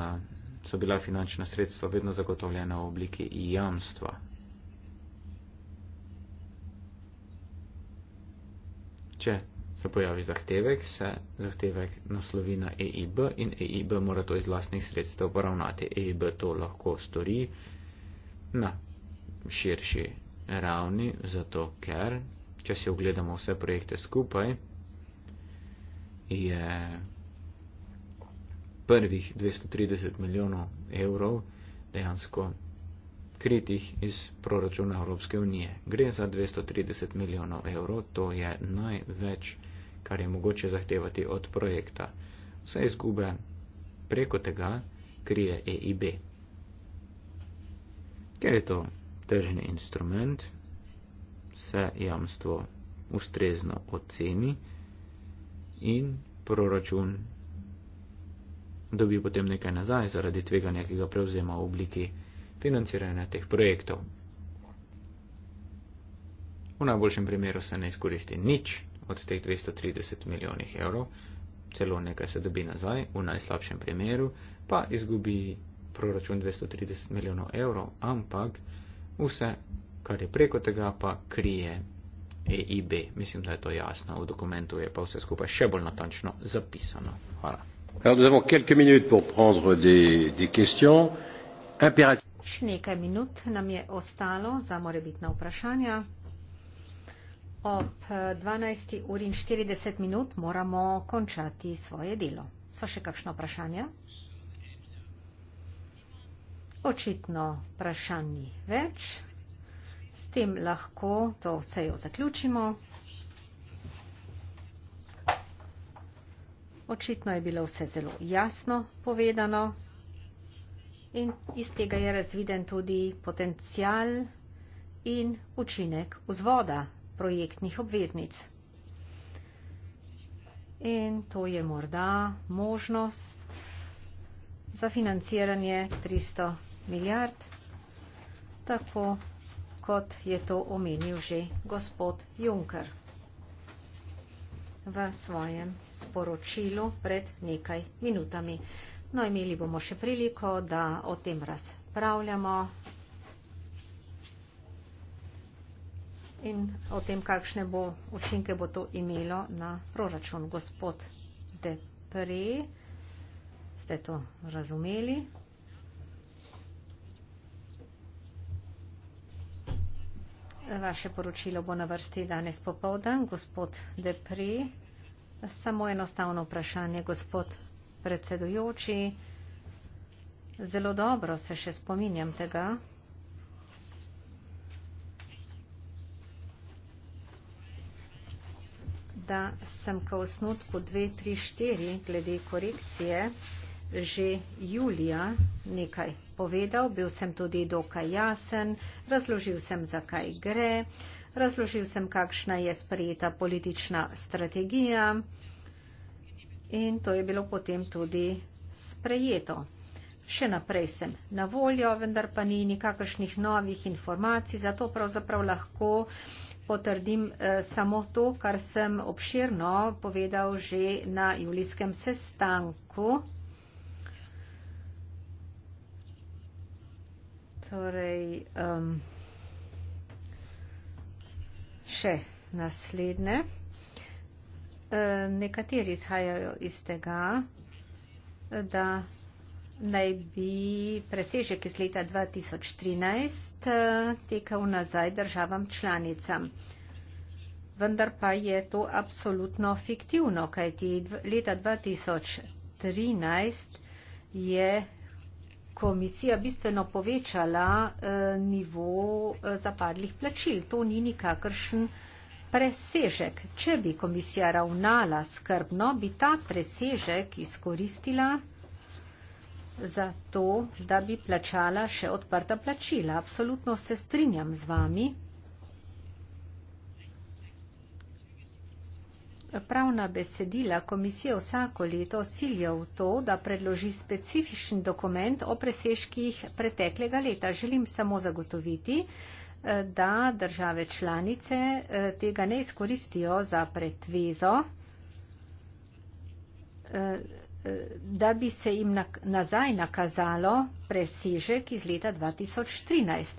so bila finančna sredstva vedno zagotovljena v obliki jamstva. Če se pojavi zahtevek, se zahtevek naslovi na EIB in EIB mora to iz vlastnih sredstev poravnati. EIB to lahko stori na širši ravni, zato ker, če si ogledamo vse projekte skupaj, je prvih 230 milijonov evrov dejansko kritih iz proračuna Evropske unije. Gre za 230 milijonov evrov, to je največ, kar je mogoče zahtevati od projekta. Vse izgube preko tega krije EIB. Ker je to tržni instrument, se jamstvo ustrezno oceni in proračun dobi potem nekaj nazaj zaradi tveganja, ki ga prevzema v obliki financiranja teh projektov. V najboljšem primeru se ne izkoristi nič od teh 230 milijonih evrov, celo nekaj se dobi nazaj, v najslabšem primeru pa izgubi proračun 230 milijonov evrov, ampak vse, kar je preko tega, pa krije EIB. Mislim, da je to jasno, v dokumentu je pa vse skupaj še bolj natančno zapisano. Hvala nous avons quelques minutes pour prendre des, des questions impératives. Ob 12. Eh, uri in 40 minut moramo končati svoje delo. So še kakšno vprašanje? Očitno vprašanj ni več. S tem lahko to sejo zaključimo. očitno je bilo vse zelo jasno povedano in iz tega je razviden tudi potencial in učinek vzvoda projektnih obveznic. In to je morda možnost za financiranje 300 milijard, tako kot je to omenil že gospod Juncker v svojem sporočilu pred nekaj minutami. No, imeli bomo še priliko, da o tem razpravljamo in o tem, kakšne bo učinke bo to imelo na proračun. Gospod Depre, ste to razumeli? Vaše poročilo bo na vrsti danes popovdan. Gospod Depre, Samo enostavno vprašanje, gospod predsedujoči. Zelo dobro se še spominjam tega. da sem ka osnutku 234 glede korekcije že julija nekaj povedal, bil sem tudi dokaj jasen, razložil sem, zakaj gre, uh, razložil sem, kakšna je sprejeta politična strategija in to je bilo potem tudi sprejeto. Še naprej sem na voljo, vendar pa ni nikakršnih novih informacij, zato pravzaprav lahko potrdim eh, samo to, kar sem obširno povedal že na julijskem sestanku. Torej, um, še naslednje. E, nekateri izhajajo iz tega, da naj bi presežek iz leta 2013 e, tekel nazaj državam članicam. Vendar pa je to absolutno fiktivno, kajti leta 2013 je komisija bistveno povečala eh, nivo eh, zapadlih plačil. To ni nikakršen presežek. Če bi komisija ravnala skrbno, bi ta presežek izkoristila za to, da bi plačala še odprta plačila. Absolutno se strinjam z vami. Pravna besedila komisije vsako leto silijo v to, da predloži specifičen dokument o presežkih preteklega leta. Želim samo zagotoviti, eh, da države članice eh, tega ne izkoristijo za pretvezo, eh, da bi se jim nazaj nakazalo presežek iz leta 2013.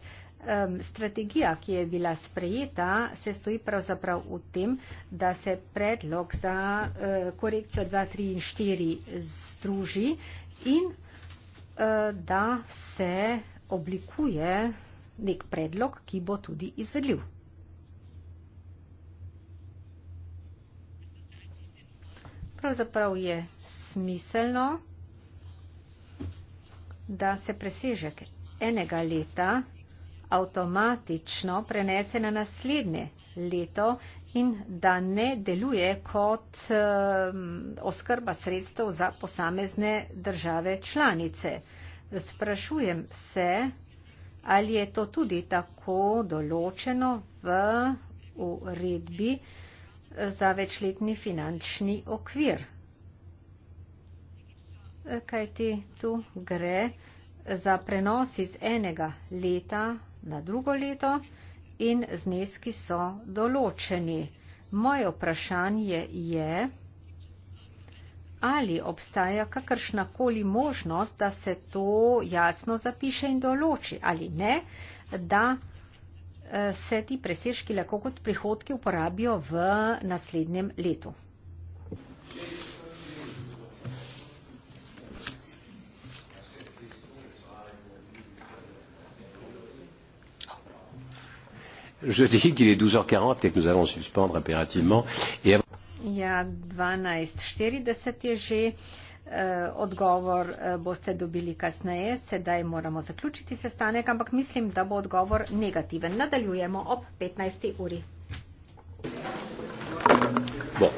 Strategija, ki je bila sprejeta, se stoji pravzaprav v tem, da se predlog za e, korekcijo 2, 3 in 4 združi in e, da se oblikuje nek predlog, ki bo tudi izvedljiv. Pravzaprav je smiselno, da se presežek enega leta vsega, avtomatično prenese na naslednje leto in da ne deluje kot um, oskrba sredstev za posamezne države članice. Sprašujem se, ali je to tudi tako določeno v uredbi za večletni finančni okvir. Kaj ti tu gre za prenos iz enega leta na drugo leto in zneski so določeni. Moje vprašanje je, ali obstaja kakršnakoli možnost, da se to jasno zapiše in določi ali ne, da eh, se ti presežki lahko kot prihodki uporabijo v naslednjem letu. Je dis qu'il est 12h40, peut-être que nous allons suspendre impérativement. Et... Il y a 12h40 déjà. Uh, odgovor uh, boste dobili kasneje, sedaj moramo zaključiti sestanek, ampak mislim, da bo odgovor negativen. Nadaljujemo ob 15. uri. Bo.